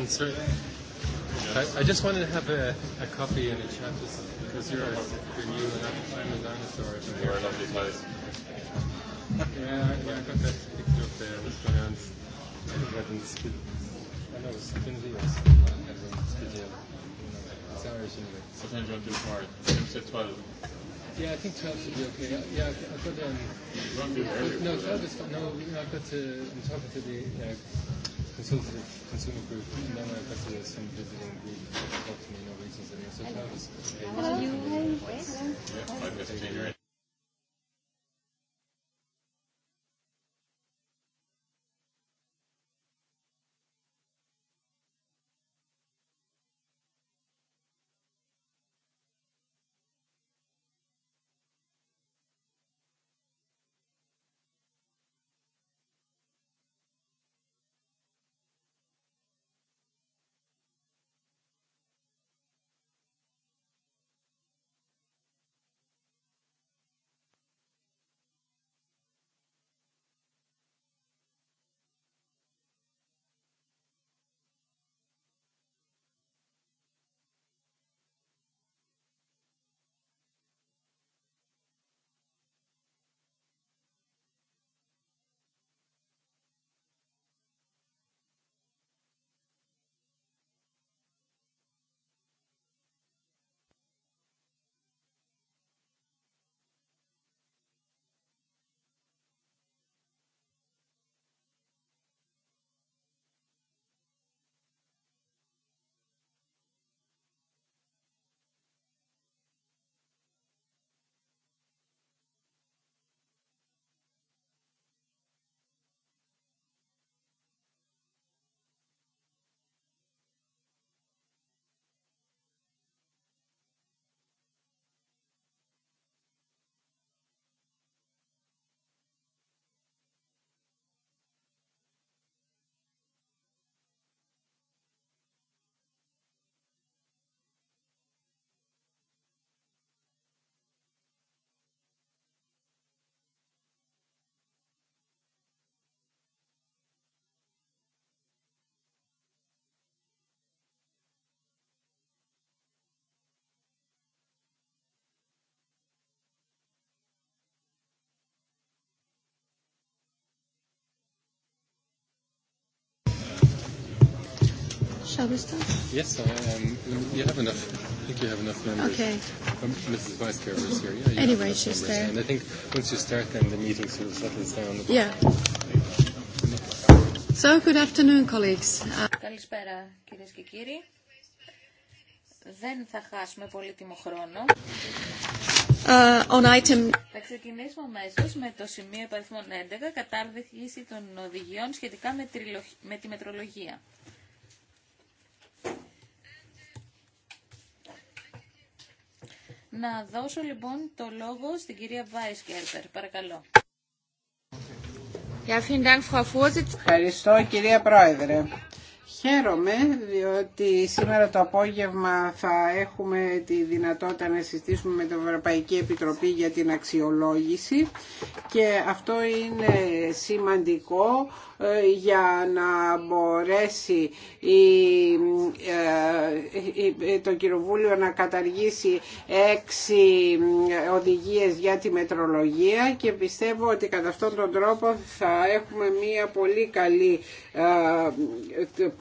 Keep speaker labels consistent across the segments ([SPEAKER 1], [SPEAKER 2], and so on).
[SPEAKER 1] I, just wanted to have a, a copy and a chat just because you're, you're new and I'm a dinosaur. You're a lovely place.
[SPEAKER 2] yeah, yeah, I got that picture of the restaurants. I know, it's
[SPEAKER 3] or Sometimes you don't Yeah, I think 12 should be okay. Yeah, I've got um. No, 12 is fine. No, I've got to. I'm talking to the. Hello.
[SPEAKER 1] Shall we start? Yes, um, you have enough. I think you have enough members. Okay. Um, Mrs. Vice Chair is here. Yeah, anyway, she's there. And I think once you start, then the meeting sort of settles down. Yeah. So, good afternoon, colleagues.
[SPEAKER 3] Καλησπέρα, κυρίες και κύριοι. Δεν θα χάσουμε πολύτιμο χρόνο.
[SPEAKER 1] Uh, on item...
[SPEAKER 3] Θα ξεκινήσουμε αμέσω με το σημείο υπαριθμών 11, κατάρδευση των οδηγιών σχετικά με τη μετρολογία. Να δώσω λοιπόν το λόγο στην κυρία Βάις Παρακαλώ.
[SPEAKER 2] Ευχαριστώ κυρία Πρόεδρε. Χαίρομαι διότι σήμερα το απόγευμα θα έχουμε τη δυνατότητα να συζητήσουμε με την Ευρωπαϊκή Επιτροπή για την αξιολόγηση και αυτό είναι σημαντικό ε, για να μπορέσει ε, το Κοινοβούλιο να καταργήσει έξι οδηγίες για τη μετρολογία και πιστεύω ότι κατά αυτόν τον τρόπο θα έχουμε μία πολύ καλή ε,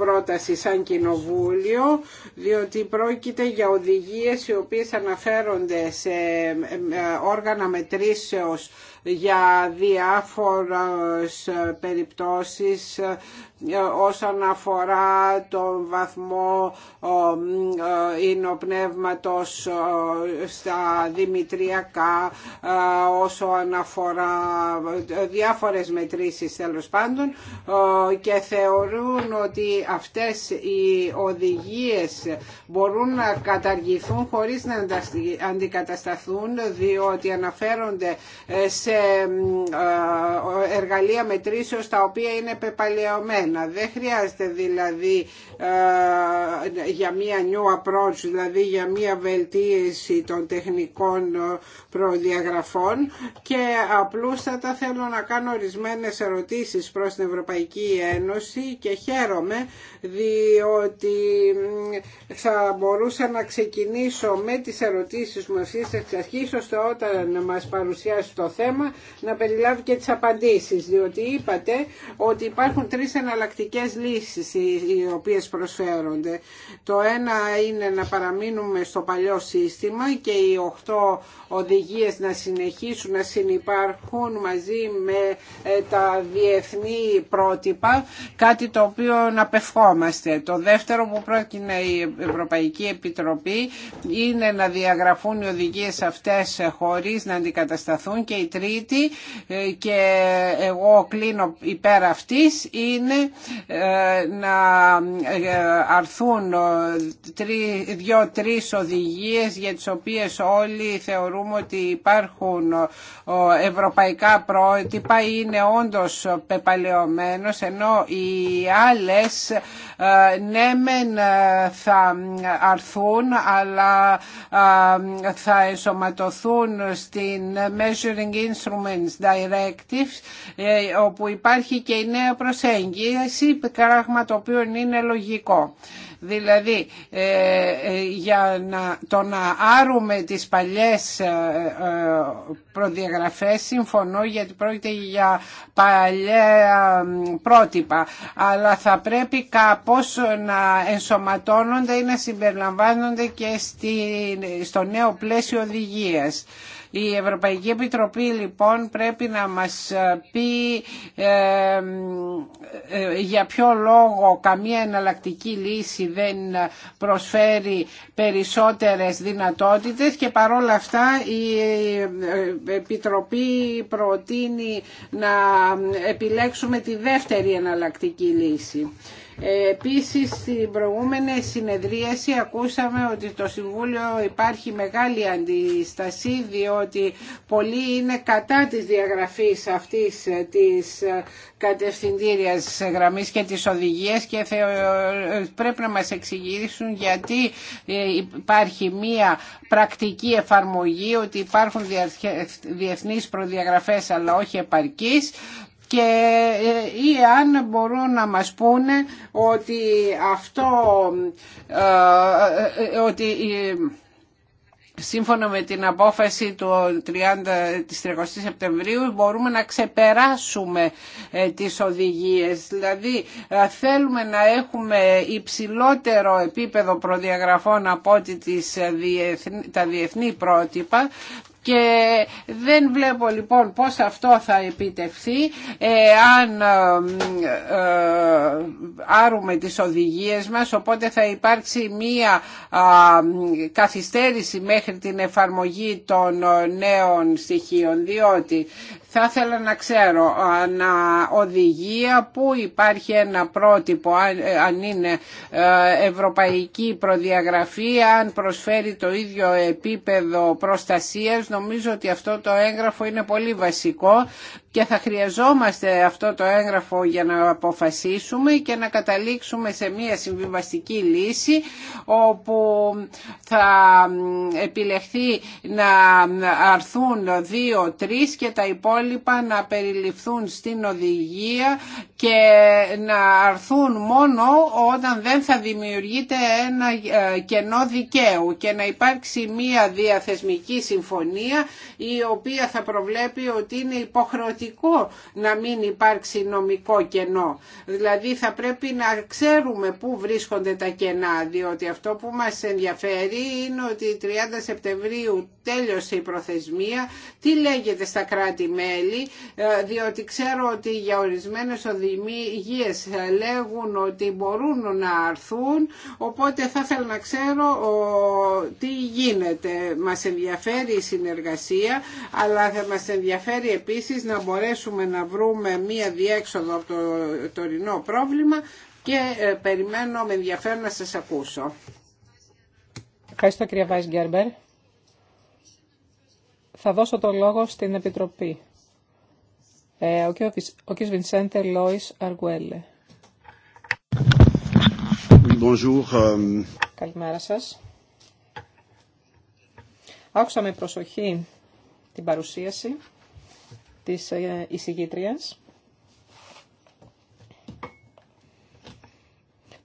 [SPEAKER 2] πρόταση σαν κοινοβούλιο διότι πρόκειται για οδηγίες οι οποίες αναφέρονται σε ε, ε, όργανα μετρήσεως για διάφορες ε, περιπτώσεις όσον αφορά τον βαθμό εινοπνεύματος στα δημητριακά, όσον αφορά διάφορες μετρήσεις τέλος πάντων και θεωρούν ότι αυτές οι οδηγίες μπορούν να καταργηθούν χωρίς να αντικατασταθούν διότι αναφέρονται ε, σε εργαλεία μετρήσεως τα οποία είναι πεπαλαιωμένα. Δεν χρειάζεται δηλαδή ε, για μία new approach, δηλαδή για μία βελτίωση των τεχνικών ε, προδιαγραφών και απλούστατα θέλω να κάνω ορισμένες ερωτήσεις προς την Ευρωπαϊκή Ένωση και χαίρομαι διότι θα μπορούσα να ξεκινήσω με τις ερωτήσεις μου ευθύς εξ αρχής ώστε όταν μας παρουσιάσει το θέμα να περιλάβει και τις απαντήσεις διότι είπατε ότι υπάρχουν τρεις εναλλακτικέ λύσεις οι οποίες προσφέρονται. Το ένα είναι να παραμείνουμε στο παλιό σύστημα και οι οχτώ οδηγίες να συνεχίσουν να συνεπάρχουν μαζί με ε, τα διεθνή πρότυπα, κάτι το οποίο να πευχόμαστε. Το δεύτερο που πρόκεινε η Ευρωπαϊκή Επιτροπή είναι να διαγραφούν οι οδηγίες αυτές χωρίς να αντικατασταθούν και η τρίτη ε, και εγώ κλείνω υπέρ αυτής είναι ε, να ε, αρθούν ε, δύο-τρεις οδηγίες για τις οποίες όλοι θεωρούμε ότι υπάρχουν ευρωπαϊκά πρότυπα είναι όντως πεπαλεωμένος ενώ οι άλλες ναι μεν θα αρθούν αλλά θα ενσωματωθούν στην Measuring Instruments Directives όπου υπάρχει και η νέα προσέγγιση πίεση, πράγμα το οποίο είναι λογικό. Δηλαδή, ε, ε, για να, το να άρουμε τις παλιές ε, προδιαγραφές, συμφωνώ γιατί πρόκειται για παλιά πρότυπα, αλλά θα πρέπει κάπως να ενσωματώνονται ή να συμπεριλαμβάνονται και στο νέο πλαίσιο οδηγίας. Η Ευρωπαϊκή Επιτροπή λοιπόν πρέπει να μας ε, πει ε, ε, για ποιο λόγο καμία εναλλακτική λύση δεν προσφέρει περισσότερες δυνατότητες και παρόλα αυτά η Επιτροπή προτείνει να επιλέξουμε τη δεύτερη εναλλακτική λύση. Ε, επίσης στην προηγούμενη συνεδρίαση ακούσαμε ότι το Συμβούλιο υπάρχει μεγάλη αντιστασή διότι πολλοί είναι κατά της διαγραφής αυτής ε, της ε, κατευθυντήριας γραμμής και της οδηγίας και πρέπει να μας εξηγήσουν γιατί υπάρχει μία πρακτική εφαρμογή ότι υπάρχουν διεθνείς προδιαγραφές αλλά όχι επαρκής και ε, ή αν μπορούν να μας πούνε ότι αυτό ε, ε, ότι σύμφωνα με την απόφαση του 30, της 30 Σεπτεμβρίου μπορούμε να ξεπεράσουμε τις οδηγίες. Δηλαδή θέλουμε να έχουμε υψηλότερο επίπεδο προδιαγραφών από ό,τι τα διεθνή πρότυπα και δεν βλέπω λοιπόν πώς αυτό θα επιτευχθεί ε, αν ε, ε, άρουμε τις οδηγίες μας οπότε θα υπάρξει μία καθυστέρηση μέχρι την εφαρμογή των νέων στοιχείων διότι θα ήθελα να ξέρω οδηγία που υπάρχει ένα πρότυπο αν είναι ε, ευρωπαϊκή προδιαγραφή αν προσφέρει το ίδιο επίπεδο προστασίας νομίζω ότι αυτό το έγγραφο είναι πολύ βασικό και θα χρειαζόμαστε αυτό το έγγραφο για να αποφασίσουμε και να καταλήξουμε σε μια συμβιβαστική λύση όπου θα επιλεχθεί να αρθούν δύο, τρεις και τα υπόλοιπα να περιληφθούν στην οδηγία και να αρθούν μόνο όταν δεν θα δημιουργείται ένα ε, κενό δικαίου και να υπάρξει μια διαθεσμική συμφωνία η οποία θα προβλέπει ότι είναι υποχρεωτική σημαντικό να μην υπάρξει νομικό κενό. Δηλαδή θα πρέπει να ξέρουμε πού βρίσκονται τα κενά, διότι αυτό που μας ενδιαφέρει είναι ότι 30 Σεπτεμβρίου τέλειωσε η προθεσμία, τι λέγεται στα κράτη-μέλη, ε, διότι ξέρω ότι για ορισμένες οδηγίες λέγουν ότι μπορούν να αρθούν, οπότε θα ήθελα να ξέρω τι γίνεται. Μας ενδιαφέρει η συνεργασία, αλλά θα μας ενδιαφέρει επίσης να μπορέσουμε να βρούμε μία διέξοδο από το τωρινό πρόβλημα και ε, περιμένω με ενδιαφέρον να σας ακούσω.
[SPEAKER 1] Ευχαριστώ κυρία Βάις Γκέρμπερ. Θα δώσω το λόγο στην Επιτροπή. Ε, ο κ. Βινσέντε Λόις Αργουέλε.
[SPEAKER 2] Euh,
[SPEAKER 1] Καλημέρα σας. Άκουσα με προσοχή την παρουσίαση της ε, εισηγήτριας.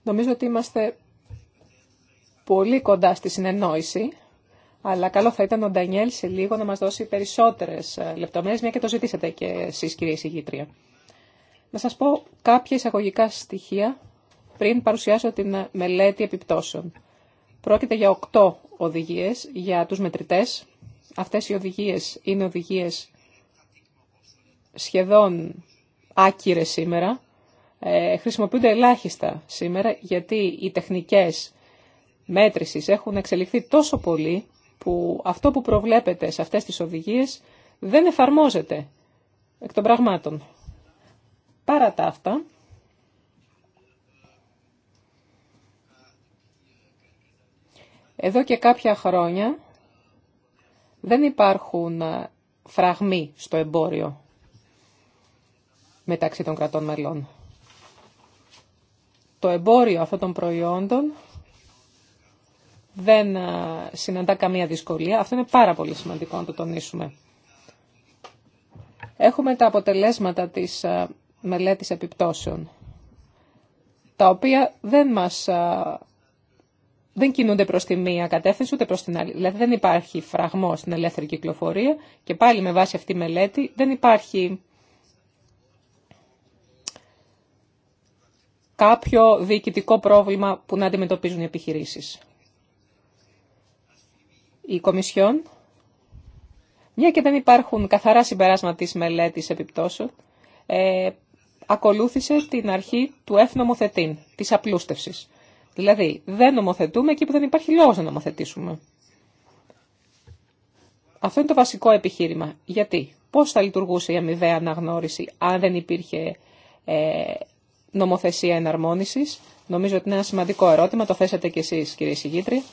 [SPEAKER 1] Νομίζω ότι είμαστε πολύ κοντά στη συνεννόηση, αλλά καλό θα ήταν ο Ντανιέλ σε λίγο να μας δώσει περισσότερες ε, λεπτομέρειες, μια και το ζητήσατε και εσείς κυρία εισηγήτρια. Να σας πω κάποια εισαγωγικά στοιχεία πριν παρουσιάσω την μελέτη επιπτώσεων. Πρόκειται για οκτώ οδηγίες για τους μετρητές. Αυτές οι οδηγίες είναι οδηγίες σχεδόν άκυρε σήμερα, ε, χρησιμοποιούνται ελάχιστα σήμερα, γιατί οι τεχνικές μέτρησης έχουν εξελιχθεί τόσο πολύ που αυτό που προβλέπεται σε αυτές τις οδηγίες δεν εφαρμόζεται εκ των πραγμάτων. Παρά τα αυτά, εδώ και κάποια χρόνια δεν υπάρχουν ε, φραγμοί στο εμπόριο μεταξύ των κρατών μελών. Το εμπόριο αυτών των προϊόντων δεν ε, συναντά καμία δυσκολία. Αυτό είναι πάρα πολύ σημαντικό να το τονίσουμε. Έχουμε τα αποτελέσματα της ε, μελέτης επιπτώσεων, τα οποία δεν μας ε, δεν κινούνται προς τη μία κατεύθυνση ούτε προς την άλλη. Δηλαδή δεν υπάρχει φραγμό στην ελεύθερη κυκλοφορία και πάλι με βάση αυτή τη μελέτη δεν υπάρχει κάποιο διοικητικό πρόβλημα που να αντιμετωπίζουν οι επιχειρήσεις. Η Κομισιόν, μια και δεν υπάρχουν καθαρά συμπεράσματα της μελέτης επιπτώσεων, ε, ακολούθησε την αρχή του εφνομοθετήν, της απλούστευσης. Δηλαδή, δεν νομοθετούμε εκεί που δεν υπάρχει λόγος να νομοθετήσουμε. Αυτό είναι το βασικό επιχείρημα. Γιατί, πώς θα λειτουργούσε η αμοιβαία αναγνώριση αν δεν υπήρχε ε, νομοθεσία εναρμόνισης. Νομίζω ότι είναι ένα σημαντικό ερώτημα, το θέσατε κι εσείς κύριε Σιγήτρη.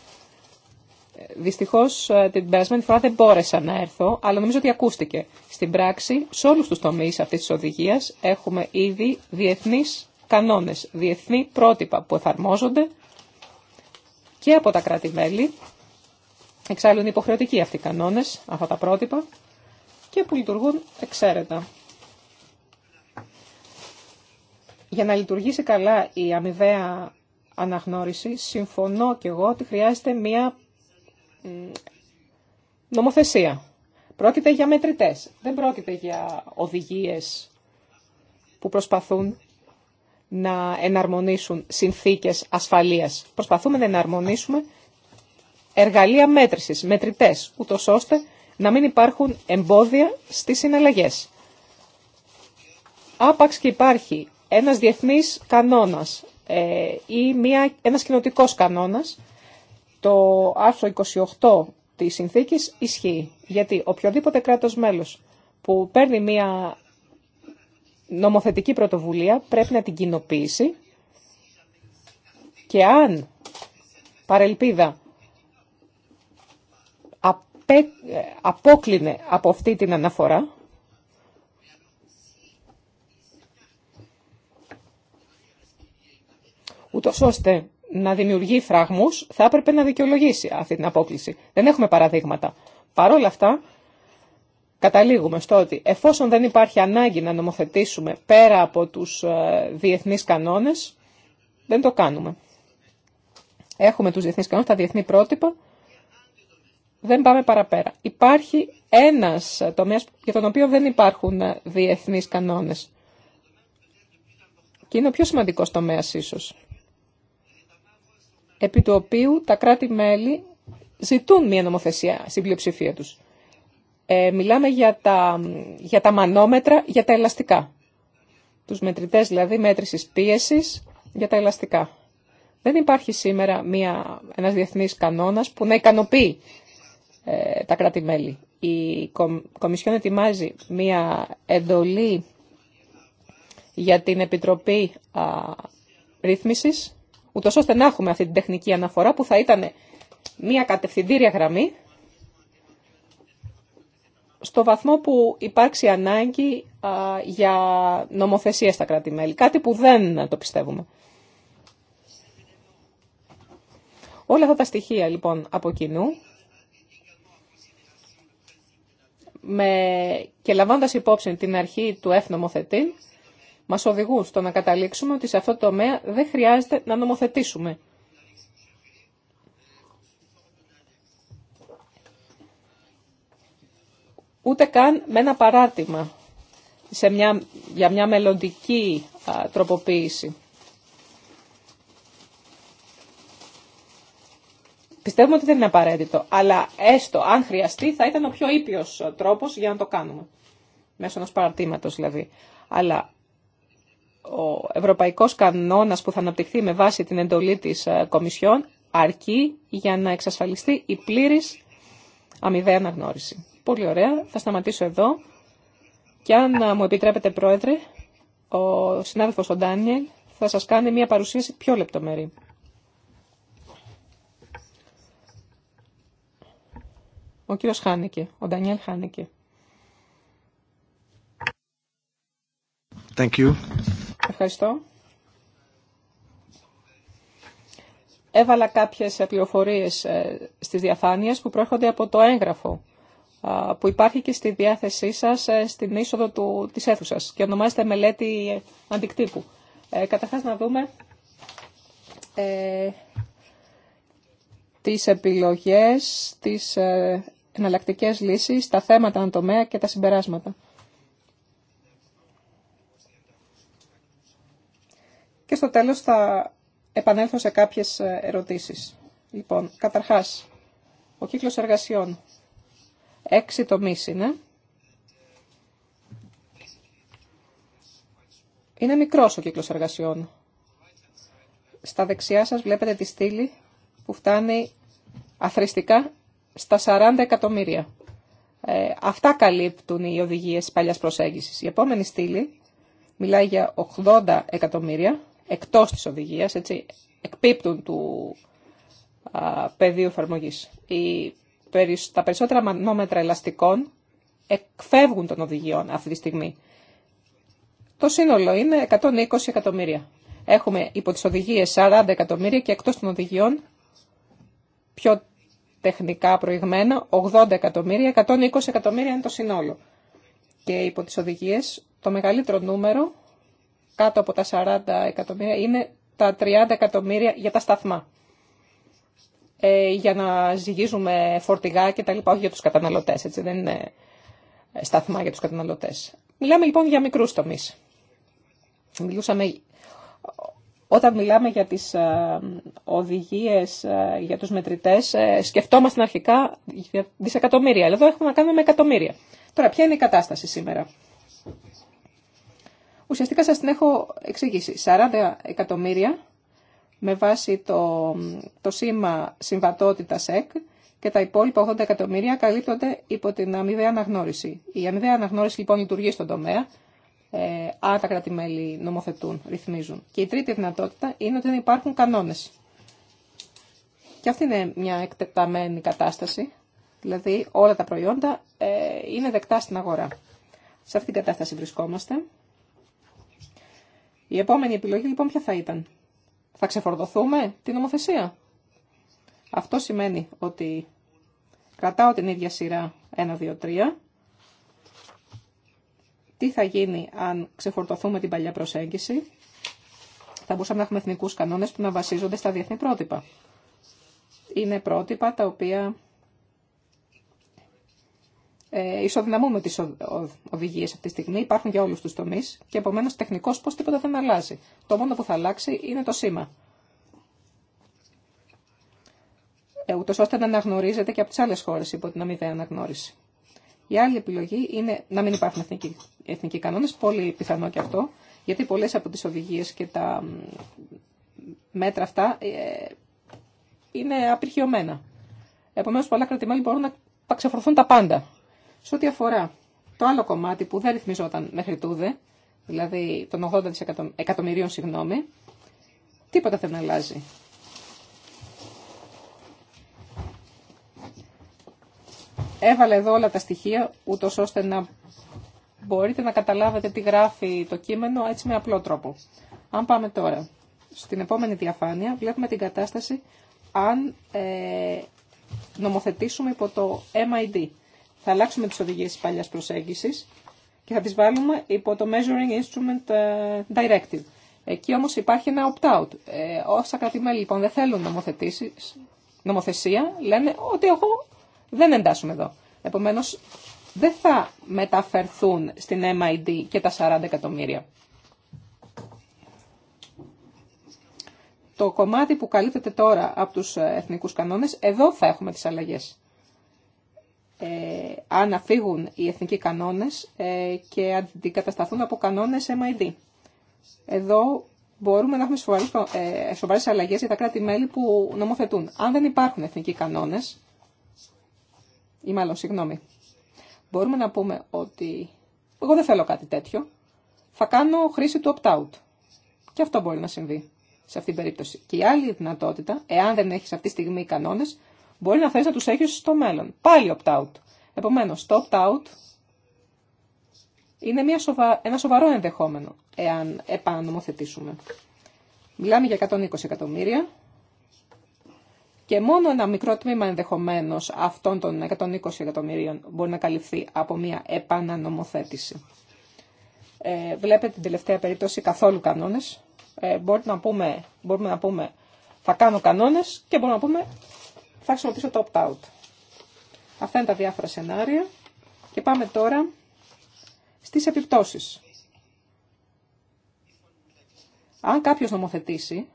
[SPEAKER 1] Ε, Δυστυχώ ε, την περασμένη φορά δεν μπόρεσα να έρθω, αλλά νομίζω ότι ακούστηκε. Στην πράξη, σε όλου του τομεί αυτή τη οδηγία έχουμε ήδη διεθνεί κανόνε, διεθνή πρότυπα που εφαρμόζονται και από τα κράτη-μέλη. Εξάλλου είναι υποχρεωτικοί αυτοί οι κανόνε, αυτά τα πρότυπα και που λειτουργούν εξαίρετα. Για να λειτουργήσει καλά η αμοιβαία αναγνώριση, συμφωνώ και εγώ ότι χρειάζεται μία ε, νομοθεσία. Πρόκειται για μετρητές, δεν πρόκειται για οδηγίες που προσπαθούν να εναρμονίσουν συνθήκες ασφαλείας. Προσπαθούμε να εναρμονίσουμε εργαλεία μέτρησης, μετρητές, ούτω ώστε να μην υπάρχουν εμπόδια στις συναλλαγές. Άπαξ και υπάρχει ένας διεθνής κανόνας ε, ή μια, ένας κοινοτικός κανόνας, το άρθρο 28 της συνθήκης ισχύει. Γιατί οποιοδήποτε κράτος μέλος που παίρνει μια νομοθετική πρωτοβουλία πρέπει να την κοινοποιήσει και αν παρελπίδα ε, απόκλινε από αυτή την αναφορά, ούτως ώστε να δημιουργεί φραγμούς, θα έπρεπε να δικαιολογήσει αυτή την απόκληση. Δεν έχουμε παραδείγματα. Παρ' όλα αυτά, καταλήγουμε στο ότι εφόσον δεν υπάρχει ανάγκη να νομοθετήσουμε πέρα από τους ε, διεθνείς κανόνες, δεν το κάνουμε. Έχουμε τους διεθνείς κανόνες, τα διεθνή πρότυπα, δεν πάμε παραπέρα. Υπάρχει ένας τομέας για τον οποίο δεν υπάρχουν ε, διεθνείς κανόνες. Και είναι ο πιο σημαντικός τομέας ίσως επί του οποίου τα κράτη-μέλη ζητούν μία νομοθεσία στην πλειοψηφία τους. Ε, μιλάμε για τα, για τα μανόμετρα, για τα ελαστικά. Τους μετρητές δηλαδή μέτρησης πίεσης για τα ελαστικά. Δεν υπάρχει σήμερα μια, ένας διεθνής κανόνας που να ικανοποιεί ε, τα κράτη-μέλη. Η Κομισιόν ετοιμάζει μια εντολή για την Επιτροπή α, Ρύθμισης ούτω ώστε να έχουμε αυτή την τεχνική αναφορά που θα ήταν μια κατευθυντήρια γραμμή στο βαθμό που υπάρξει ανάγκη για νομοθεσία στα κράτη-μέλη. Κάτι που δεν το πιστεύουμε. Όλα αυτά τα στοιχεία λοιπόν από κοινού με, και λαμβάνοντας υπόψη την αρχή του εφνομοθετή Μα οδηγούν στο να καταλήξουμε ότι σε αυτό το τομέα δεν χρειάζεται να νομοθετήσουμε. Ούτε καν με ένα παράτημα σε μια, για μια μελλοντική α, τροποποίηση. Πιστεύουμε ότι δεν είναι απαραίτητο, αλλά έστω αν χρειαστεί θα ήταν ο πιο ήπιος τρόπος για να το κάνουμε. Μέσω ενός παρατήματος δηλαδή. Αλλά ο ευρωπαϊκός κανόνας που θα αναπτυχθεί με βάση την εντολή της ε, Κομισιόν αρκεί για να εξασφαλιστεί η πλήρης αμοιβαία αναγνώριση. Πολύ ωραία. Θα σταματήσω εδώ. Και αν ε, μου επιτρέπετε, Πρόεδρε, ο συνάδελφος ο Ντάνιελ θα σας κάνει μια παρουσίαση πιο λεπτομερή. Ο κύριος Χάνικε, ο Ντανιέλ Χάνικε. Thank you. Ευχαριστώ. Έβαλα κάποιες ε, πληροφορίες ε, στις διαφάνειες που προέρχονται από το έγγραφο που υπάρχει και στη διάθεσή σας ε, στην είσοδο του, της αίθουσας και ονομάζεται μελέτη αντικτύπου. Ε, να δούμε ε, τις επιλογές, τις ε, εναλλακτικές λύσεις, τα θέματα τομέα και τα συμπεράσματα. Και στο τέλος θα επανέλθω σε κάποιες ε, ερωτήσεις. Λοιπόν, καταρχάς, ο κύκλος εργασιών. Έξι τομείς είναι. Είναι μικρός ο κύκλος εργασιών. Στα δεξιά σας βλέπετε τη στήλη που φτάνει αθρηστικά στα 40 εκατομμύρια. Ε, αυτά καλύπτουν οι οδηγίες παλιάς προσέγγισης. Η επόμενη στήλη μιλάει για 80 εκατομμύρια εκτός της οδηγίας, έτσι, εκπίπτουν του α, πεδίου εφαρμογή. Τα περισσότερα μανόμετρα ελαστικών εκφεύγουν των οδηγιών αυτή τη στιγμή. Το σύνολο είναι 120 εκατομμύρια. Έχουμε υπό τις οδηγίες 40 εκατομμύρια και εκτός των οδηγιών πιο τεχνικά προηγμένα 80 εκατομμύρια, 120 εκατομμύρια είναι το σύνολο. Και υπό τις οδηγίες το μεγαλύτερο νούμερο κάτω από τα 40 εκατομμύρια είναι τα 30 εκατομμύρια για τα σταθμά. Ε, για να ζυγίζουμε φορτηγά και τα λοιπά, όχι για τους καταναλωτές, έτσι δεν είναι σταθμά για τους καταναλωτές. Μιλάμε λοιπόν για μικρούς τομείς. Μιλούσαμε, όταν μιλάμε για τις ε, οδηγίες ε, για τους μετρητές, ε, σκεφτόμαστε αρχικά δισεκατομμύρια. Εδώ έχουμε να κάνουμε με εκατομμύρια. Τώρα, ποια είναι η κατάσταση σήμερα ουσιαστικά σας την έχω εξήγηση. 40 εκατομμύρια με βάση το, το σήμα συμβατότητα ΕΚ και τα υπόλοιπα 80 εκατομμύρια καλύπτονται υπό την αμοιβαία αναγνώριση. Η αμοιβαία αναγνώριση λοιπόν λειτουργεί στον τομέα, ε, τα κράτη-μέλη νομοθετούν, ρυθμίζουν. Και η τρίτη δυνατότητα είναι ότι δεν υπάρχουν κανόνες. Και αυτή είναι μια εκτεταμένη κατάσταση, δηλαδή όλα τα προϊόντα ε, είναι δεκτά στην αγορά. Σε αυτή την κατάσταση βρισκόμαστε. Η επόμενη επιλογή λοιπόν ποια θα ήταν. Θα ξεφορδωθούμε την νομοθεσία. Αυτό σημαίνει ότι κρατάω την ίδια σειρά 1, 2, 3. Τι θα γίνει αν ξεφορτωθούμε την παλιά προσέγγιση. Θα μπορούσαμε να έχουμε εθνικούς κανόνες που να βασίζονται στα διεθνή πρότυπα. Είναι πρότυπα τα οποία ε, ισοδυναμούμε τις οδηγίε αυτή τη στιγμή, υπάρχουν για όλου του τομεί και επομένω τεχνικώ πώ τίποτα δεν αλλάζει. Το μόνο που θα αλλάξει είναι το σήμα. Ε, ούτως ώστε να αναγνωρίζεται και από τι άλλε χώρε υπό την αμοιβαία αναγνώριση. Η άλλη επιλογή είναι να μην υπάρχουν εθνικοί, εθνικοί κανόνες, πολύ πιθανό και αυτό, γιατί πολλέ από τι οδηγίε και τα μέτρα αυτά ε, είναι απειρχιωμένα. Επομένω, πολλά κρατημέλη μπορούν να ξεφορθούν τα πάντα σε ό,τι αφορά το άλλο κομμάτι που δεν ρυθμιζόταν μέχρι τούδε, δηλαδή των 80 εκατομμυρίων, συγγνώμη, τίποτα δεν αλλάζει. Έβαλε εδώ όλα τα στοιχεία, ούτω ώστε να μπορείτε να καταλάβετε τι γράφει το κείμενο έτσι με απλό τρόπο. Αν πάμε τώρα στην επόμενη διαφάνεια, βλέπουμε την κατάσταση αν ε, νομοθετήσουμε υπό το MID, θα αλλάξουμε τις οδηγίες της παλιάς προσέγγισης και θα τις βάλουμε υπό το Measuring Instrument ε, Directive. Εκεί όμως υπάρχει ένα opt-out. Ε, όσα κρατημέλη λοιπόν δεν θέλουν νομοθεσία, λένε ότι εγώ δεν εντάσσουμε εδώ. Επομένως δεν θα μεταφερθούν στην MID και τα 40 εκατομμύρια. Το κομμάτι που καλύπτεται τώρα από τους ε, εθνικούς κανόνες, εδώ θα έχουμε τις αλλαγές. Ε, αν αφήγουν οι εθνικοί κανόνες ε, και αντικατασταθούν από κανόνες MID. Εδώ μπορούμε να έχουμε ε, σοβαρές αλλαγές για τα κράτη-μέλη που νομοθετούν. Αν δεν υπάρχουν εθνικοί κανόνες, ή μάλλον, συγγνώμη, μπορούμε να πούμε ότι εγώ δεν θέλω κάτι τέτοιο, θα κάνω χρήση του opt-out. Και αυτό μπορεί να συμβεί σε αυτήν την περίπτωση. Και η άλλη δυνατότητα, εάν δεν έχεις αυτή τη στιγμή κανόνες, Μπορεί να θες να τους έχεις στο μέλλον. Πάλι opt-out. Επομένως, το opt-out είναι μια σοβα... ένα σοβαρό ενδεχόμενο, εάν επανανομοθετήσουμε. Μιλάμε για 120 εκατομμύρια και μόνο ένα μικρό τμήμα ενδεχομένω αυτών των 120 εκατομμυρίων μπορεί να καλυφθεί από μια επανανομοθέτηση. Ε, βλέπετε την τελευταία περίπτωση καθόλου κανόνες. Ε, μπορούμε, να πούμε, μπορούμε να πούμε θα κάνω κανόνες και μπορούμε να πούμε θα χρησιμοποιήσω το opt-out. Αυτά είναι τα διάφορα σενάρια και πάμε τώρα στις επιπτώσεις. Αν κάποιος νομοθετήσει,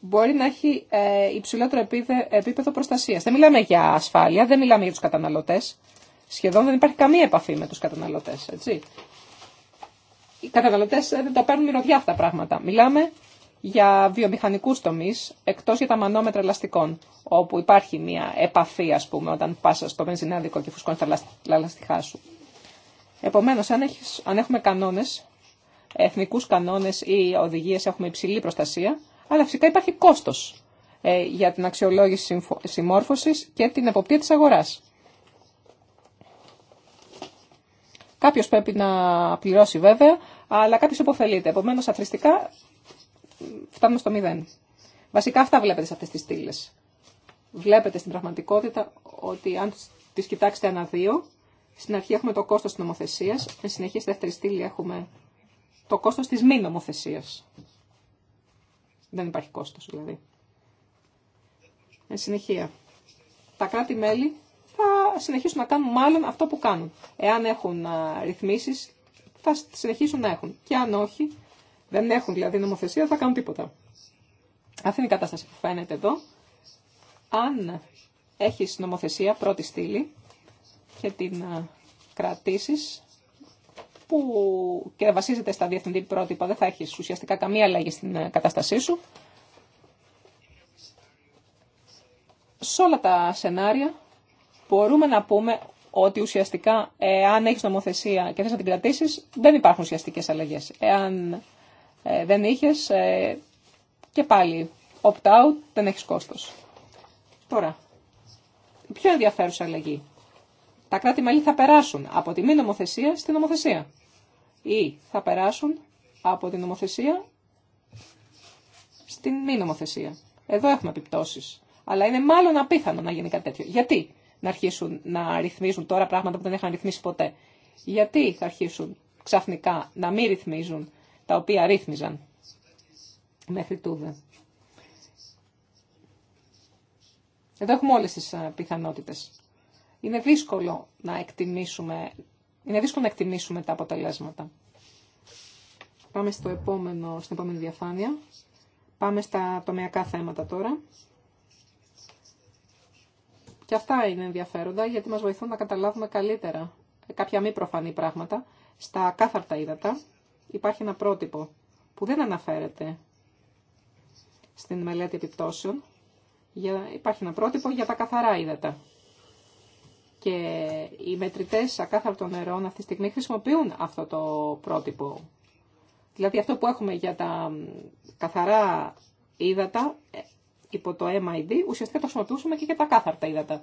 [SPEAKER 1] μπορεί να έχει ε, υψηλότερο επίπεδο προστασίας. Δεν μιλάμε για ασφάλεια, δεν μιλάμε για τους καταναλωτές. Σχεδόν δεν υπάρχει καμία επαφή με τους καταναλωτές, έτσι. Οι καταναλωτές ε, δεν τα παίρνουν μυρωδιά αυτά τα πράγματα. Μιλάμε για βιομηχανικούς τομείς, εκτός για τα μανόμετρα ελαστικών, όπου υπάρχει μια επαφή, ας πούμε, όταν πας στο βενζινάδικο και φουσκώνεις τα ελαστικά σου. Επομένως, αν, έχεις, αν έχουμε κανόνες, εθνικούς κανόνες ή οδηγίες, έχουμε υψηλή προστασία, αλλά φυσικά υπάρχει κόστος ε, για την αξιολόγηση συμμόρφωσης και την εποπτεία της αγοράς. Κάποιος πρέπει να πληρώσει βέβαια, αλλά κάποιος υποφελείται. Επομένως, αθρηστικά φτάνουμε στο μηδέν. Βασικά αυτά βλέπετε σε αυτές τις στήλε. Βλέπετε στην πραγματικότητα ότι αν τις κοιτάξετε ένα δύο, στην αρχή έχουμε το κόστος της νομοθεσίας, εν συνεχεία στη δεύτερη στήλη έχουμε το κόστος της μη νομοθεσίας. Δεν υπάρχει κόστος δηλαδή. Εν συνεχεία, τα κράτη-μέλη θα συνεχίσουν να κάνουν μάλλον αυτό που κάνουν. Εάν έχουν ρυθμίσεις, θα συνεχίσουν να έχουν. Και αν όχι, δεν έχουν δηλαδή νομοθεσία, θα κάνουν τίποτα. Αυτή είναι η κατάσταση που φαίνεται εδώ. Αν έχεις νομοθεσία πρώτη στήλη και την κρατήσεις που και βασίζεται στα διεθνή πρότυπα, δεν θα έχεις ουσιαστικά καμία αλλαγή στην ε, κατάστασή σου. Σε όλα τα σενάρια μπορούμε να πούμε ότι ουσιαστικά αν έχεις νομοθεσία και θες να την κρατήσεις, δεν υπάρχουν ουσιαστικές αλλαγές. Εάν ε, δεν είχες ε, και πάλι opt-out, δεν έχεις κόστος. Τώρα, η πιο ενδιαφέρουσα αλλαγή. Τα κράτη-μέλη θα περάσουν από τη μη νομοθεσία στην νομοθεσία. Ή θα περάσουν από την νομοθεσία στην μη νομοθεσία. Εδώ έχουμε επιπτώσεις. Αλλά είναι μάλλον απίθανο να γίνει κάτι τέτοιο. Γιατί να αρχίσουν να ρυθμίζουν τώρα πράγματα που δεν είχαν ρυθμίσει ποτέ. Γιατί θα αρχίσουν ξαφνικά να μην ρυθμίζουν τα οποία ρύθμιζαν μέχρι τούδε. Εδώ έχουμε όλες τις ε, πιθανότητες. Είναι δύσκολο να εκτιμήσουμε, είναι δύσκολο να εκτιμήσουμε τα αποτελέσματα. Πάμε στο επόμενο, στην επόμενη διαφάνεια. Πάμε στα τομεακά θέματα τώρα. Και αυτά είναι ενδιαφέροντα γιατί μας βοηθούν να καταλάβουμε καλύτερα κάποια μη προφανή πράγματα στα κάθαρτα ύδατα υπάρχει ένα πρότυπο που δεν αναφέρεται στην μελέτη επιπτώσεων. Για, υπάρχει ένα πρότυπο για τα καθαρά ύδατα. Και οι μετρητές ακάθαρτων νερών αυτή τη στιγμή χρησιμοποιούν αυτό το πρότυπο. Δηλαδή αυτό που έχουμε για τα καθαρά ύδατα ε, υπό το MID, ουσιαστικά το χρησιμοποιούσαμε και για τα κάθαρτα ύδατα.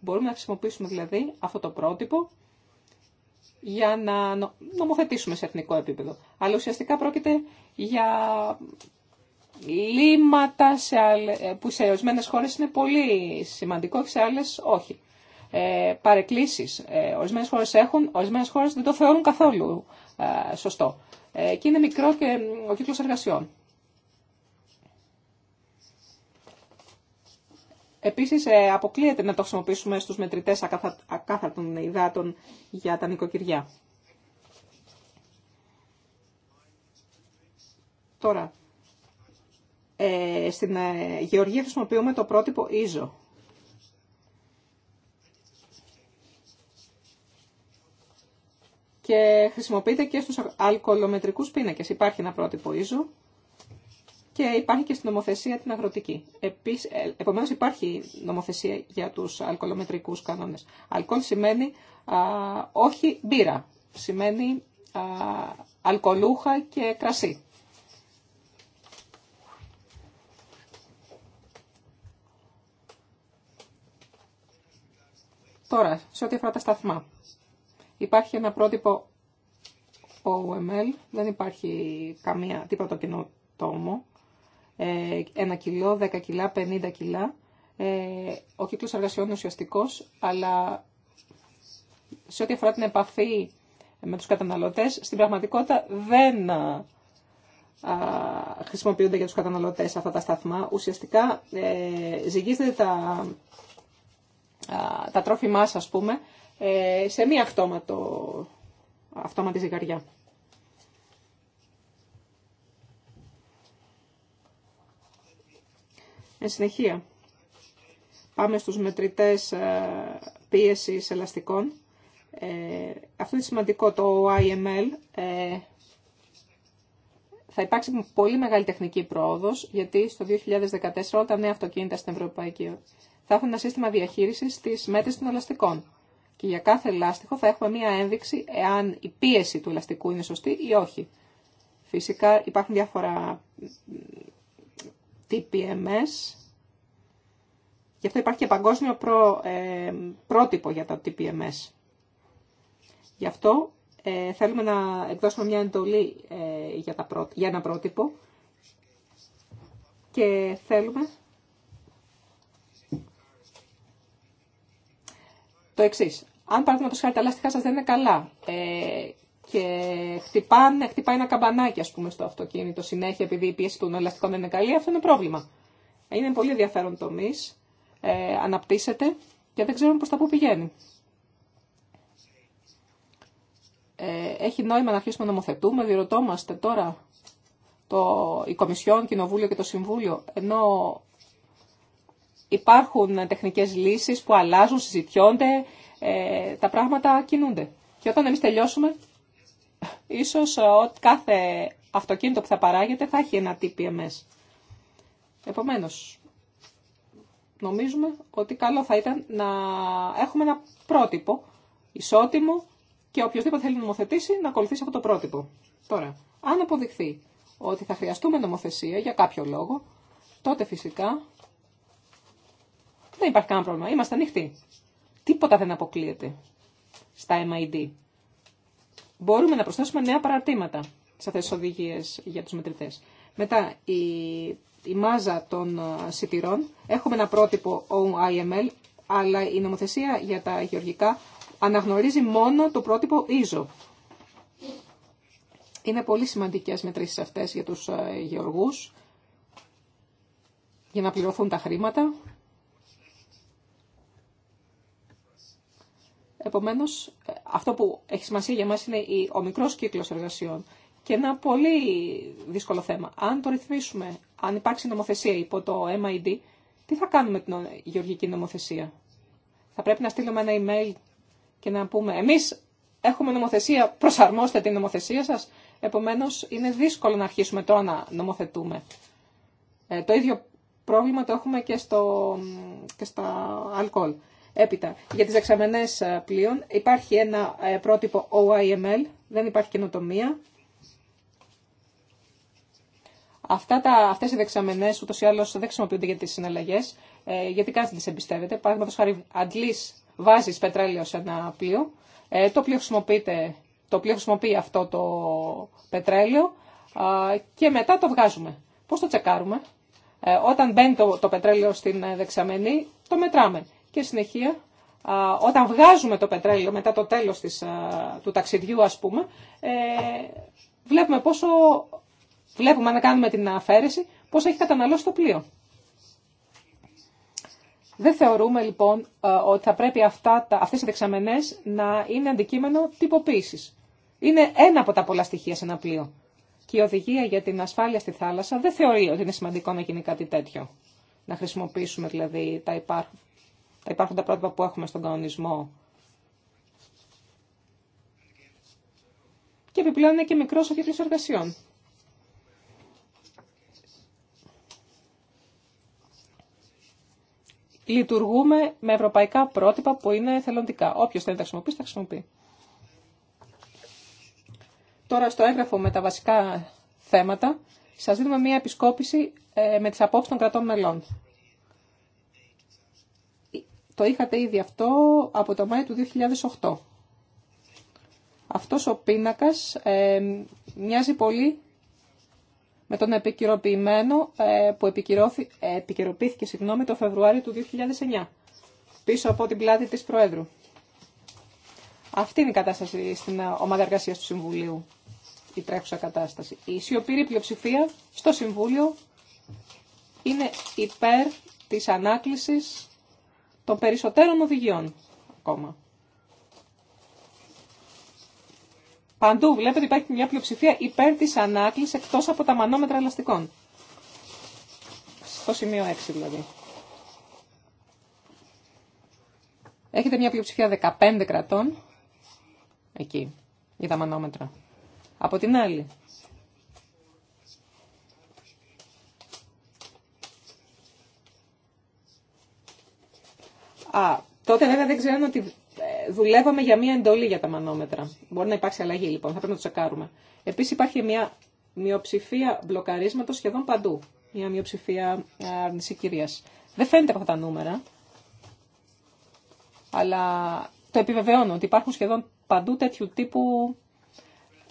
[SPEAKER 1] Μπορούμε να χρησιμοποιήσουμε δηλαδή αυτό το πρότυπο για να νομοθετήσουμε σε εθνικό επίπεδο. Αλλά ουσιαστικά πρόκειται για λύματα σε ε, που σε ορισμένε χώρες είναι πολύ σημαντικό και σε άλλες όχι. Ε, παρεκκλήσεις. Ε, χώρες έχουν, ορισμένε χώρες δεν το θεωρούν καθόλου ε, σωστό. Ε, και είναι μικρό και ο κύκλος εργασιών. Επίσης, ε, αποκλείεται να το χρησιμοποιήσουμε στους μετρητές ακάθαρτων υδάτων για τα νοικοκυριά. Τώρα, ε, στην ε, γεωργία χρησιμοποιούμε το πρότυπο ISO. Και χρησιμοποιείται και στους αλκοολομετρικούς πίνακες. Υπάρχει ένα πρότυπο ISO και υπάρχει και στην νομοθεσία την αγροτική. Επίσης, ε, επομένως υπάρχει νομοθεσία για τους αλκοολομετρικούς κανόνες. Αλκοόλ σημαίνει α, όχι μπύρα, σημαίνει α, αλκοολούχα και κρασί. Τώρα, σε ό,τι αφορά τα σταθμά. Υπάρχει ένα πρότυπο OML, δεν υπάρχει καμία τίποτα τόμο. 1 ε, κιλό, 10 κιλά, 50 κιλά. Ε, ο κύκλος εργασιών είναι ουσιαστικός, αλλά σε ό,τι αφορά την επαφή με τους καταναλωτές, στην πραγματικότητα δεν χρησιμοποιούνται για τους καταναλωτές αυτά τα σταθμά. Ουσιαστικά ε, ζυγίζεται τα, τα τρόφιμά σας, ας πούμε, σε μία αυτόματο, αυτόματη ζυγαριά. Εν συνεχεία, πάμε στους μετρητές ε, πίεσης ελαστικών. Ε, αυτό είναι σημαντικό, το IML. Ε, θα υπάρξει πολύ μεγάλη τεχνική πρόοδος, γιατί στο 2014 όταν νέα αυτοκίνητα στην Ευρωπαϊκή θα έχουν ένα σύστημα διαχείρισης της μέτρησης των ελαστικών. Και για κάθε ελάστιχο θα έχουμε μία ένδειξη εάν η πίεση του ελαστικού είναι σωστή ή όχι. Φυσικά υπάρχουν διάφορα TPMS. Γι' αυτό υπάρχει και παγκόσμιο πρό, ε, πρότυπο για τα TPMS. Γι' αυτό ε, θέλουμε να εκδώσουμε μια εντολή ε, για, τα πρότυπο, για ένα πρότυπο και θέλουμε το εξή. Αν παραδείγματο χάρη τα λάστιχά σα δεν είναι καλά, ε, και χτυπάνε, χτυπάει ένα καμπανάκι ας πούμε, στο αυτοκίνητο συνέχεια επειδή η πίεση των ελαστικών δεν είναι καλή, αυτό είναι πρόβλημα. Είναι πολύ ενδιαφέρον τομεί, ε, αναπτύσσεται και δεν ξέρουμε προς τα πού πηγαίνει. Ε, έχει νόημα να αρχίσουμε να νομοθετούμε, διερωτόμαστε τώρα το, η Κομισιόν, Κοινοβούλιο και το Συμβούλιο, ενώ υπάρχουν τεχνικές λύσεις που αλλάζουν, συζητιώνται, ε, τα πράγματα κινούνται. Και όταν εμείς τελειώσουμε, ίσως ε, κάθε αυτοκίνητο που θα παράγεται θα έχει ένα TPMS. Επομένως, νομίζουμε ότι καλό θα ήταν να έχουμε ένα πρότυπο ισότιμο και οποιοδήποτε θέλει να νομοθετήσει να ακολουθήσει αυτό το πρότυπο. Τώρα, αν αποδειχθεί ότι θα χρειαστούμε νομοθεσία για κάποιο λόγο, τότε φυσικά δεν υπάρχει κανένα πρόβλημα. Είμαστε ανοιχτοί. Τίποτα δεν αποκλείεται στα MID μπορούμε να προσθέσουμε νέα παραρτήματα σε αυτές τις οδηγίες για τους μετρητές. Μετά, η, μάζα των σιτηρών. Έχουμε ένα πρότυπο OIML, αλλά η νομοθεσία για τα γεωργικά αναγνωρίζει μόνο το πρότυπο ISO. Είναι πολύ σημαντικές μετρήσεις αυτές για τους γεωργούς, για να πληρωθούν τα χρήματα. Επομένως, ε, αυτό που έχει σημασία για μας είναι ο μικρό κύκλο εργασιών. Και ένα πολύ δύσκολο θέμα. Αν το ρυθμίσουμε, αν υπάρξει νομοθεσία υπό το MID, τι θα κάνουμε την γεωργική νομοθεσία. Θα πρέπει να στείλουμε ένα email και να πούμε εμείς έχουμε νομοθεσία, προσαρμόστε την νομοθεσία σας. Επομένως, είναι δύσκολο να αρχίσουμε τώρα να νομοθετούμε. Ε, το ίδιο πρόβλημα το έχουμε και, στο, και στα αλκοόλ. Έπειτα, για τις δεξαμενές ε, πλοίων υπάρχει ένα ε, πρότυπο OIML, δεν υπάρχει καινοτομία. Αυτά τα, αυτές οι δεξαμενές ούτως ή άλλως δεν χρησιμοποιούνται για τις συναλλαγές, ε, γιατί κανείς δεν τις εμπιστεύεται. Παραδείγματος χάρη αντλείς, βάζεις πετρέλαιο σε ένα πλοίο, το, πλοίο χρησιμοποιείται, το χρησιμοποιεί αυτό το πετρέλαιο και μετά το βγάζουμε. Πώς το τσεκάρουμε. Όταν μπαίνει το, το πετρέλαιο στην δεξαμενή, το μετράμε και συνεχεία όταν βγάζουμε το πετρέλαιο μετά το τέλος της, του ταξιδιού ας πούμε, ε, βλέπουμε πόσο, βλέπουμε αν κάνουμε την αφαίρεση, πόσο έχει καταναλώσει το πλοίο. Δεν θεωρούμε λοιπόν ε, ότι θα πρέπει αυτά, αυτές οι δεξαμενές να είναι αντικείμενο τυποποίησης. Είναι ένα από τα πολλά στοιχεία σε ένα πλοίο. Και η οδηγία για την ασφάλεια στη θάλασσα δεν θεωρεί ότι είναι σημαντικό να γίνει κάτι τέτοιο. Να χρησιμοποιήσουμε δηλαδή τα υπάρχουν θα υπάρχουν τα πρότυπα που έχουμε στον κανονισμό. Και επιπλέον είναι και μικρός ο κύκλος εργασιών. Λειτουργούμε με ευρωπαϊκά πρότυπα που είναι θελοντικά. Όποιο θέλει να τα χρησιμοποιήσει, τα χρησιμοποιεί. Τώρα στο έγγραφο με τα βασικά θέματα σας δίνουμε μια επισκόπηση ε, με τις απόψεις των κρατών μελών. Το είχατε ήδη αυτό από το Μάιο του 2008. Αυτός ο πίνακας ε, μοιάζει πολύ με τον επικυροποιημένο ε, που επικυροποιήθηκε ε, συγγνώμη, το Φεβρουάριο του 2009, πίσω από την πλάτη της Προέδρου. Αυτή είναι η κατάσταση στην ομάδα εργασία του Συμβουλίου, η τρέχουσα κατάσταση. Η σιωπήρη πλειοψηφία στο Συμβούλιο είναι υπέρ της ανάκλησης των περισσότερων οδηγιών ακόμα. Παντού βλέπετε υπάρχει μια πλειοψηφία υπέρ της ανάκλησης εκτός από τα μανόμετρα ελαστικών. Στο σημείο 6 δηλαδή. Έχετε μια πλειοψηφία 15 κρατών, εκεί, για τα μανόμετρα. Από την άλλη, Α, τότε βέβαια δεν ξέραν ότι ε, δουλεύαμε για μία εντολή για τα μανόμετρα. Μπορεί να υπάρξει αλλαγή λοιπόν, θα πρέπει να το τσεκάρουμε. Επίση υπάρχει μια μειοψηφία μπλοκαρίσματο σχεδόν παντού. Μια μειοψηφία άρνηση ε, κυρία. Δεν φαίνεται από αυτά τα νούμερα, αλλά το επιβεβαιώνω ότι υπάρχουν σχεδόν παντού τέτοιου τύπου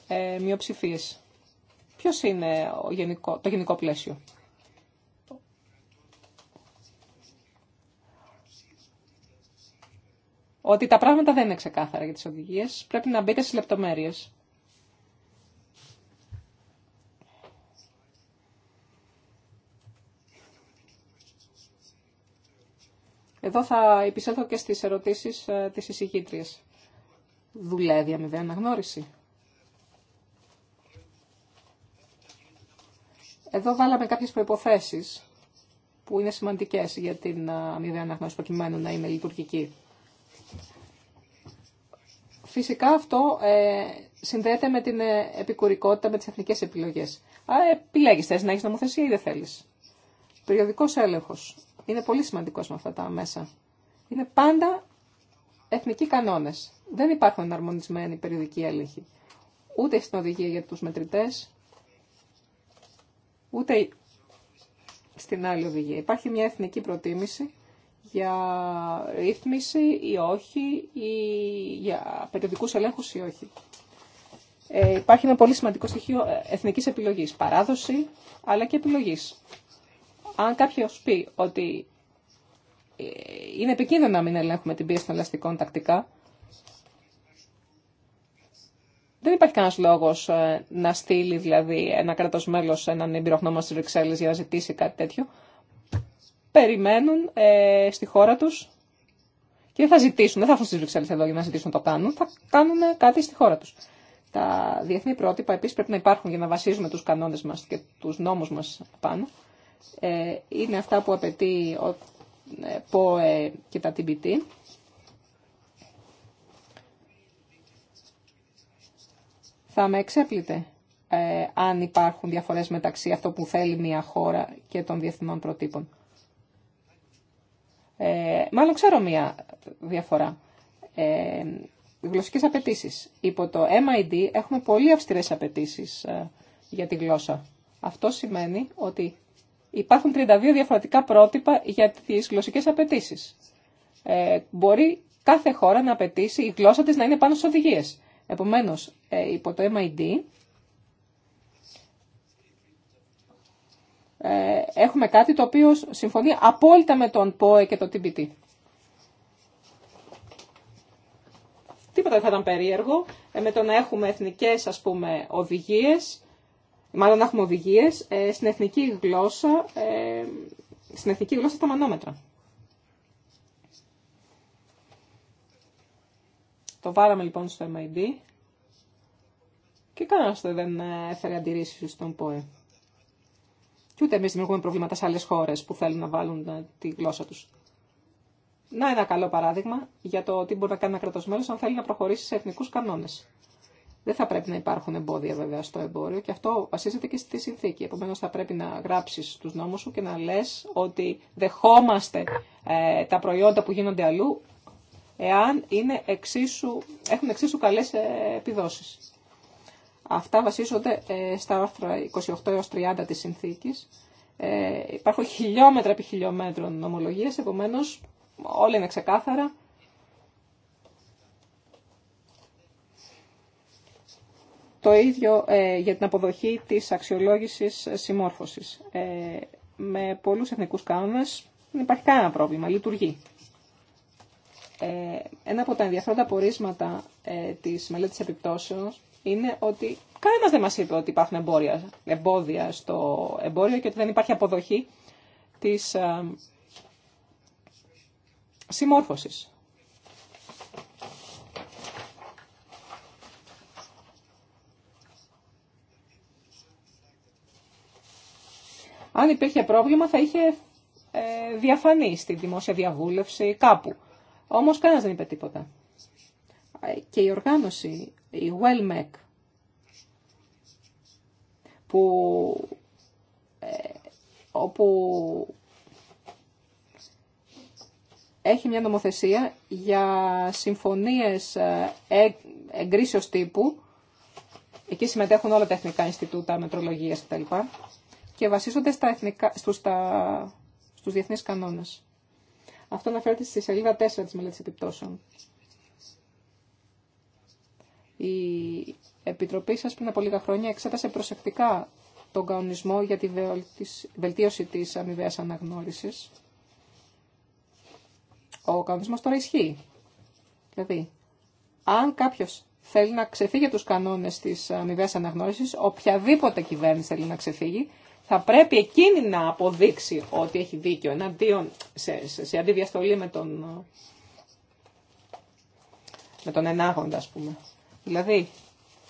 [SPEAKER 1] ε, μειοψηφίε. Ποιο είναι ο γενικό, το γενικό πλαίσιο. ότι τα πράγματα δεν είναι ξεκάθαρα για τις οδηγίες, πρέπει να μπείτε στις λεπτομέρειες. Εδώ θα επισέλθω και στις ερωτήσεις ε, της εισηγήτριας. Δουλεύει αμοιβή αναγνώριση. Εδώ βάλαμε κάποιες προϋποθέσεις που είναι σημαντικές για την ε, αμοιβή αναγνώριση προκειμένου να είναι λειτουργική. Φυσικά αυτό ε, συνδέεται με την ε, επικουρικότητα, με τις εθνικές επιλογές. Α, επιλέγεις, θες να έχεις νομοθεσία ή δεν θέλεις. Περιοδικός έλεγχος. Είναι πολύ σημαντικός με αυτά τα μέσα. Είναι πάντα εθνικοί κανόνες. Δεν υπάρχουν εναρμονισμένοι περιοδικοί έλεγχοι. Ούτε στην οδηγία για τους μετρητές, ούτε στην άλλη οδηγία. Υπάρχει μια εθνική προτίμηση για ρύθμιση ή όχι, ή για περιοδικούς ελέγχου ή όχι. Ε, υπάρχει ένα πολύ σημαντικό στοιχείο ε, εθνικής επιλογής, παράδοση αλλά και επιλογής. Αν κάποιο πει ότι ε, είναι επικίνδυνο να μην ελέγχουμε την πίεση των ελαστικών τακτικά, δεν υπάρχει κανένας λόγος ε, να στείλει δηλαδή ένα κράτο μέλο έναν εμπειρογνώμα στι Βρυξέλλε για να ζητήσει κάτι τέτοιο περιμένουν ε, στη χώρα τους και δεν θα ζητήσουν, δεν θα έρθουν στις Βρυξέλλες εδώ για να ζητήσουν το κάνουν, θα κάνουν κάτι στη χώρα τους. Τα διεθνή πρότυπα επίσης πρέπει να υπάρχουν για να βασίζουμε τους κανόνες μας και τους νόμους μας πάνω. Ε, είναι αυτά που απαιτεί ο ε, ΠΟΕ και τα TBT. Θα με εξέπλητε ε, αν υπάρχουν διαφορές μεταξύ αυτό που θέλει μια χώρα και των διεθνών προτύπων. Ε, μάλλον ξέρω μία διαφορά. Ε, γλωσσικές απαιτήσει. Υπό το MID έχουμε πολύ αυστηρές απαιτήσει ε, για τη γλώσσα. Αυτό σημαίνει ότι υπάρχουν 32 διαφορετικά πρότυπα για τις γλωσσικές απαιτήσει. Ε, μπορεί κάθε χώρα να απαιτήσει η γλώσσα της να είναι πάνω στις οδηγίες. Επομένως, ε, υπό το MID Ε, έχουμε κάτι το οποίο συμφωνεί απόλυτα με τον ΠΟΕ και το TBT. Τίποτα δεν θα ήταν περίεργο ε, με το να έχουμε εθνικές ας πούμε οδηγίες, μάλλον να έχουμε οδηγίες ε, στην εθνική γλώσσα, στην εθνική γλώσσα τα μανόμετρα. Το βάλαμε λοιπόν στο MID και κανένας δεν έφερε αντιρρήσεις στον ΠΟΕ. Και ούτε εμεί δημιουργούμε προβλήματα σε άλλε χώρε που θέλουν να βάλουν ε, τη γλώσσα του. Να ένα καλό παράδειγμα για το τι μπορεί να κάνει ένα κράτο μέλο αν θέλει να προχωρήσει σε εθνικού κανόνε. Δεν θα πρέπει να υπάρχουν εμπόδια βέβαια στο εμπόριο και αυτό βασίζεται και στη συνθήκη. Επομένω θα πρέπει να γράψει του νόμου σου και να λε ότι δεχόμαστε ε, τα προϊόντα που γίνονται αλλού εάν είναι εξίσου, έχουν εξίσου καλέ ε, επιδόσει. Αυτά βασίζονται ε, στα άρθρα 28 έως 30 της συνθήκης. Ε, υπάρχουν χιλιόμετρα επί χιλιόμετρων νομολογίες, επομένως όλα είναι ξεκάθαρα. Το ίδιο ε, για την αποδοχή της αξιολόγησης συμμόρφωσης. Ε, με πολλούς εθνικούς κανόνες δεν υπάρχει κανένα πρόβλημα, λειτουργεί. Ε, ένα από τα ενδιαφέροντα πορίσματα ε, της μελέτης επιπτώσεως είναι ότι κανένα δεν μα είπε ότι υπάρχουν εμπόδια στο εμπόριο και ότι δεν υπάρχει αποδοχή τη ε, συμμόρφωση. Αν υπήρχε πρόβλημα θα είχε ε, διαφανεί στη δημόσια διαβούλευση κάπου. Όμως κανένας δεν είπε τίποτα. Ε, και η οργάνωση η Wellmec, που, ε, όπου έχει μια νομοθεσία για συμφωνίες ε, ε, εγκρίσεως τύπου. Εκεί συμμετέχουν όλα τα εθνικά Ινστιτούτα Μετρολογίας κτλ. Και, βασίζονται στα εθνικά, στους, στους διεθνείς κανόνες. Αυτό αναφέρεται στη σελίδα 4 της μελέτης επιπτώσεων. Η Επιτροπή σας πριν από λίγα χρόνια εξέτασε προσεκτικά τον κανονισμό για τη βελτίωση της αμοιβαίας αναγνώρισης. Ο κανονισμός τώρα ισχύει. Δηλαδή, αν κάποιος θέλει να ξεφύγει τους κανόνες της αμοιβαίας αναγνώρισης, οποιαδήποτε κυβέρνηση θέλει να ξεφύγει, θα πρέπει εκείνη να αποδείξει ότι έχει δίκιο εναντίον, σε, σε, αντιδιαστολή με τον, με τον ενάγοντα, ας πούμε. Δηλαδή,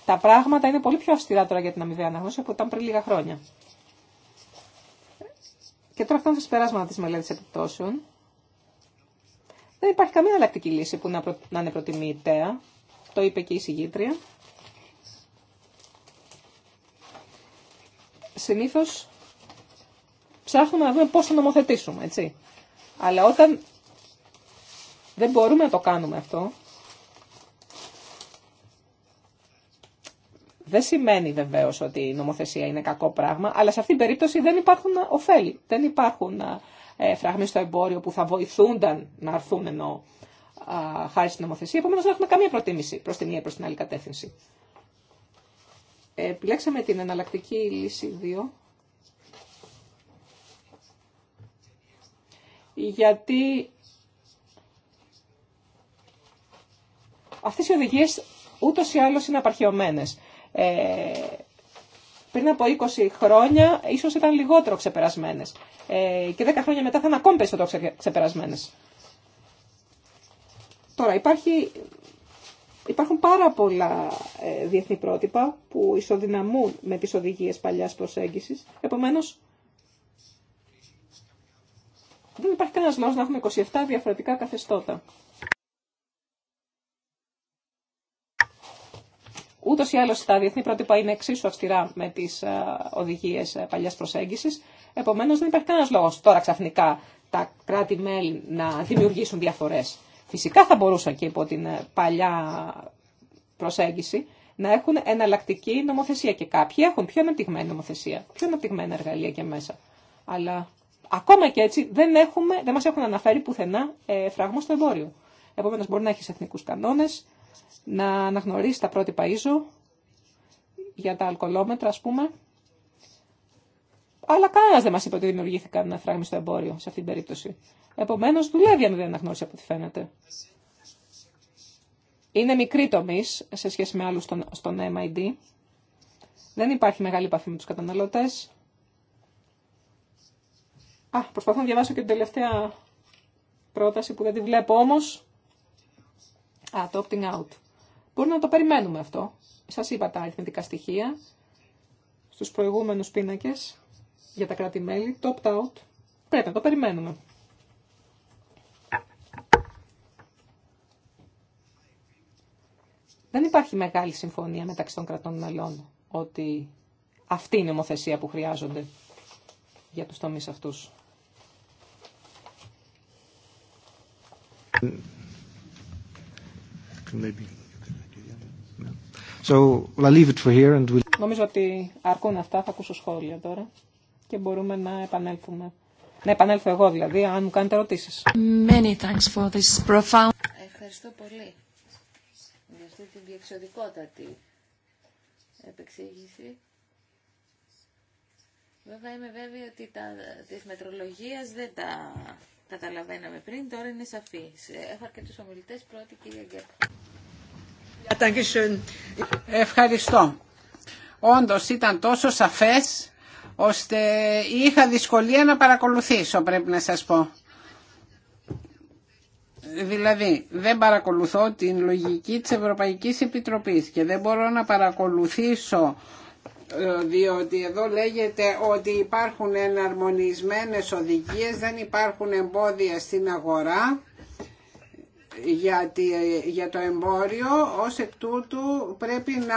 [SPEAKER 1] τα πράγματα είναι πολύ πιο αυστηρά τώρα για την αμοιβαία αναγνώση, από ήταν πριν λίγα χρόνια. Και τώρα φτάνουμε στα συμπεράσματα τη μελέτη επιπτώσεων. Δεν υπάρχει καμία εναλλακτική λύση που να, προ... να είναι προτιμητέα. Το είπε και η συγγήτρια. Συνήθω ψάχνουμε να δούμε πώς θα νομοθετήσουμε, έτσι. Αλλά όταν δεν μπορούμε να το κάνουμε αυτό, Δεν σημαίνει βεβαίως ότι η νομοθεσία είναι κακό πράγμα, αλλά σε αυτήν την περίπτωση δεν υπάρχουν ωφέλη, δεν υπάρχουν ε, φραγμοί στο εμπόριο που θα βοηθούνταν να αρθούν ενώ χάρη στην νομοθεσία. Επομένως δεν έχουμε καμία προτίμηση προς την μία προς την άλλη κατεύθυνση. Επιλέξαμε την εναλλακτική λύση 2. Γιατί αυτές οι οδηγίες ούτως ή άλλως είναι απαρχαιωμένες. Ε, πριν από 20 χρόνια ίσως ήταν λιγότερο ξεπερασμένες ε, και 10 χρόνια μετά θα είναι ακόμη περισσότερο Τώρα υπάρχει, υπάρχουν πάρα πολλά ε, διεθνή πρότυπα που ισοδυναμούν με τις οδηγίες παλιάς προσέγγισης. Επομένως, δεν υπάρχει κανένας λόγος να έχουμε 27 διαφορετικά καθεστώτα. Ούτω ή άλλω τα διεθνή πρότυπα είναι εξίσου αυστηρά με τι ε, οδηγίε ε, παλιά προσέγγιση. Επομένω, δεν υπάρχει κανένα λόγο τώρα ξαφνικά τα κράτη-μέλη να δημιουργήσουν διαφορέ. Φυσικά θα μπορούσαν και υπό την ε, παλιά προσέγγιση να έχουν εναλλακτική νομοθεσία και κάποιοι έχουν πιο αναπτυγμένη νομοθεσία, πιο αναπτυγμένα εργαλεία και μέσα. Αλλά ακόμα και έτσι δεν, έχουμε, δεν μας έχουν αναφέρει πουθενά ε, φραγμό στο εμπόριο. Επομένως μπορεί να έχεις εθνικούς κανόνες, να αναγνωρίσει τα πρότυπα παίζω για τα αλκοολόμετρα, ας πούμε. Αλλά κανένα δεν μα είπε ότι δημιουργήθηκαν φράγμοι στο εμπόριο σε αυτήν την περίπτωση. Επομένω, δουλεύει αν δεν αναγνώρισε από ό,τι φαίνεται. Είναι μικρή τομή σε σχέση με άλλου στον, στον MID. Δεν υπάρχει μεγάλη επαφή με του καταναλωτέ. Α, προσπαθώ να διαβάσω και την τελευταία πρόταση που δεν τη βλέπω όμως. Α, το opting out. Μπορούμε να το περιμένουμε αυτό. Σας είπα τα αριθμητικά στοιχεία στους προηγούμενους πίνακες για τα κράτη-μέλη. Το opt-out πρέπει να το περιμένουμε. Δεν υπάρχει μεγάλη συμφωνία μεταξύ των κρατών μελών ότι αυτή είναι η νομοθεσία που χρειάζονται για τους τομείς αυτούς. Νομίζω ότι αρκούν αυτά, θα ακούσω σχόλια τώρα και μπορούμε να επανέλθουμε. Να επανέλθω εγώ δηλαδή, αν μου κάνετε ερωτήσεις. Many thanks for this profound...
[SPEAKER 3] Ευχαριστώ πολύ για αυτή την διεξοδικότατη επεξήγηση. Βέβαια είμαι βέβαιη ότι τα, της μετρολογίας δεν τα καταλαβαίναμε πριν, τώρα είναι σαφή. Έχω αρκετούς ομιλητές. Πρώτη, κυρία
[SPEAKER 2] Γκέρχα. Ευχαριστώ. Όντως ήταν τόσο σαφές, ώστε είχα δυσκολία να παρακολουθήσω, πρέπει να σας πω. Δηλαδή, δεν παρακολουθώ την λογική της Ευρωπαϊκής Επιτροπής και δεν μπορώ να παρακολουθήσω διότι εδώ λέγεται ότι υπάρχουν εναρμονισμένες οδηγίες, δεν υπάρχουν εμπόδια στην αγορά για το εμπόριο, ως εκ τούτου πρέπει να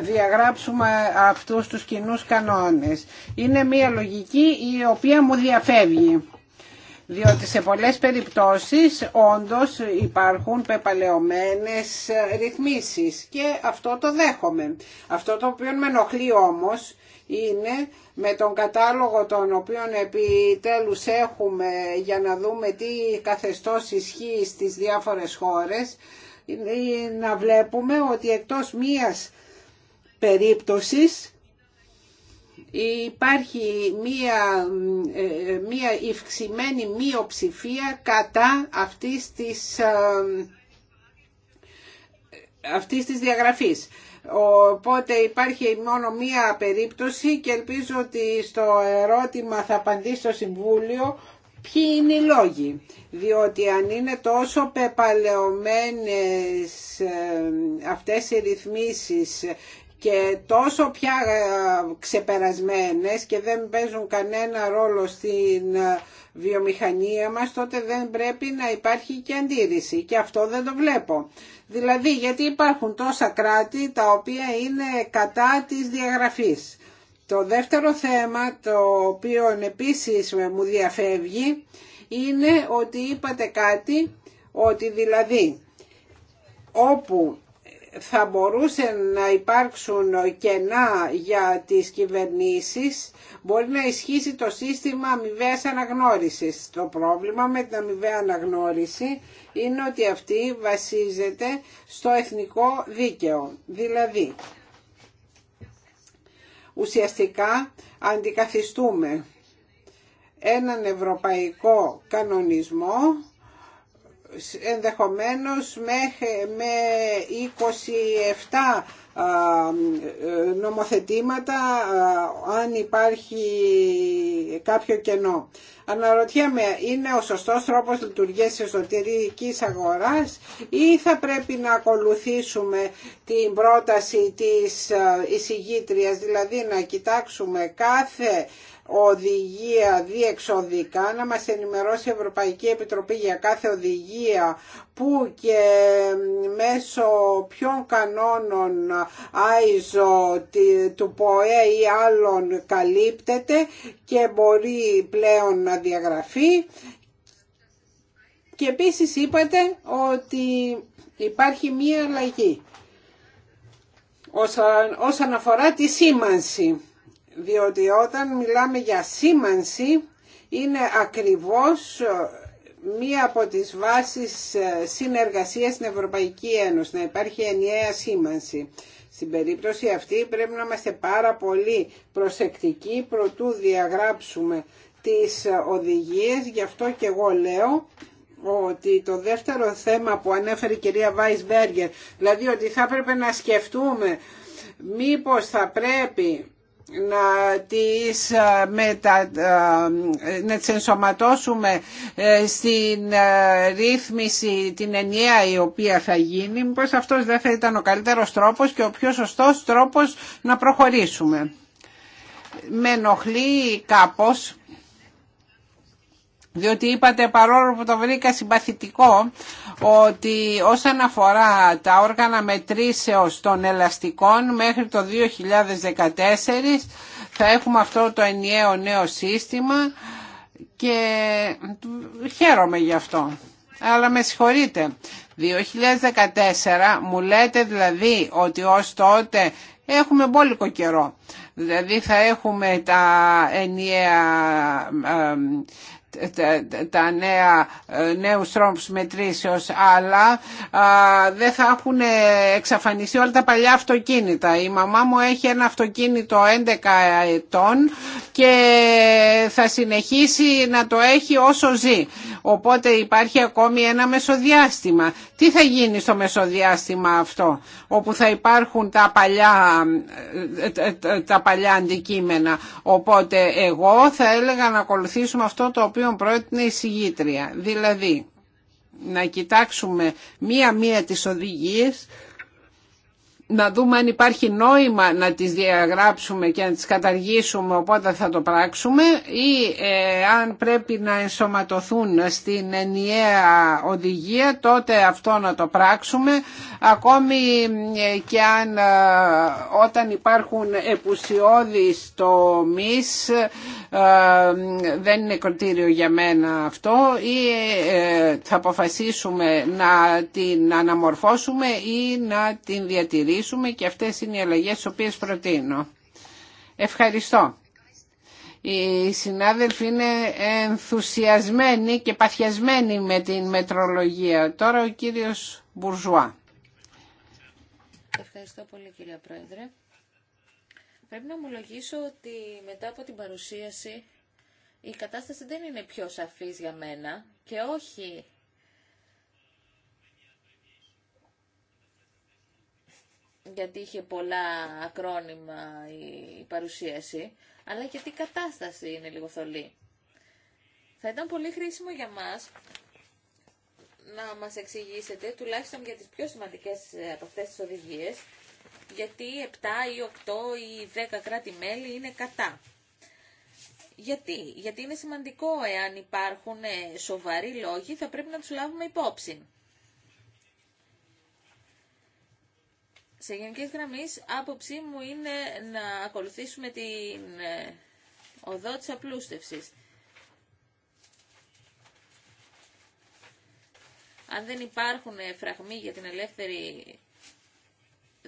[SPEAKER 2] διαγράψουμε αυτούς τους κοινούς κανόνες. Είναι μια λογική η οποία μου διαφεύγει διότι σε πολλές περιπτώσεις όντως υπάρχουν πεπαλαιωμένες ρυθμίσεις και αυτό το δέχομαι. Αυτό το οποίο με ενοχλεί όμως είναι με τον κατάλογο τον οποίο επιτέλους έχουμε για να δούμε τι καθεστώς ισχύει στις διάφορες χώρες να βλέπουμε ότι εκτός μίας περίπτωσης υπάρχει μία, ε, ε, μία μειοψηφία κατά αυτής της, ε, αυτής της διαγραφής. Οπότε υπάρχει μόνο μία περίπτωση και ελπίζω ότι στο ερώτημα θα απαντήσει το Συμβούλιο ποιοι είναι οι λόγοι. Διότι αν είναι τόσο πεπαλαιωμένες αυτές οι ρυθμίσεις και τόσο πια ε, ξεπερασμένες και δεν παίζουν κανένα ρόλο στην ε, βιομηχανία μας, τότε δεν πρέπει να υπάρχει και αντίρρηση. Και αυτό δεν το βλέπω. Δηλαδή, γιατί υπάρχουν τόσα κράτη τα οποία είναι κατά της διαγραφής. Το δεύτερο θέμα, το οποίο επίσης μου διαφεύγει, είναι ότι είπατε κάτι, ότι δηλαδή όπου θα μπορούσε να υπάρξουν κενά για τις κυβερνήσεις μπορεί να ισχύσει το σύστημα αμοιβαίας αναγνώρισης. Το πρόβλημα με την αμοιβαία αναγνώριση είναι ότι αυτή βασίζεται στο εθνικό δίκαιο. Δηλαδή, ουσιαστικά αντικαθιστούμε έναν ευρωπαϊκό κανονισμό ενδεχομένως με 27 νομοθετήματα αν υπάρχει κάποιο κενό. Αναρωτιέμαι, είναι ο σωστός τρόπος λειτουργίας της εσωτερικής αγοράς ή θα πρέπει να ακολουθήσουμε την πρόταση της εισηγήτριας, δηλαδή να κοιτάξουμε κάθε οδηγία διεξοδικά, να μας ενημερώσει η Ευρωπαϊκή Επιτροπή για κάθε οδηγία που και μέσω ποιων κανόνων ISO του ΠΟΕ ή άλλων καλύπτεται και μπορεί πλέον να διαγραφεί. Και επίσης είπατε ότι υπάρχει μία αλλαγή όσον αφορά τη σήμανση διότι όταν μιλάμε για σήμανση είναι ακριβώς ε, μία από τις βάσεις ε, συνεργασίας στην Ευρωπαϊκή Ένωση, να υπάρχει ενιαία σήμανση. Στην περίπτωση αυτή πρέπει να είμαστε πάρα πολύ προσεκτικοί προτού διαγράψουμε τις ε, οδηγίες, γι' αυτό και εγώ λέω ότι το δεύτερο θέμα που ανέφερε η κυρία Βάις δηλαδή ότι θα έπρεπε να σκεφτούμε μήπως θα πρέπει να τις, ε, μετα, ε, ε, να ενσωματώσουμε στην ρύθμιση την ενιαία η οποία θα γίνει πως αυτός δεν θα ήταν ο καλύτερος τρόπος και ο πιο σωστός τρόπος να προχωρήσουμε. Με ενοχλεί κάπως διότι είπατε παρόλο που το βρήκα συμπαθητικό ότι όσον αφορά τα όργανα μετρήσεως των ελαστικών μέχρι το 2014 θα έχουμε αυτό το ενιαίο νέο σύστημα και χαίρομαι γι' αυτό. Αλλά με συγχωρείτε, 2014 μου λέτε δηλαδή ότι ως τότε έχουμε μπόλικο καιρό. Δηλαδή θα έχουμε τα ενιαία τα νέα, ε, νέους τρόμπς μετρήσεως αλλά δεν θα έχουν εξαφανιστεί όλα τα παλιά αυτοκίνητα. Η μαμά μου έχει ένα αυτοκίνητο 11 ετών και θα συνεχίσει να το έχει όσο ζει. Οπότε υπάρχει ακόμη ένα μεσοδιάστημα. Τι θα γίνει στο μεσοδιάστημα αυτό όπου θα υπάρχουν τα παλιά, ε, ε, τα παλιά αντικείμενα. Οπότε εγώ θα έλεγα να ακολουθήσουμε αυτό το οποίο οποίον πρότεινε η συγγήτρια. Δηλαδή, να κοιτάξουμε μία-μία τις οδηγίες να δούμε αν υπάρχει νόημα να τις διαγράψουμε και να τις καταργήσουμε οπότε θα το πράξουμε ή ε, αν πρέπει να ενσωματωθούν στην ενιαία οδηγία τότε αυτό να το πράξουμε ακόμη ε, και αν ε, όταν υπάρχουν επουσιώδεις ε, δεν είναι κριτήριο για μένα αυτό ή θα αποφασίσουμε να την αναμορφώσουμε ή να την διατηρήσουμε και αυτές είναι οι αλλαγές τις οποίες προτείνω. Ευχαριστώ. Οι συνάδελφοι είναι ενθουσιασμένοι και παθιασμένοι με την μετρολογία. Τώρα ο κύριος Μπουρζουά.
[SPEAKER 3] Ευχαριστώ πολύ κυρία Πρόεδρε. Πρέπει να ομολογήσω ότι μετά από την παρουσίαση η κατάσταση δεν είναι πιο σαφής για μένα και όχι γιατί είχε πολλά ακρόνημα η παρουσίαση, αλλά γιατί η κατάσταση είναι λίγο θολή. Θα ήταν πολύ χρήσιμο για μας να μας εξηγήσετε, τουλάχιστον για τις πιο σημαντικές ε, από αυτές τις οδηγίες, γιατί 7 ή 8 ή 10 κράτη-μέλη είναι κατά. Γιατί, γιατί είναι σημαντικό εάν υπάρχουν ε, σοβαροί λόγοι, θα πρέπει να τους λάβουμε υπόψη. Σε γενικές γραμμές, άποψή μου είναι να ακολουθήσουμε την ε, οδό της απλούστευσης. Αν δεν υπάρχουν φραγμοί για την ελεύθερη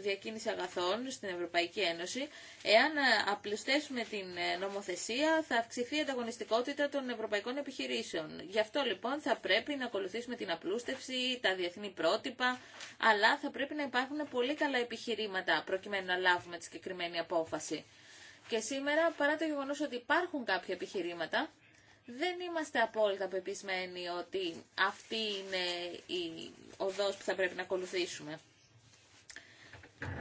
[SPEAKER 3] διακίνηση αγαθών στην Ευρωπαϊκή Ένωση. Εάν ε, απλουστεύσουμε την ε, νομοθεσία θα αυξηθεί η ανταγωνιστικότητα των ευρωπαϊκών επιχειρήσεων. Γι' αυτό λοιπόν θα πρέπει να ακολουθήσουμε την απλούστευση, τα διεθνή πρότυπα, αλλά θα πρέπει να υπάρχουν πολύ καλά επιχειρήματα προκειμένου να λάβουμε τη συγκεκριμένη απόφαση. Και σήμερα, παρά το γεγονό ότι υπάρχουν κάποια επιχειρήματα, δεν είμαστε απόλυτα πεπισμένοι ότι αυτή είναι η οδός που θα πρέπει να ακολουθήσουμε.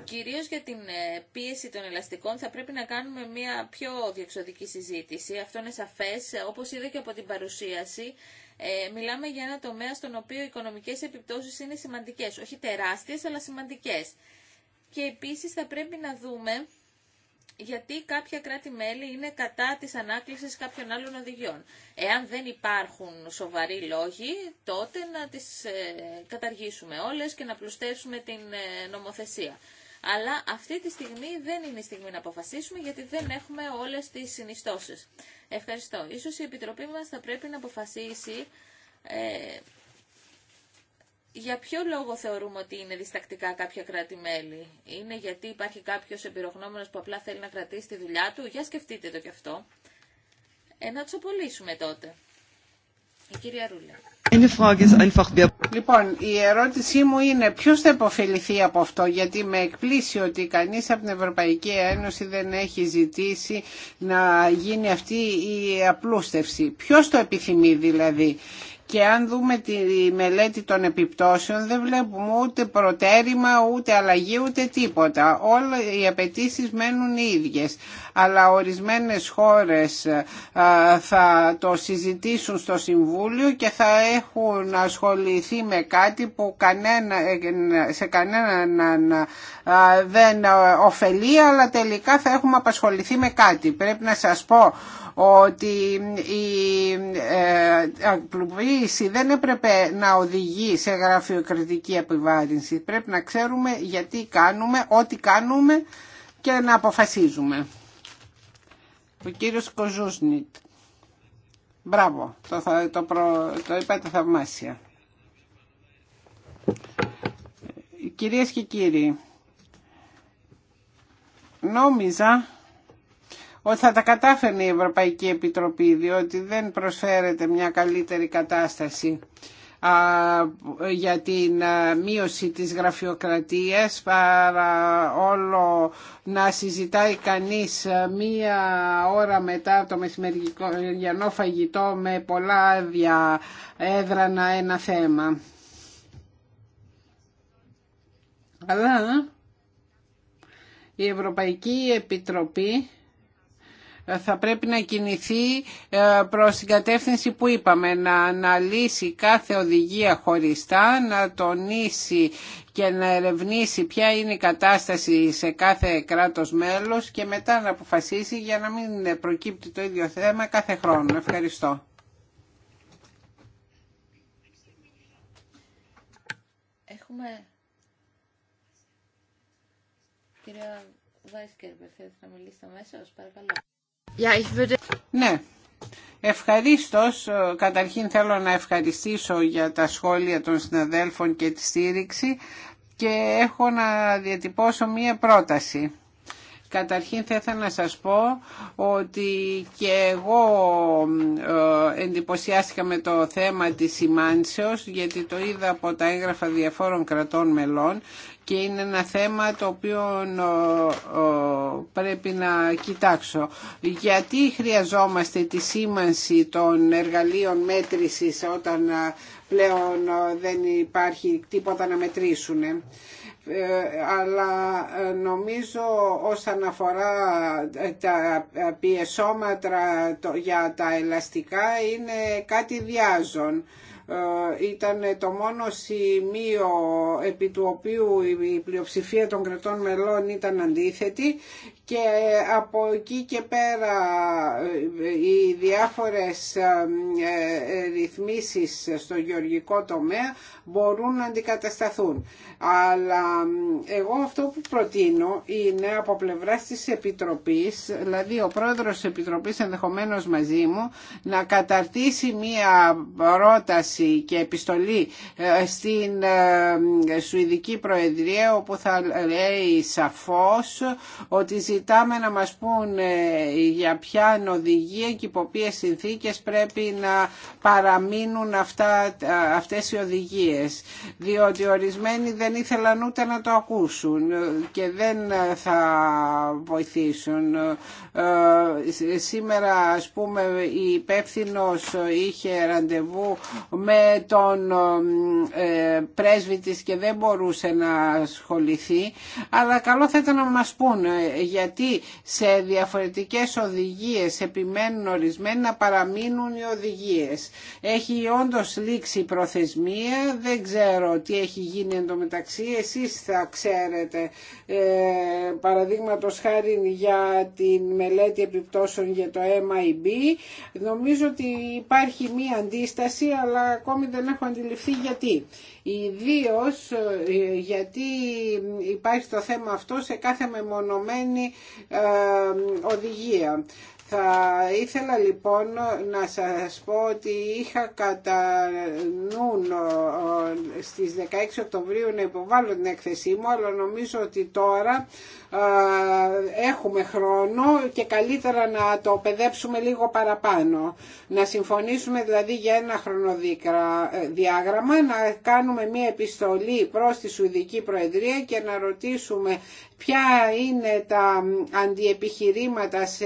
[SPEAKER 3] Κυρίως για την ε, πίεση των ελαστικών θα πρέπει να κάνουμε μια πιο διεξοδική συζήτηση. Αυτό είναι σαφές. Όπως είδα και από την παρουσίαση, ε, μιλάμε για ένα τομέα στον οποίο οι οικονομικές επιπτώσεις είναι σημαντικές. Όχι τεράστιες, αλλά σημαντικές. Και επίσης θα πρέπει να δούμε γιατί κάποια κράτη-μέλη είναι κατά της ανάκλησης κάποιων άλλων οδηγιών. Εάν δεν υπάρχουν σοβαροί λόγοι, τότε να τις ε, καταργήσουμε όλες και να πλουστεύσουμε την ε, νομοθεσία. Αλλά αυτή τη στιγμή δεν είναι η στιγμή να αποφασίσουμε γιατί δεν έχουμε όλες τις συνιστώσεις. Ευχαριστώ. Ίσως η Επιτροπή μας θα πρέπει να αποφασίσει ε, για ποιο λόγο θεωρούμε ότι είναι διστακτικά κάποια κράτη-μέλη. Είναι γιατί υπάρχει κάποιος εμπειρογνώμενος που απλά θέλει να κρατήσει τη δουλειά του. Για σκεφτείτε το κι αυτό. Ε, να του απολύσουμε τότε. Η κυρία Ρούλα.
[SPEAKER 2] Λοιπόν, η ερώτησή μου είναι ποιος θα υποφεληθεί από αυτό, γιατί με εκπλήσει ότι κανείς από την Ευρωπαϊκή Ένωση δεν έχει ζητήσει να γίνει αυτή η απλούστευση. Ποιος το επιθυμεί δηλαδή. Και αν δούμε τη μελέτη των επιπτώσεων δεν βλέπουμε ούτε προτέρημα, ούτε αλλαγή, ούτε τίποτα. Όλα οι απαιτήσει μένουν οι ίδιες. Αλλά ορισμένες χώρες θα το συζητήσουν στο Συμβούλιο και θα έχουν ασχοληθεί με κάτι που κανένα, ε, σε κανέναν δεν ωφελεί, αλλά τελικά θα έχουμε απασχοληθεί με κάτι. Πρέπει να σας πω ότι η ε, απλοποίηση δεν έπρεπε να οδηγεί σε γραφειοκρατική επιβάρυνση. Πρέπει να ξέρουμε γιατί κάνουμε, ό,τι κάνουμε και να αποφασίζουμε. Ο κύριος Κοζούσνιτ. Μπράβο, το, το, είπατε θαυμάσια. Κυρίες και κύριοι, νόμιζα ότι θα τα κατάφερνε η Ευρωπαϊκή Επιτροπή διότι δεν προσφέρεται μια καλύτερη κατάσταση για την μείωση της γραφειοκρατίας παρά όλο να συζητάει κανείς μία ώρα μετά το μεσημεριανό φαγητό με πολλά άδεια έδρανα ένα θέμα. Αλλά η Ευρωπαϊκή Επιτροπή θα πρέπει να κινηθεί ε, προς την κατεύθυνση που είπαμε, να αναλύσει κάθε οδηγία χωριστά, να τονίσει και να ερευνήσει ποια είναι η κατάσταση σε κάθε κράτος μέλος και μετά να αποφασίσει για να μην προκύπτει το ίδιο θέμα κάθε χρόνο. Ευχαριστώ.
[SPEAKER 3] Έχουμε... Κυρία Βάισκερ, θέλετε να μιλήσετε αμέσως, παρακαλώ.
[SPEAKER 2] Ναι. Ευχαριστώ. Ε, καταρχήν θέλω να ευχαριστήσω για τα σχόλια των συναδέλφων και τη στήριξη και έχω να διατυπώσω μία πρόταση. Καταρχήν θα ήθελα να σας πω ότι και εγώ ε, εντυπωσιάστηκα με το θέμα της σημάνσεως γιατί το είδα από τα έγγραφα διαφόρων κρατών μελών και είναι ένα θέμα το οποίο ε, ε, πρέπει να κοιτάξω. Γιατί χρειαζόμαστε τη σήμανση των εργαλείων μέτρησης όταν ε, πλέον δεν υπάρχει τίποτα να μετρήσουν. αλλά νομίζω όσον αφορά τα πιεσόματρα για τα ελαστικά είναι κάτι διάζων ήταν το μόνο σημείο επί του οποίου η πλειοψηφία των κρατών μελών ήταν αντίθετη και ε, από εκεί και πέρα ε, ε, οι διάφορες ρυθμίσεις στο γεωργικό τομέα μπορούν να αντικατασταθούν. Αλλά εγώ αυτό που προτείνω είναι από πλευράς της Επιτροπής, δηλαδή ο πρόεδρος της Επιτροπής ενδεχομένως μαζί μου, να καταρτήσει μία πρόταση και επιστολή στην Σουηδική Προεδρία όπου θα λέει σαφώς ότι ζητάμε να μας πούν για ποια οδηγία και υπό ποιες συνθήκες πρέπει να παραμείνουν αυτά, αυτές οι οδηγίες διότι ορισμένοι δεν ήθελαν ούτε να το ακούσουν και δεν θα βοηθήσουν. Ε, σήμερα ας πούμε η υπεύθυνο είχε ραντεβού με τον ε, πρέσβη της και δεν μπορούσε να ασχοληθεί αλλά καλό θα ήταν να μας πούν για γιατί σε διαφορετικές οδηγίες επιμένουν ορισμένοι να παραμείνουν οι οδηγίες. Έχει όντως λήξει η προθεσμία, δεν ξέρω τι έχει γίνει εντωμεταξύ, εσείς θα ξέρετε. Ε, παραδείγματος χάρη για την μελέτη επιπτώσεων για το MIB, νομίζω ότι υπάρχει μία αντίσταση, αλλά ακόμη δεν έχω αντιληφθεί γιατί ιδίω ε, γιατί υπάρχει το θέμα αυτό σε κάθε μεμονωμένη ε, οδηγία. Θα ήθελα λοιπόν να σας πω ότι είχα κατά νου ε, στις 16 Οκτωβρίου να υποβάλω την έκθεσή μου, αλλά νομίζω ότι τώρα έχουμε χρόνο και καλύτερα να το παιδέψουμε λίγο παραπάνω. Να συμφωνήσουμε δηλαδή για ένα ε, διάγραμμα, να κάνουμε μία επιστολή προς τη Σουηδική Προεδρία και να ρωτήσουμε ποια είναι τα αντιεπιχειρήματα σε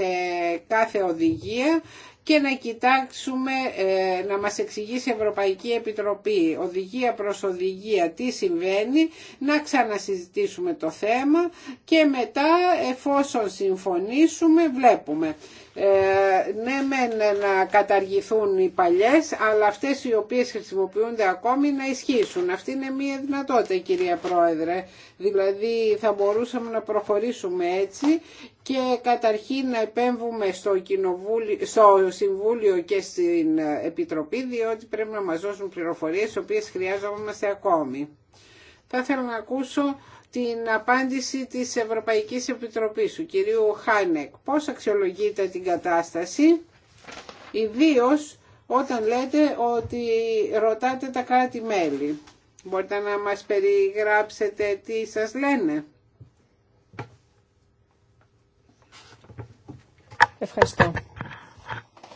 [SPEAKER 2] κάθε οδηγία και να κοιτάξουμε, ε, να μας εξηγήσει η Ευρωπαϊκή Επιτροπή οδηγία προς οδηγία τι συμβαίνει, να ξανασυζητήσουμε το θέμα και μετά εφόσον συμφωνήσουμε βλέπουμε. Ε, ναι μεν ναι, ναι, να καταργηθούν οι παλιές αλλά αυτές οι οποίες χρησιμοποιούνται ακόμη να ισχύσουν. Αυτή είναι μια δυνατότητα κυρία Πρόεδρε. Δηλαδή θα μπορούσαμε να προχωρήσουμε έτσι και καταρχήν να επέμβουμε στο, στο Συμβούλιο και στην Επιτροπή διότι πρέπει να μας δώσουν πληροφορίες τις οποίες χρειάζομαστε ακόμη. Θα ήθελα να ακούσω την απάντηση της Ευρωπαϊκής Επιτροπής του κυρίου Χάνεκ. Πώς αξιολογείται την κατάσταση, ιδίω όταν λέτε ότι ρωτάτε τα κράτη-μέλη. Μπορείτε να μας περιγράψετε τι σας λένε.
[SPEAKER 1] Ευχαριστώ.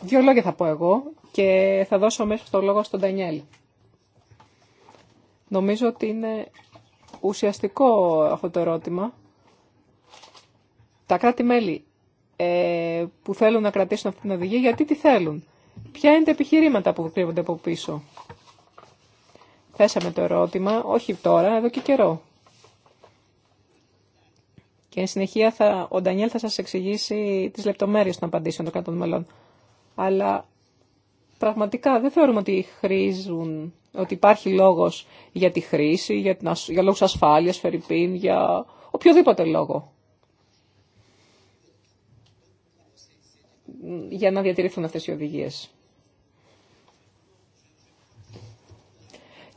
[SPEAKER 1] Δύο λόγια θα πω εγώ και θα δώσω μέσα το λόγο στον Τανιέλ. Νομίζω ότι είναι ουσιαστικό αυτό το ερώτημα. Τα κράτη-μέλη ε, που θέλουν να κρατήσουν αυτή την οδηγία, γιατί τη θέλουν. Ποια είναι τα επιχειρήματα που κρύβονται από πίσω. Θέσαμε το ερώτημα, όχι τώρα, εδώ και καιρό. Και εν συνεχεία θα, ο Ντανιέλ θα σας εξηγήσει τις λεπτομέρειες των απαντήσεων των κρατών μελών. Αλλά πραγματικά δεν θεωρούμε ότι χρήζουν, ότι υπάρχει λόγος για τη χρήση, για, την ασ... για λόγους ασφάλειας, φερρυπίν, για οποιοδήποτε λόγο. Για να διατηρηθούν αυτές οι οδηγίες.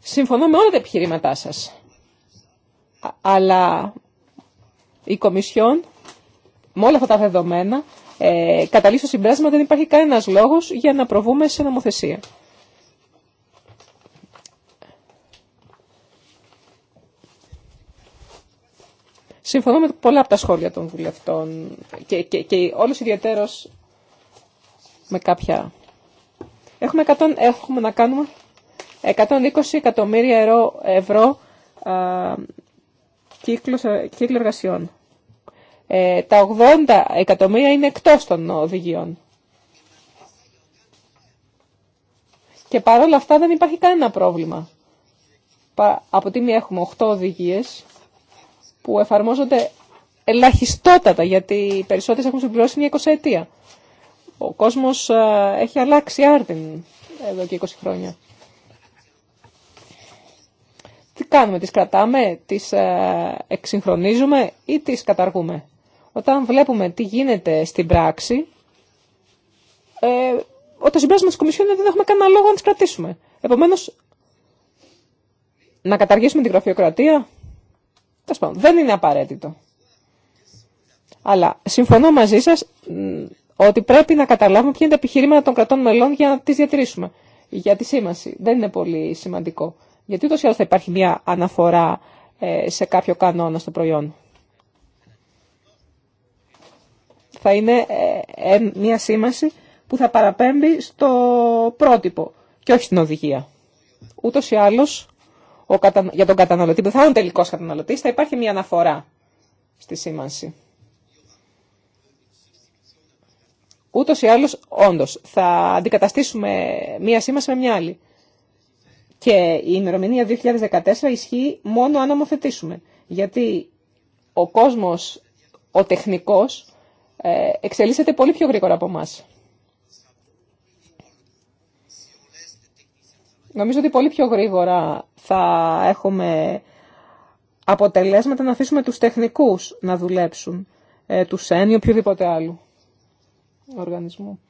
[SPEAKER 1] Συμφωνώ με όλα τα επιχειρήματά σας. Αλλά η Κομισιόν με όλα αυτά τα δεδομένα ε, καταλήξω συμπέρασμα δεν υπάρχει κανένας λόγος για να προβούμε σε νομοθεσία. Συμφωνώ με πολλά από τα σχόλια των βουλευτών και, και, και όλους ιδιαίτερος με κάποια... Έχουμε, 100, έχουμε να κάνουμε 120 εκατομμύρια ευρώ, α, κύκλος, κύκλο εργασιών. Ε, τα 80 εκατομμύρια είναι εκτός των οδηγιών. Και παρόλα αυτά δεν υπάρχει κανένα πρόβλημα. Από τη μία έχουμε 8 οδηγίες που εφαρμόζονται ελαχιστότατα γιατί οι περισσότερες έχουν συμπληρώσει μια 20 Ο κόσμος ε, έχει αλλάξει άρδιν εδώ και 20 χρόνια. Τι κάνουμε, τις κρατάμε, τις ε, εξυγχρονίζουμε ή τις καταργούμε. Όταν βλέπουμε τι γίνεται στην πράξη, ε, το συμπέρασμα τη Κομισιόν είναι ότι δεν έχουμε κανένα λόγο να τι κρατήσουμε. Επομένω, να καταργήσουμε την γραφειοκρατία. Τέλο πάντων, δεν είναι απαραίτητο. Αλλά συμφωνώ μαζί σα ότι πρέπει να καταλάβουμε ποια είναι τα επιχειρήματα των κρατών μελών για να τι διατηρήσουμε. Για τη σήμανση. Δεν είναι πολύ σημαντικό. Γιατί ούτω ή άλλω θα υπάρχει μια αναφορά ε, σε κάποιο κανόνα στο προϊόν. θα είναι ε, ε, μια σήμανση που θα παραπέμπει στο πρότυπο και όχι στην οδηγία. Ούτως ή άλλως, ο για τον καταναλωτή που θα είναι ο τελικός καταναλωτής, θα υπάρχει μια αναφορά στη σήμανση. Ούτως ή άλλως, όντως, θα αντικαταστήσουμε μια σήμανση με μια άλλη. Και η ημερομηνία 2014 ισχύει μόνο αν ομοθετήσουμε. Γιατί ο κόσμος, ο τεχνικός, ε, εξελίσσεται πολύ πιο γρήγορα από εμά. Νομίζω ότι πολύ πιο γρήγορα θα έχουμε αποτελέσματα να αφήσουμε τους τεχνικούς να δουλέψουν, ε, τους ΕΝ ή οποιοδήποτε άλλου οργανισμού.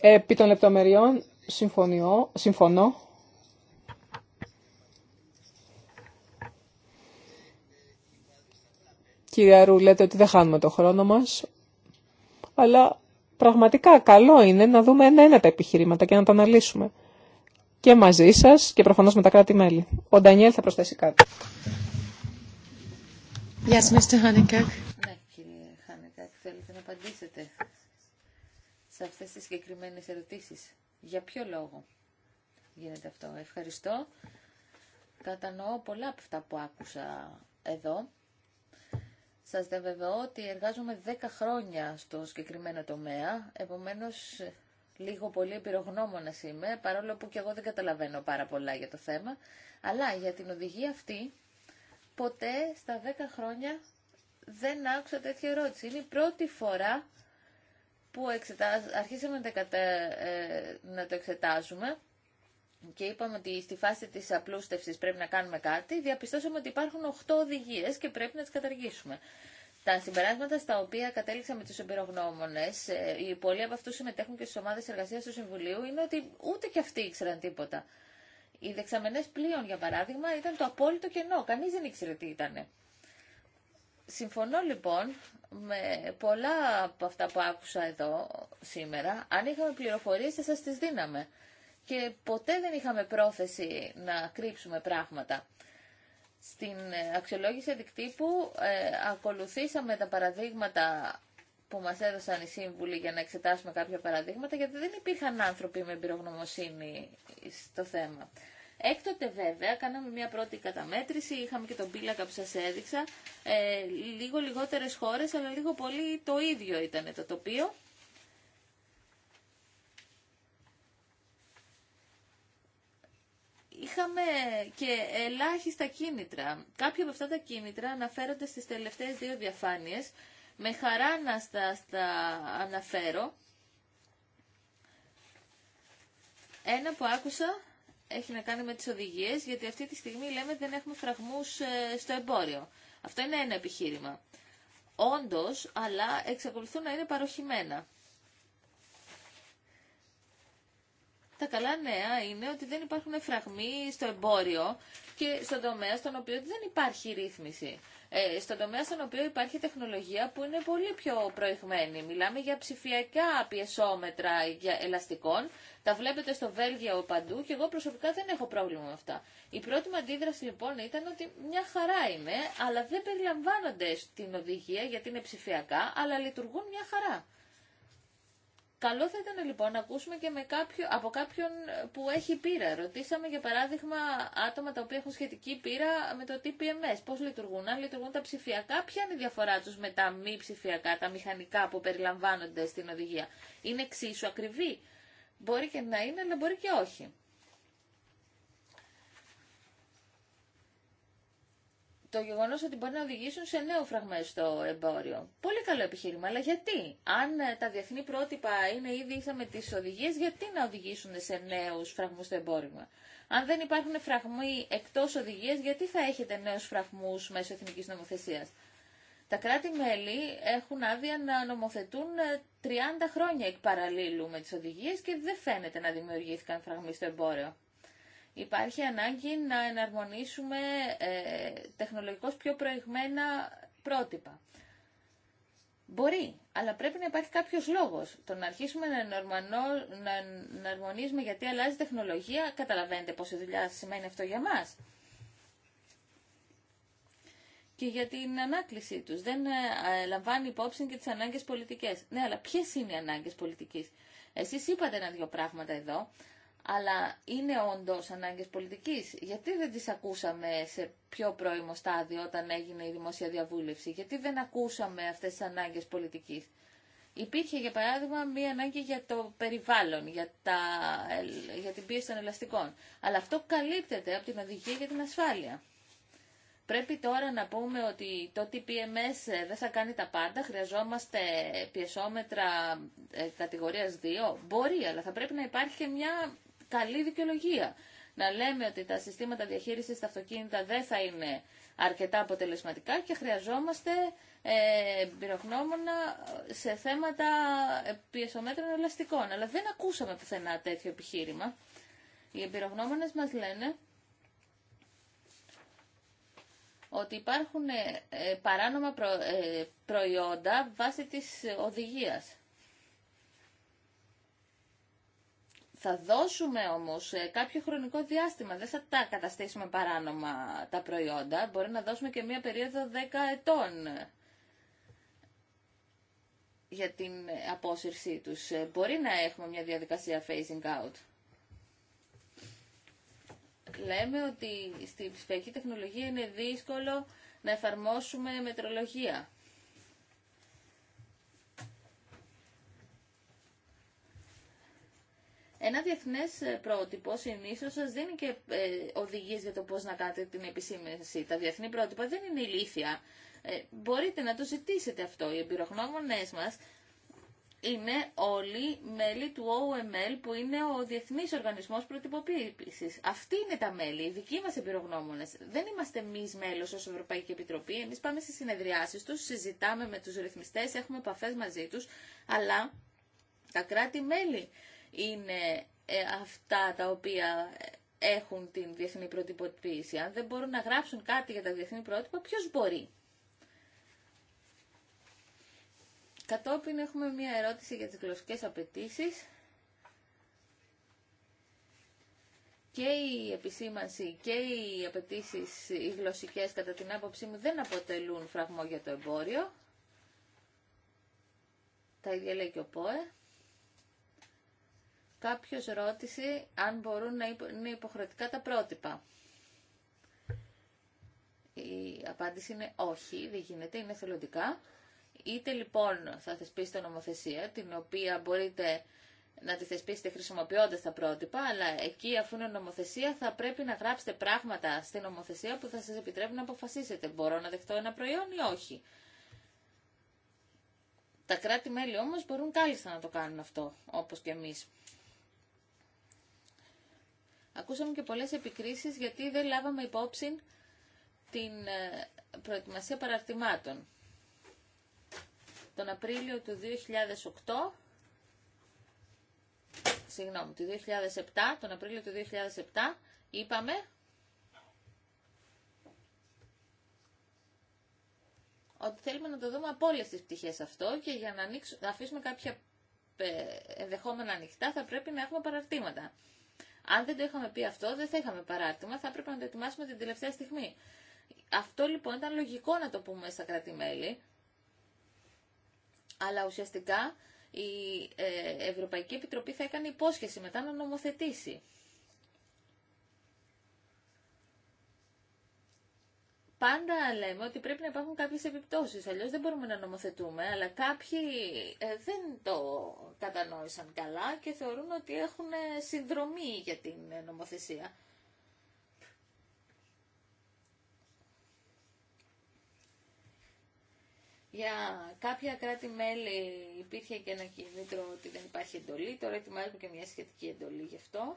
[SPEAKER 1] Επί των λεπτομεριών συμφωνώ, συμφωνώ Κύριε Άρου, λέτε ότι δεν χάνουμε το χρόνο μας, αλλά πραγματικά καλό είναι να δούμε ένα-ένα τα επιχειρήματα και να τα αναλύσουμε. Και μαζί σας και προφανώς με τα κράτη-μέλη. Ο Ντανιέλ θα προσθέσει κάτι. Mr. Ναι, κύριε
[SPEAKER 3] Hanekak, θέλετε να απαντήσετε σε αυτές τις συγκεκριμένες ερωτήσεις. Για ποιο λόγο γίνεται αυτό. Ευχαριστώ. Κατανοώ πολλά από αυτά που άκουσα εδώ. Σας διαβεβαιώ ότι εργάζομαι 10 χρόνια στο συγκεκριμένο τομέα, επομένως λίγο πολύ επιρρογνώμονας είμαι, παρόλο που και εγώ δεν καταλαβαίνω πάρα πολλά για το θέμα, αλλά για την οδηγία αυτή ποτέ στα 10 χρόνια δεν άκουσα τέτοια ερώτηση. Είναι η πρώτη φορά που αρχίσαμε ε, να το εξετάζουμε και είπαμε ότι στη φάση της απλούστευσης πρέπει να κάνουμε κάτι, διαπιστώσαμε ότι υπάρχουν 8 οδηγίες και πρέπει να τις καταργήσουμε. Τα συμπεράσματα στα οποία κατέληξα με του εμπειρογνώμονε, ε, οι πολλοί από αυτού συμμετέχουν και στι ομάδε εργασία του Συμβουλίου, είναι ότι ούτε και αυτοί ήξεραν τίποτα. Οι δεξαμενέ πλοίων, για παράδειγμα, ήταν το απόλυτο κενό. Κανεί δεν ήξερε τι ήταν. Συμφωνώ λοιπόν με πολλά από αυτά που άκουσα εδώ σήμερα. Αν είχαμε πληροφορίε, θα σα τι δίναμε και ποτέ δεν είχαμε πρόθεση να κρύψουμε πράγματα. Στην ε, αξιολόγηση αντικτύπου ε, ακολουθήσαμε τα παραδείγματα που μας έδωσαν οι σύμβουλοι για να εξετάσουμε κάποια παραδείγματα, γιατί δεν υπήρχαν άνθρωποι με εμπειρογνωμοσύνη στο θέμα. Έκτοτε βέβαια κάναμε μια πρώτη καταμέτρηση, είχαμε και τον πύλακα που σας έδειξα, ε, λίγο λιγότερες χώρες, αλλά λίγο πολύ το ίδιο ήταν το τοπίο. είχαμε και ελάχιστα κίνητρα. Κάποια από αυτά τα κίνητρα αναφέρονται στις τελευταίες δύο διαφάνειες. Με χαρά να στα, στα αναφέρω. Ένα που άκουσα έχει να κάνει με τις οδηγίες, γιατί αυτή τη στιγμή λέμε δεν έχουμε φραγμούς ε, στο εμπόριο. Αυτό είναι ένα επιχείρημα. Όντως, αλλά εξακολουθούν να είναι παροχημένα. Τα καλά νέα είναι ότι δεν υπάρχουν φραγμοί στο εμπόριο και στον τομέα στον οποίο δεν υπάρχει ρύθμιση. Ε, στον τομέα στον οποίο υπάρχει τεχνολογία που είναι πολύ πιο προηγμένη. Μιλάμε για ψηφιακά πιεσόμετρα για ελαστικών. Τα βλέπετε στο Βέλγιο παντού και εγώ προσωπικά δεν έχω πρόβλημα με αυτά. Η πρώτη μου αντίδραση λοιπόν ήταν ότι μια χαρά είναι, αλλά δεν περιλαμβάνονται στην οδηγία γιατί είναι ψηφιακά, αλλά λειτουργούν μια χαρά. Καλό θα ήταν λοιπόν να ακούσουμε και με κάποιο, από κάποιον που έχει πείρα. Ρωτήσαμε για παράδειγμα άτομα τα οποία έχουν σχετική πείρα με το TPMS. Πώς λειτουργούν, αν λειτουργούν τα ψηφιακά, ποια είναι η διαφορά τους με τα μη ψηφιακά, τα μηχανικά που περιλαμβάνονται στην οδηγία. Είναι εξίσου ακριβή. Μπορεί και να είναι, αλλά μπορεί και όχι. το γεγονό ότι μπορεί να οδηγήσουν σε νέο φραγμέ στο εμπόριο. Πολύ καλό επιχείρημα, αλλά γιατί. Αν ε, τα διεθνή πρότυπα είναι ήδη με τι οδηγίε, γιατί να οδηγήσουν σε νέου φραγμού στο εμπόριο. Αν δεν υπάρχουν φραγμοί εκτό οδηγίε, γιατί θα έχετε νέου φραγμού μέσω εθνική νομοθεσία. Τα κράτη-μέλη έχουν άδεια να νομοθετούν 30 ε, χρόνια εκ παραλίλου με τις οδηγίες και δεν φαίνεται να δημιουργήθηκαν φραγμοί στο εμπόριο. Υπάρχει ανάγκη να εναρμονίσουμε ε, τεχνολογικώς πιο προηγμένα πρότυπα. Μπορεί, αλλά πρέπει να υπάρχει κάποιος λόγος. Το να αρχίσουμε να, να εναρμονίζουμε γιατί αλλάζει τεχνολογία, καταλαβαίνετε πόση δουλειά σημαίνει αυτό για μας. Και για την ανάκλησή τους. Δεν ε, λαμβάνει υπόψη και τις ανάγκες πολιτικές. Ναι, αλλά ποιες είναι οι ανάγκες πολιτικής. Εσείς είπατε ένα-δυο πράγματα εδώ, αλλά είναι όντως ανάγκες πολιτικής. Γιατί δεν τις ακούσαμε σε πιο πρώιμο στάδιο όταν έγινε η δημόσια διαβούλευση. Γιατί δεν ακούσαμε αυτές τις ανάγκες πολιτικής. Υπήρχε για παράδειγμα μία ανάγκη για το περιβάλλον, για, τα, για την πίεση των ελαστικών. Αλλά αυτό καλύπτεται από την οδηγία για την ασφάλεια. Πρέπει τώρα να πούμε ότι το TPMS δεν θα κάνει τα πάντα, χρειαζόμαστε πιεσόμετρα ε, κατηγορίας 2. Μπορεί, αλλά θα πρέπει να υπάρχει και μια καλή δικαιολογία. Να λέμε ότι τα συστήματα διαχείρισης στα αυτοκίνητα δεν θα είναι αρκετά αποτελεσματικά και χρειαζόμαστε ε, σε θέματα πιεσομέτρων ελαστικών. Αλλά δεν ακούσαμε πουθενά τέτοιο επιχείρημα. Οι εμπειρογνώμονες μας λένε ότι υπάρχουν ε, παράνομα ε, προϊόντα βάσει της οδηγίας. Θα δώσουμε όμως ε, κάποιο χρονικό διάστημα, δεν θα τα καταστήσουμε παράνομα τα προϊόντα, μπορεί να δώσουμε και μία περίοδο 10 ετών ε, για την ε, απόσυρσή τους. Μπορεί να έχουμε μια διαδικασία phasing out. Λέμε ότι στη ψηφιακή τεχνολογία είναι δύσκολο να εφαρμόσουμε μετρολογία. Ένα διεθνέ ε, πρότυπο συνήθω σα δίνει και ε, οδηγίες για το πώ να κάνετε την επισήμενση. Τα διεθνή πρότυπα δεν είναι ηλίθια. Ε, μπορείτε να το ζητήσετε αυτό. Οι επιρογνώμονές μα είναι όλοι μέλη του OML που είναι ο διεθνή οργανισμό Προτυποποίησης. Αυτοί είναι τα μέλη, οι δικοί μα επιρογνώμονες. Δεν είμαστε εμεί μέλο ω Ευρωπαϊκή Επιτροπή, Εμεί πάμε στι συνεδριάσει του, συζητάμε με του ρυθμιστέ, έχουμε επαφέ μαζί του, αλλά τα κράτη-μέλη είναι ε, αυτά τα οποία έχουν την διεθνή πρωτυποποίηση. Αν δεν μπορούν να γράψουν κάτι για τα διεθνή πρότυπα, ποιος μπορεί. Κατόπιν έχουμε μία ερώτηση για τις γλωσσικές απαιτήσει. Και η επισήμανση και οι απαιτήσει οι γλωσσικές κατά την άποψή μου δεν αποτελούν φραγμό για το εμπόριο. Τα ίδια λέει και ο ΠΟΕ. Κάποιος ρώτησε αν μπορούν να είναι υποχρεωτικά τα πρότυπα. Η απάντηση είναι όχι, δεν γίνεται, είναι θελοντικά. Είτε λοιπόν θα θεσπίσετε νομοθεσία, την οποία μπορείτε να τη θεσπίσετε χρησιμοποιώντα τα πρότυπα, αλλά εκεί αφού είναι νομοθεσία θα πρέπει να γράψετε πράγματα στην νομοθεσία που θα σας επιτρέπουν να αποφασίσετε. Μπορώ να δεχτώ ένα προϊόν ή όχι. Τα κράτη-μέλη όμως μπορούν κάλλιστα να το κάνουν αυτό, όπως και εμείς. Ακούσαμε και πολλές επικρίσεις γιατί δεν λάβαμε υπόψη την ε, προετοιμασία παραρτημάτων. Τον Απρίλιο του 2008 συγγνώμη, του 2007, τον Απρίλιο του 2007, είπαμε ότι θέλουμε να το δούμε από όλες τις πτυχές αυτό και για να, ανοίξουμε, να αφήσουμε κάποια ε, ενδεχόμενα ανοιχτά θα πρέπει να έχουμε παραρτήματα. Αν δεν το είχαμε πει αυτό, δεν θα είχαμε παράρτημα, θα έπρεπε να το ετοιμάσουμε την τελευταία στιγμή. Αυτό λοιπόν ήταν λογικό να το πούμε στα κράτη-μέλη, αλλά ουσιαστικά η ε, Ευρωπαϊκή Επιτροπή θα έκανε υπόσχεση μετά να νομοθετήσει. Πάντα λέμε ότι πρέπει να υπάρχουν κάποιες επιπτώσεις, αλλιώς δεν μπορούμε να νομοθετούμε, αλλά κάποιοι ε, δεν το κατανόησαν καλά και θεωρούν ότι έχουν ε, συνδρομή για την ε, νομοθεσία. Για κάποια κράτη-μέλη υπήρχε και ένα κίνητρο ότι δεν υπάρχει εντολή, τώρα ετοιμάζουμε και μια σχετική εντολή γι' αυτό.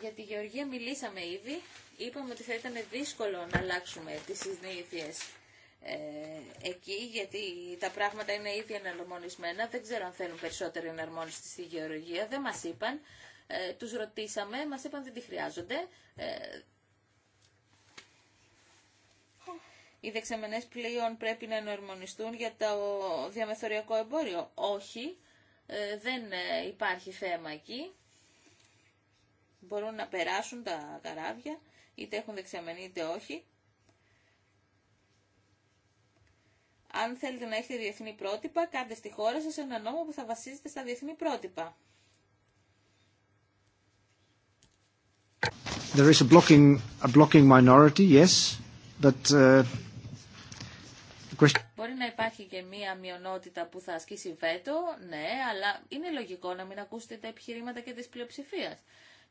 [SPEAKER 3] Για τη Γεωργία μιλήσαμε ήδη. Είπαμε ότι θα ήταν δύσκολο να αλλάξουμε τις συνήθειες ε, εκεί, γιατί τα πράγματα είναι ήδη εναρμονισμένα. Δεν ξέρω αν θέλουν περισσότερη εναρμόνιση στη Γεωργία. Δεν μας είπαν. Ε, τους ρωτήσαμε, μας είπαν δεν τη χρειάζονται. Ε, οι δεξαμενές πλοίων πρέπει να εναρμονιστούν για το διαμεθοριακό εμπόριο. Όχι, ε, δεν ε, υπάρχει θέμα εκεί μπορούν να περάσουν τα καράβια, είτε έχουν δεξαμενή είτε όχι. Αν θέλετε να έχετε διεθνή πρότυπα, κάντε στη χώρα σας ένα νόμο που θα βασίζεται στα διεθνή πρότυπα.
[SPEAKER 2] There is a blocking, a blocking minority, yes, but uh,
[SPEAKER 3] Μπορεί να υπάρχει και μία μειονότητα που θα ασκήσει βέτο, ναι, αλλά είναι λογικό να μην ακούσετε τα επιχειρήματα και της πλειοψηφίας.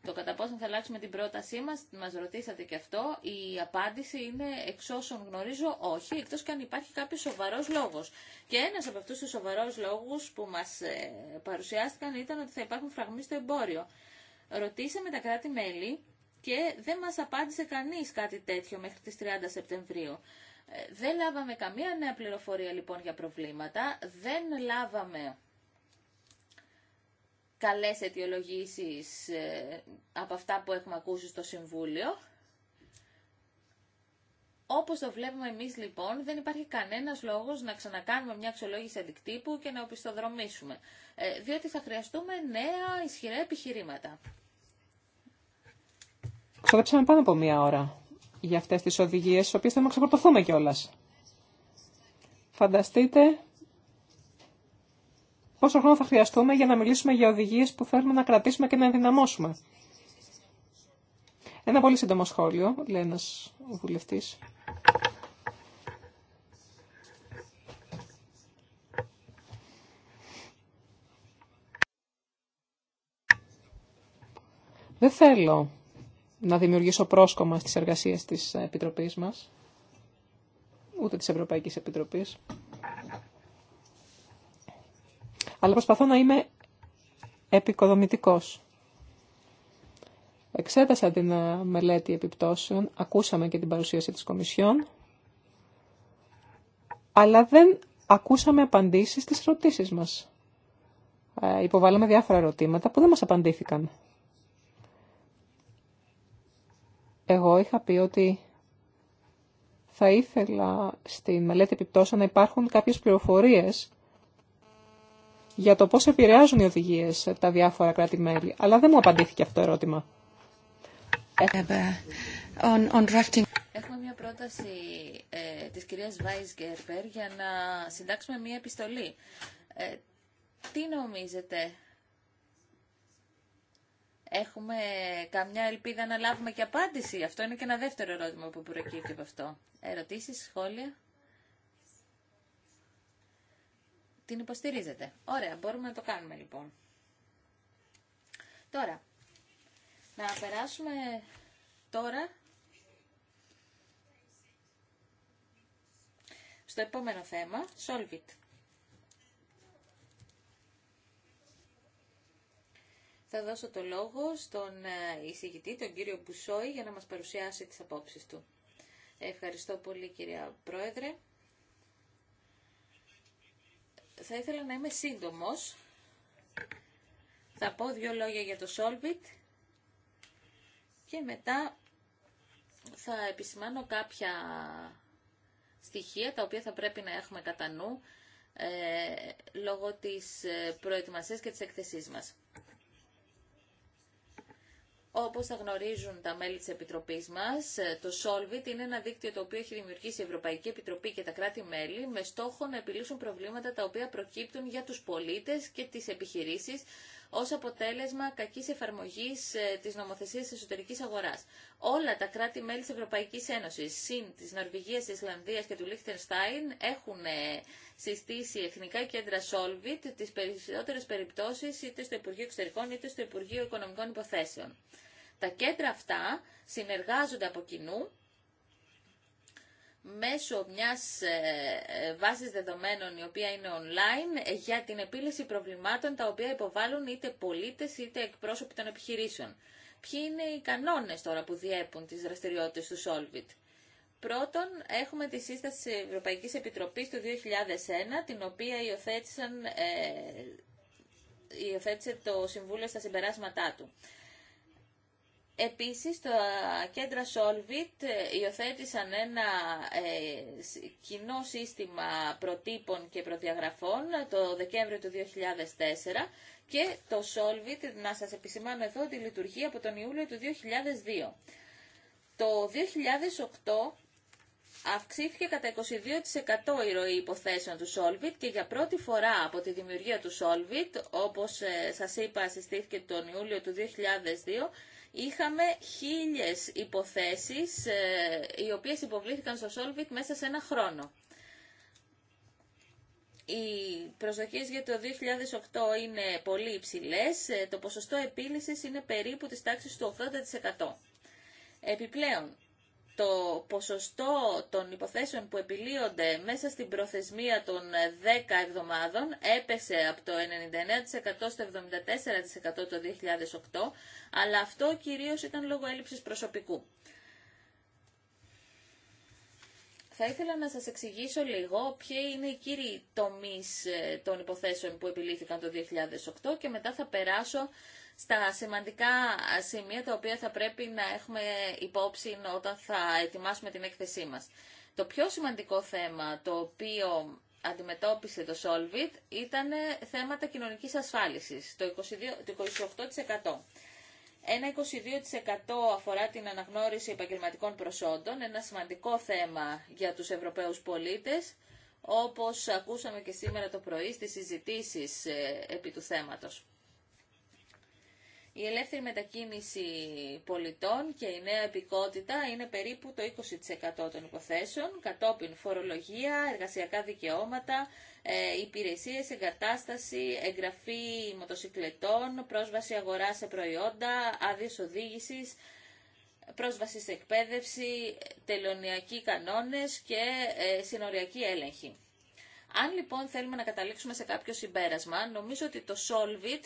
[SPEAKER 3] Το κατά πόσο θα αλλάξουμε την πρότασή μας, μας ρωτήσατε και αυτό, η απάντηση είναι εξ όσων γνωρίζω όχι, εκτός και αν υπάρχει κάποιος σοβαρός λόγος. Και ένας από αυτούς τους σοβαρούς λόγους που μας ε, παρουσιάστηκαν ήταν ότι θα υπάρχουν φραγμοί στο εμπόριο. Ρωτήσαμε τα κράτη-μέλη και δεν μας απάντησε κανείς κάτι τέτοιο μέχρι τις 30 Σεπτεμβρίου. Ε, δεν λάβαμε καμία νέα πληροφορία λοιπόν για προβλήματα, δεν λάβαμε καλές αιτιολογήσεις ε, από αυτά που έχουμε ακούσει στο Συμβούλιο. Όπως το βλέπουμε εμείς λοιπόν, δεν υπάρχει κανένας λόγος να ξανακάνουμε μια αξιολόγηση αντικτύπου και να οπισθοδρομήσουμε, ε, διότι θα χρειαστούμε νέα ισχυρά επιχειρήματα.
[SPEAKER 1] Ξοδέψαμε πάνω από μία ώρα για αυτές τις οδηγίες, τις οποίες θα να ξεκορτωθούμε κιόλας. Φανταστείτε πόσο χρόνο θα χρειαστούμε για να μιλήσουμε για οδηγίες που θέλουμε να κρατήσουμε και να ενδυναμώσουμε. Ένα πολύ σύντομο σχόλιο, λέει ένας βουλευτής. Δεν θέλω να δημιουργήσω πρόσκομα στις εργασίες της Επιτροπής μας, ούτε της Ευρωπαϊκής Επιτροπής αλλά προσπαθώ να είμαι επικοδομητικός. Εξέτασα την ε, μελέτη επιπτώσεων, ακούσαμε και την παρουσίαση της Κομισιόν, αλλά δεν ακούσαμε απαντήσεις στις ερωτήσεις μας. Ε, υποβάλαμε διάφορα ερωτήματα που δεν μας απαντήθηκαν. Εγώ είχα πει ότι θα ήθελα στην μελέτη επιπτώσεων να υπάρχουν κάποιες πληροφορίες για το πώς επηρεάζουν οι οδηγίες τα διάφορα κράτη-μέλη. Αλλά δεν μου απαντήθηκε αυτό το ερώτημα. Ε,
[SPEAKER 3] έχουμε μια πρόταση ε, της κυρίας Βάις Γκέρπερ για να συντάξουμε μια επιστολή. Ε, τι νομίζετε, έχουμε καμιά ελπίδα να λάβουμε και απάντηση. Αυτό είναι και ένα δεύτερο ερώτημα που προκύπτει από αυτό. Ερωτήσεις, σχόλια. την υποστηρίζετε. Ωραία, μπορούμε να το κάνουμε λοιπόν. Τώρα, να περάσουμε τώρα στο επόμενο θέμα, Solve It. Θα δώσω το λόγο στον ε, εισηγητή, τον κύριο Μπουσόη, για να μας παρουσιάσει τις απόψεις του. Ευχαριστώ πολύ κυρία Πρόεδρε θα ήθελα να είμαι σύντομος. Θα πω δύο λόγια για το Solvit και μετά θα επισημάνω κάποια στοιχεία τα οποία θα πρέπει να έχουμε κατά νου ε, λόγω της ε, προετοιμασίας και της εκθεσής μας. Όπως θα γνωρίζουν τα μέλη της Επιτροπής μας, το Solvit είναι ένα δίκτυο το οποίο έχει δημιουργήσει η Ευρωπαϊκή Επιτροπή και τα κράτη-μέλη με στόχο να επιλύσουν προβλήματα τα οποία προκύπτουν για τους πολίτες και τις επιχειρήσεις ως αποτέλεσμα κακής εφαρμογής ε, της νομοθεσίας της εσωτερικής αγοράς. Όλα τα κράτη-μέλη της Ευρωπαϊκής Ένωσης, συν της Νορβηγίας, της Ισλανδίας και του Λίχτενστάιν, έχουν ε, συστήσει εθνικά κέντρα Solvit τις περισσότερες περιπτώσεις είτε στο Υπουργείο Εξωτερικών είτε στο Υπουργείο Οικονομικών Υποθέσεων. Τα κέντρα αυτά συνεργάζονται από κοινού μέσω μιας ε, ε, βάσης δεδομένων η οποία είναι online ε, για την επίλυση προβλημάτων τα οποία υποβάλλουν είτε πολίτες είτε εκπρόσωποι των επιχειρήσεων. Ποιοι είναι οι κανόνες τώρα που διέπουν τις δραστηριότητες του Solvit. Πρώτον, έχουμε τη σύσταση της Ευρωπαϊκής Επιτροπής του 2001, την οποία υιοθέτησε το Συμβούλιο στα συμπεράσματά του. Επίσης, τα κέντρα Solvit ε, υιοθέτησαν ένα ε, κοινό σύστημα προτύπων και προδιαγραφών ε, το Δεκέμβριο του 2004 και το Solvit, να σας επισημάνω εδώ, τη λειτουργεί από τον Ιούλιο του 2002. Το 2008 αυξήθηκε κατά 22% η ροή υποθέσεων του Solvit και για πρώτη φορά από τη δημιουργία του Solvit, όπως ε, σας είπα συστήθηκε τον Ιούλιο του 2002, είχαμε χίλιες υποθέσεις ε, οι οποίες υποβλήθηκαν στο Solvit μέσα σε ένα χρόνο. Οι προσδοκίες για το 2008 είναι πολύ υψηλές, ε, το ποσοστό επίλυσης είναι περίπου της τάξης του 80%. Επιπλέον, το ποσοστό των υποθέσεων που επιλύονται μέσα στην προθεσμία των 10 εβδομάδων έπεσε από το 99% στο 74% το 2008, αλλά αυτό κυρίως ήταν λόγω έλλειψης προσωπικού. Θα ήθελα να σας εξηγήσω λίγο ποιοι είναι οι κύριοι τομείς ε, των υποθέσεων που επιλύθηκαν το 2008 και μετά θα περάσω στα σημαντικά σημεία τα οποία θα πρέπει να έχουμε υπόψη όταν θα ετοιμάσουμε την έκθεσή μας. Το πιο σημαντικό θέμα το οποίο αντιμετώπισε το Solvit ήταν θέματα κοινωνικής ασφάλισης, το, το 28%. Ένα 22% αφορά την αναγνώριση επαγγελματικών προσόντων, ένα σημαντικό θέμα για τους Ευρωπαίους πολίτες, όπως ακούσαμε και σήμερα το πρωί στις συζητήσεις ε, επί του θέματος. Η ελεύθερη μετακίνηση πολιτών και η νέα επικότητα είναι περίπου το 20% των υποθέσεων, κατόπιν φορολογία, εργασιακά δικαιώματα, ε, υπηρεσίες, εγκατάσταση, εγγραφή μοτοσυκλετών, πρόσβαση αγορά σε προϊόντα, άδειε οδήγηση, πρόσβαση σε εκπαίδευση, τελωνιακοί κανόνες και ε, συνοριακή έλεγχη. Αν λοιπόν θέλουμε να καταλήξουμε σε κάποιο συμπέρασμα, νομίζω ότι το Solvit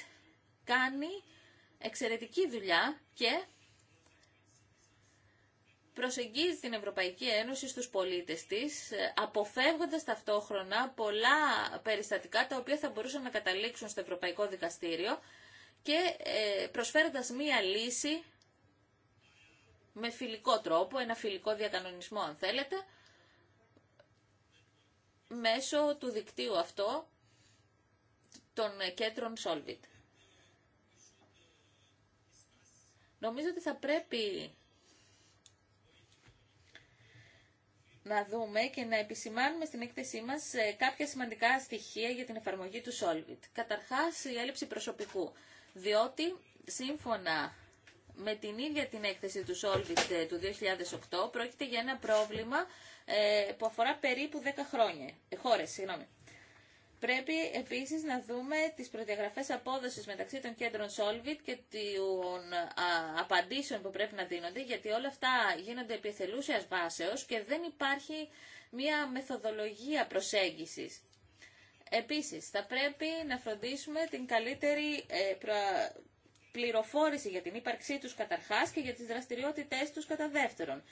[SPEAKER 3] κάνει εξαιρετική δουλειά και προσεγγίζει την Ευρωπαϊκή Ένωση στους πολίτες της, ε, αποφεύγοντας ταυτόχρονα πολλά περιστατικά τα οποία θα μπορούσαν να καταλήξουν στο Ευρωπαϊκό Δικαστήριο και ε, προσφέροντας μία λύση με φιλικό τρόπο, ένα φιλικό διακανονισμό αν θέλετε, μέσω του δικτύου αυτό των κέντρων Solvit. Νομίζω ότι θα πρέπει να δούμε και να επισημάνουμε στην έκθεσή μας ε, κάποια σημαντικά στοιχεία για την εφαρμογή του Solvit. Καταρχάς, η έλλειψη προσωπικού, διότι σύμφωνα με την ίδια την έκθεση του Solvit ε, του 2008 πρόκειται για ένα πρόβλημα ε, που αφορά περίπου 10 χρόνια, χώρες. Συγγνώμη. Πρέπει επίσης να δούμε τις προδιαγραφές απόδοσης μεταξύ των κέντρων Solvit και των απαντήσεων που πρέπει να δίνονται, γιατί όλα αυτά γίνονται εθελούσιας βάσεως και δεν υπάρχει μία μεθοδολογία προσέγγισης. Επίσης, θα πρέπει να φροντίσουμε την καλύτερη ε, πληροφόρηση για την ύπαρξή τους καταρχάς και για τις δραστηριότητές τους κατά δεύτερον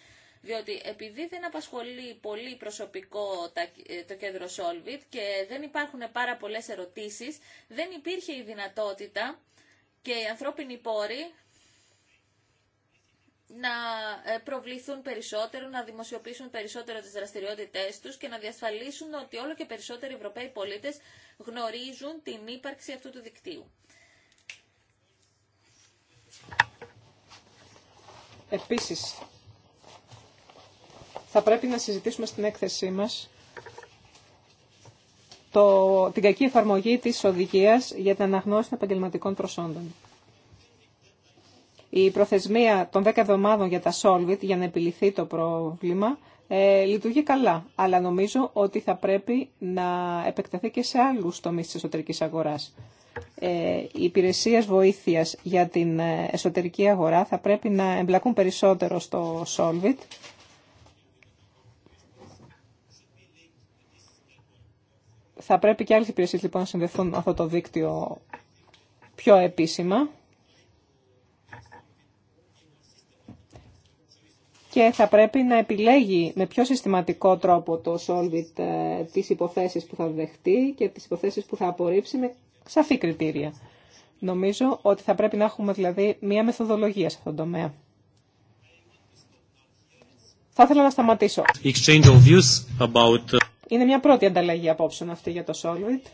[SPEAKER 3] διότι επειδή δεν απασχολεί πολύ προσωπικό ε, το κέντρο Solvit και δεν υπάρχουν πάρα πολλές ερωτήσεις, δεν υπήρχε η δυνατότητα και οι ανθρώπινοι πόροι να ε, προβληθούν περισσότερο, να δημοσιοποιήσουν περισσότερο τις δραστηριότητές τους και να διασφαλίσουν ότι όλο και περισσότεροι Ευρωπαίοι πολίτες γνωρίζουν την ύπαρξη αυτού του δικτύου.
[SPEAKER 1] Επίσης, θα πρέπει να συζητήσουμε στην έκθεσή μας το, την κακή εφαρμογή της οδηγίας για την αναγνώριση των επαγγελματικών προσόντων. Η προθεσμία των 10 εβδομάδων για τα Solvit για να επιληθεί το πρόβλημα ε, λειτουργεί καλά, αλλά νομίζω ότι θα πρέπει να επεκταθεί και σε άλλους τομείς της εσωτερικής αγοράς. Ε, οι υπηρεσίες βοήθειας για την ε, εσωτερική αγορά θα πρέπει να εμπλακούν περισσότερο στο Solvit Θα πρέπει και άλλες υπηρεσίες λοιπόν να συνδεθούν με αυτό το δίκτυο πιο επίσημα. Και θα πρέπει να επιλέγει με πιο συστηματικό τρόπο το Solvit ε, τις υποθέσεις που θα δεχτεί και τις υποθέσεις που θα απορρίψει με σαφή κριτήρια. Νομίζω ότι θα πρέπει να έχουμε δηλαδή μία μεθοδολογία σε αυτόν τον τομέα. Θα ήθελα να σταματήσω. Είναι μια πρώτη ανταλλαγή απόψεων αυτή για το Solvit.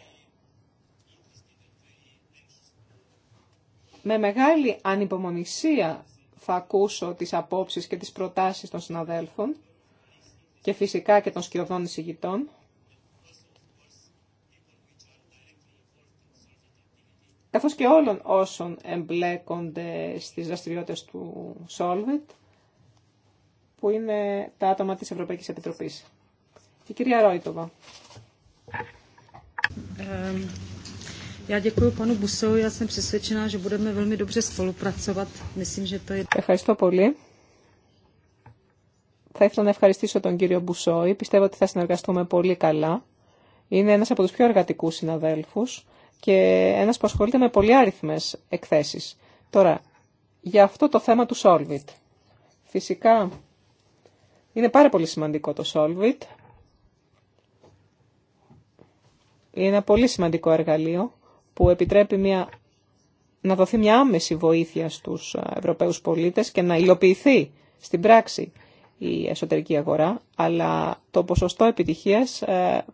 [SPEAKER 1] Με μεγάλη ανυπομονησία θα ακούσω τις απόψεις και τις προτάσεις των συναδέλφων και φυσικά και των σκιωδών εισηγητών. καθώς και όλων όσων εμπλέκονται στις δραστηριότητες του Solvit, που είναι τα άτομα της Ευρωπαϊκής Επιτροπής. Η κυρία Ρόιτοβα. Ευχαριστώ πολύ. Θα ήθελα να ευχαριστήσω τον κύριο Μπουσόη. Πιστεύω ότι θα συνεργαστούμε πολύ καλά. Είναι ένας από τους πιο εργατικούς συναδέλφους και ένας που ασχολείται με πολύ άριθμες εκθέσεις. Τώρα, για αυτό το θέμα του Solvit. Φυσικά, είναι πάρα πολύ σημαντικό το Solvit. Είναι ένα πολύ σημαντικό εργαλείο που επιτρέπει μια, να δοθεί μια άμεση βοήθεια στους ε, Ευρωπαίους πολίτες και να υλοποιηθεί στην πράξη η εσωτερική αγορά, αλλά το ποσοστό επιτυχίας ε,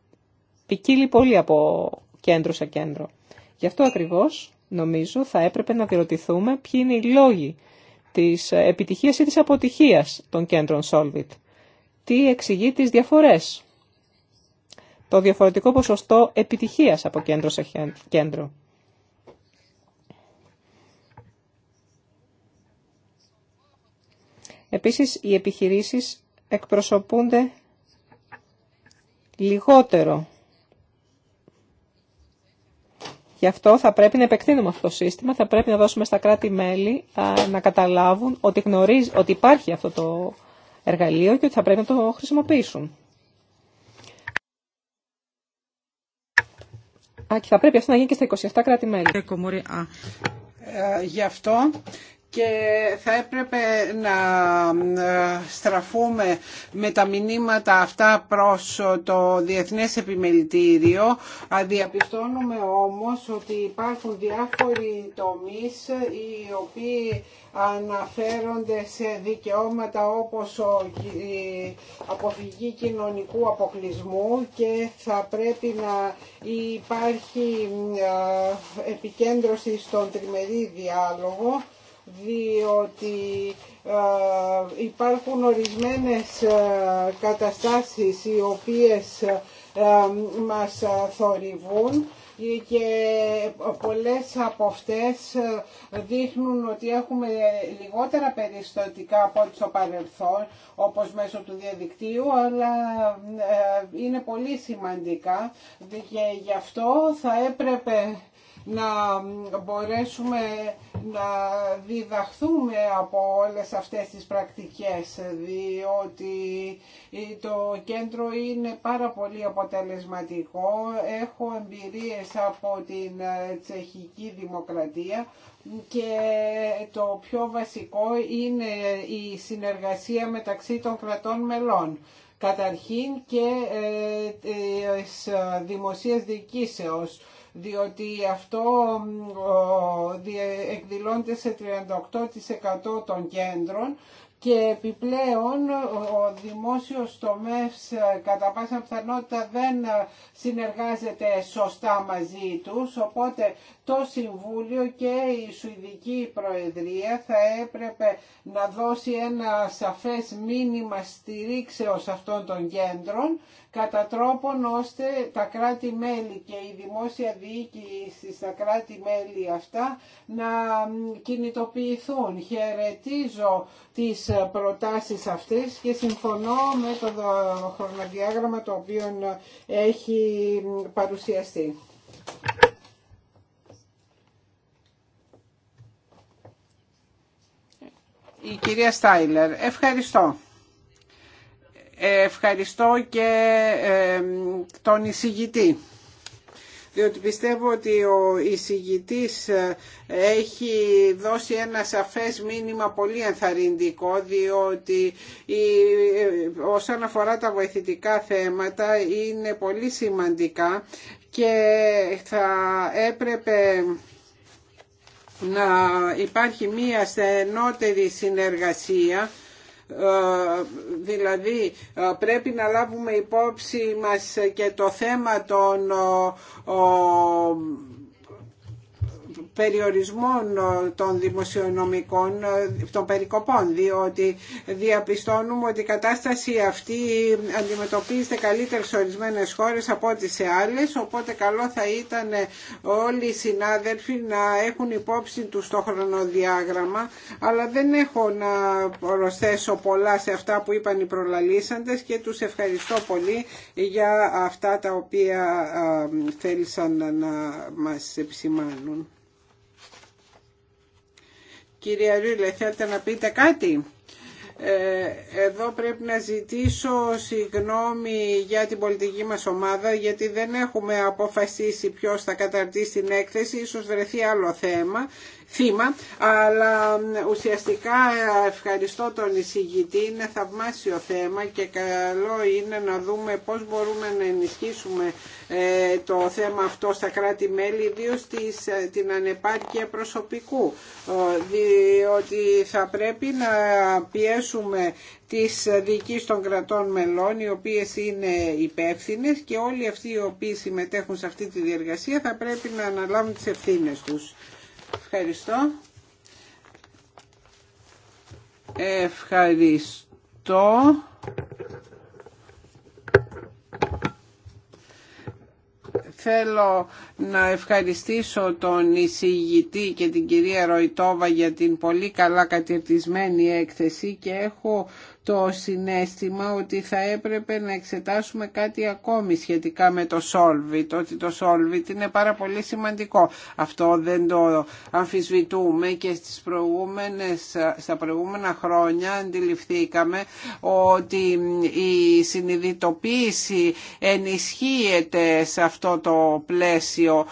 [SPEAKER 1] ποικίλει πολύ από κέντρο σε κέντρο. Γι' αυτό ακριβώς, νομίζω, θα έπρεπε να διερωτηθούμε ποιοι είναι οι λόγοι της ε, επιτυχίας ή της αποτυχίας των κέντρων Solvit. Τι εξηγεί τις διαφορές το διαφορετικό ποσοστό επιτυχίας από κέντρο σε κέντρο. Επίσης, οι επιχειρήσεις εκπροσωπούνται λιγότερο. Γι' αυτό θα πρέπει να επεκτείνουμε αυτό το σύστημα, θα πρέπει να δώσουμε στα κράτη-μέλη να καταλάβουν ότι, γνωρίζει, ότι υπάρχει αυτό το εργαλείο και ότι θα πρέπει να το χρησιμοποιήσουν. Α, και θα πρέπει αυτό να γίνει και στα 27 κράτη-μέλη. Ε,
[SPEAKER 2] ε, αυτό και θα έπρεπε να ε, στραφούμε με τα μηνύματα αυτά προς ε, το Διεθνές Επιμελητήριο. Διαπιστώνουμε όμως ότι υπάρχουν διάφοροι τομείς ε, οι οποίοι αναφέρονται σε δικαιώματα όπως η αποφυγή κοινωνικού αποκλεισμού και θα πρέπει να υπάρχει επικέντρωση στον τριμερή διάλογο διότι ε, υπάρχουν ορισμένες ε, καταστάσεις οι οποίες ε, μας θορυβούν και πολλές από αυτές δείχνουν ότι έχουμε λιγότερα περιστατικά από ό,τι στο παρελθόν όπως μέσω του διαδικτύου αλλά είναι πολύ σημαντικά και γι' αυτό θα έπρεπε να μπορέσουμε να διδαχθούμε από όλες αυτές τις πρακτικές διότι το κέντρο είναι πάρα πολύ αποτελεσματικό. Έχω εμπειρίες από την τσεχική δημοκρατία και το πιο βασικό είναι η συνεργασία μεταξύ των κρατών μελών. Καταρχήν και ε, της δημοσίας διοικήσεως διότι αυτό εκδηλώνεται σε 38% των κέντρων και επιπλέον ο δημόσιος τομέας ε, κατά πάσα πιθανότητα δεν συνεργάζεται σωστά μαζί τους οπότε το Συμβούλιο και η Σουηδική Προεδρία θα έπρεπε να δώσει ένα σαφές μήνυμα στηρίξεως αυτών των κέντρων κατά τρόπον ώστε τα κράτη-μέλη και η δημόσια διοίκηση στα κράτη-μέλη αυτά να κινητοποιηθούν. Χαιρετίζω τις προτάσεις αυτές και συμφωνώ με το χρονοδιάγραμμα το οποίο έχει παρουσιαστεί. η κυρία Στάιλερ. Ευχαριστώ. Ευχαριστώ και τον εισηγητή διότι πιστεύω ότι ο εισηγητής ε, έχει δώσει ένα σαφές μήνυμα πολύ ενθαρρυντικό διότι η, ε, όσον αφορά τα βοηθητικά θέματα είναι πολύ σημαντικά και θα έπρεπε να υπάρχει μία στενότερη συνεργασία ε, δηλαδή ε, πρέπει να λάβουμε υπόψη μας και το θέμα των ε, περιορισμών ε, των δημοσιονομικών ε, των περικοπών διότι διαπιστώνουμε ότι η κατάσταση αυτή αντιμετωπίζεται καλύτερα σε ορισμένες χώρες από ό,τι σε άλλες οπότε καλό θα ήταν όλοι οι συνάδελφοι να έχουν υπόψη του το χρονοδιάγραμμα αλλά δεν έχω να προσθέσω πολλά σε αυτά που είπαν οι προλαλήσαντες και τους ευχαριστώ πολύ για αυτά τα οποία ε, θέλησαν να μας επισημάνουν. Κυρία Ρίλε, θέλετε να πείτε κάτι. Ε, εδώ πρέπει να ζητήσω συγγνώμη για την πολιτική μας ομάδα γιατί δεν έχουμε αποφασίσει ποιος θα καταρτήσει την έκθεση, ίσως βρεθεί άλλο θέμα θύμα, αλλά ουσιαστικά ευχαριστώ τον εισηγητή, είναι θαυμάσιο θέμα και καλό είναι να δούμε πώς μπορούμε να ενισχύσουμε ε, το θέμα αυτό στα κράτη-μέλη, ιδίω ε, την ανεπάρκεια προσωπικού, διότι θα πρέπει να πιέσουμε τις δικής των κρατών μελών, οι οποίες είναι υπεύθυνε και όλοι αυτοί οι οποίοι συμμετέχουν σε αυτή τη διεργασία θα πρέπει να αναλάβουν τις ευθύνες τους. Ευχαριστώ. Ευχαριστώ. Θέλω να ευχαριστήσω τον εισηγητή και την κυρία Ροϊτόβα για την πολύ καλά κατηρτισμένη έκθεση και έχω το συνέστημα ότι θα έπρεπε να εξετάσουμε κάτι ακόμη σχετικά με το Solvit, ότι το Solvit είναι πάρα πολύ σημαντικό. Αυτό δεν το αμφισβητούμε και στις προηγούμενες, στα προηγούμενα χρόνια αντιληφθήκαμε ότι η συνειδητοποίηση ενισχύεται σε αυτό το πλαίσιο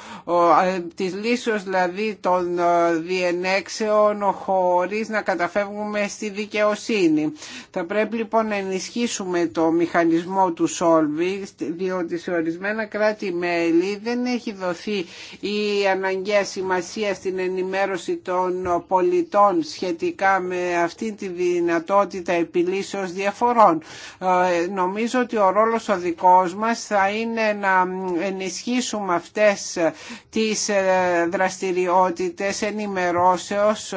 [SPEAKER 2] ε, της λύσεως δηλαδή των ε, διενέξεων χωρίς να καταφεύγουμε στη δικαιοσύνη. Θα πρέπει λοιπόν να ενισχύσουμε το μηχανισμό του Σόλβι διότι σε ορισμένα κράτη-μέλη δεν έχει δοθεί η αναγκαία σημασία στην ενημέρωση των πολιτών σχετικά με αυτή τη δυνατότητα επιλύσεως διαφορών. Ε, νομίζω ότι ο ρόλος ο δικός μας θα είναι να ενισχύσουμε αυτές τις ε, δραστηριότητες ενημερώσεως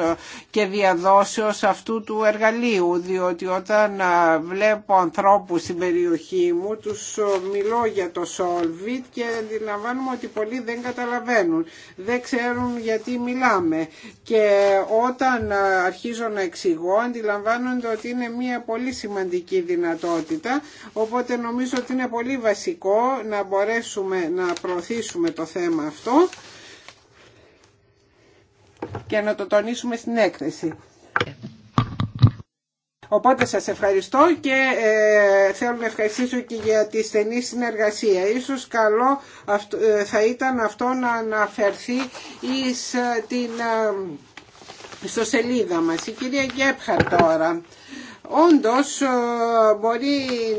[SPEAKER 2] και διαδόσεως αυτού του εργαλείου διότι όταν όταν βλέπω ανθρώπους στην περιοχή μου, τους μιλώ για το Solvit και αντιλαμβάνομαι ότι πολλοί δεν καταλαβαίνουν, δεν ξέρουν γιατί μιλάμε. Και όταν αρχίζω να εξηγώ, αντιλαμβάνονται ότι είναι μια πολύ σημαντική δυνατότητα, οπότε νομίζω ότι είναι πολύ βασικό να μπορέσουμε να προωθήσουμε το θέμα αυτό και να το τονίσουμε στην έκθεση. Οπότε σας ευχαριστώ και ε, θέλω να ευχαριστήσω και για τη στενή συνεργασία. Ίσως καλό ε, θα ήταν αυτό να αναφερθεί ε, ε, στο την σελίδα μας. Η κυρία Γκέπχαρ τώρα. Όντως μπορεί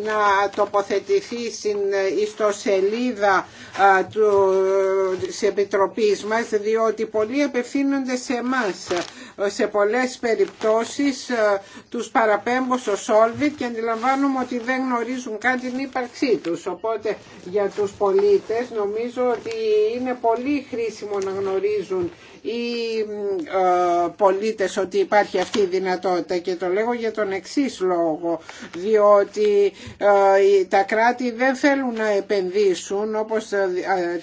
[SPEAKER 2] να τοποθετηθεί στην ιστοσελίδα του, της Επιτροπής μας διότι πολλοί απευθύνονται σε εμάς. Σε πολλές περιπτώσεις τους παραπέμπω στο Solvit και αντιλαμβάνομαι ότι δεν γνωρίζουν καν την ύπαρξή τους. Οπότε για τους πολίτες νομίζω ότι είναι πολύ χρήσιμο να γνωρίζουν οι ε, πολίτες ότι υπάρχει αυτή η δυνατότητα και το λέγω για τον εξή λόγο διότι ε, τα κράτη δεν θέλουν να επενδύσουν όπως ε,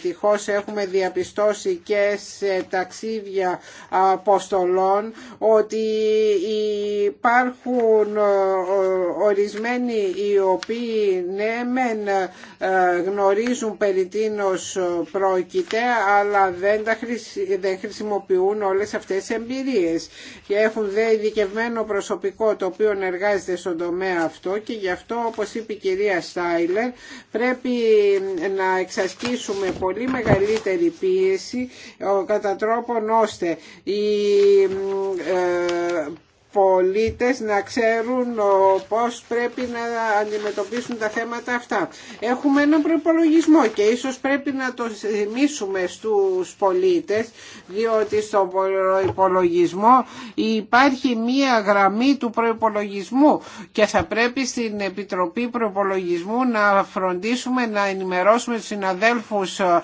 [SPEAKER 2] τυχώς έχουμε διαπιστώσει και σε ταξίδια αποστολών ότι υπάρχουν ορισμένοι οι οποίοι ναι μεν γνωρίζουν περί τίνος πρόκειται αλλά δεν, τα δεν χρησιμοποιούν χρησιμοποιούν όλες αυτές τις εμπειρίες και έχουν δε ειδικευμένο προσωπικό το οποίο εργάζεται στον τομέα αυτό και γι' αυτό όπως είπε η κυρία Στάιλερ πρέπει να εξασκήσουμε πολύ μεγαλύτερη πίεση κατά τρόπον ώστε η ε, πολίτες να ξέρουν πώς πρέπει να αντιμετωπίσουν τα θέματα αυτά. Έχουμε έναν προπολογισμό και ίσως πρέπει να το θυμίσουμε στους πολίτες διότι στον προπολογισμό υπάρχει μία γραμμή του προπολογισμού και θα πρέπει στην Επιτροπή Προπολογισμού να φροντίσουμε να ενημερώσουμε τους συναδέλφους ε,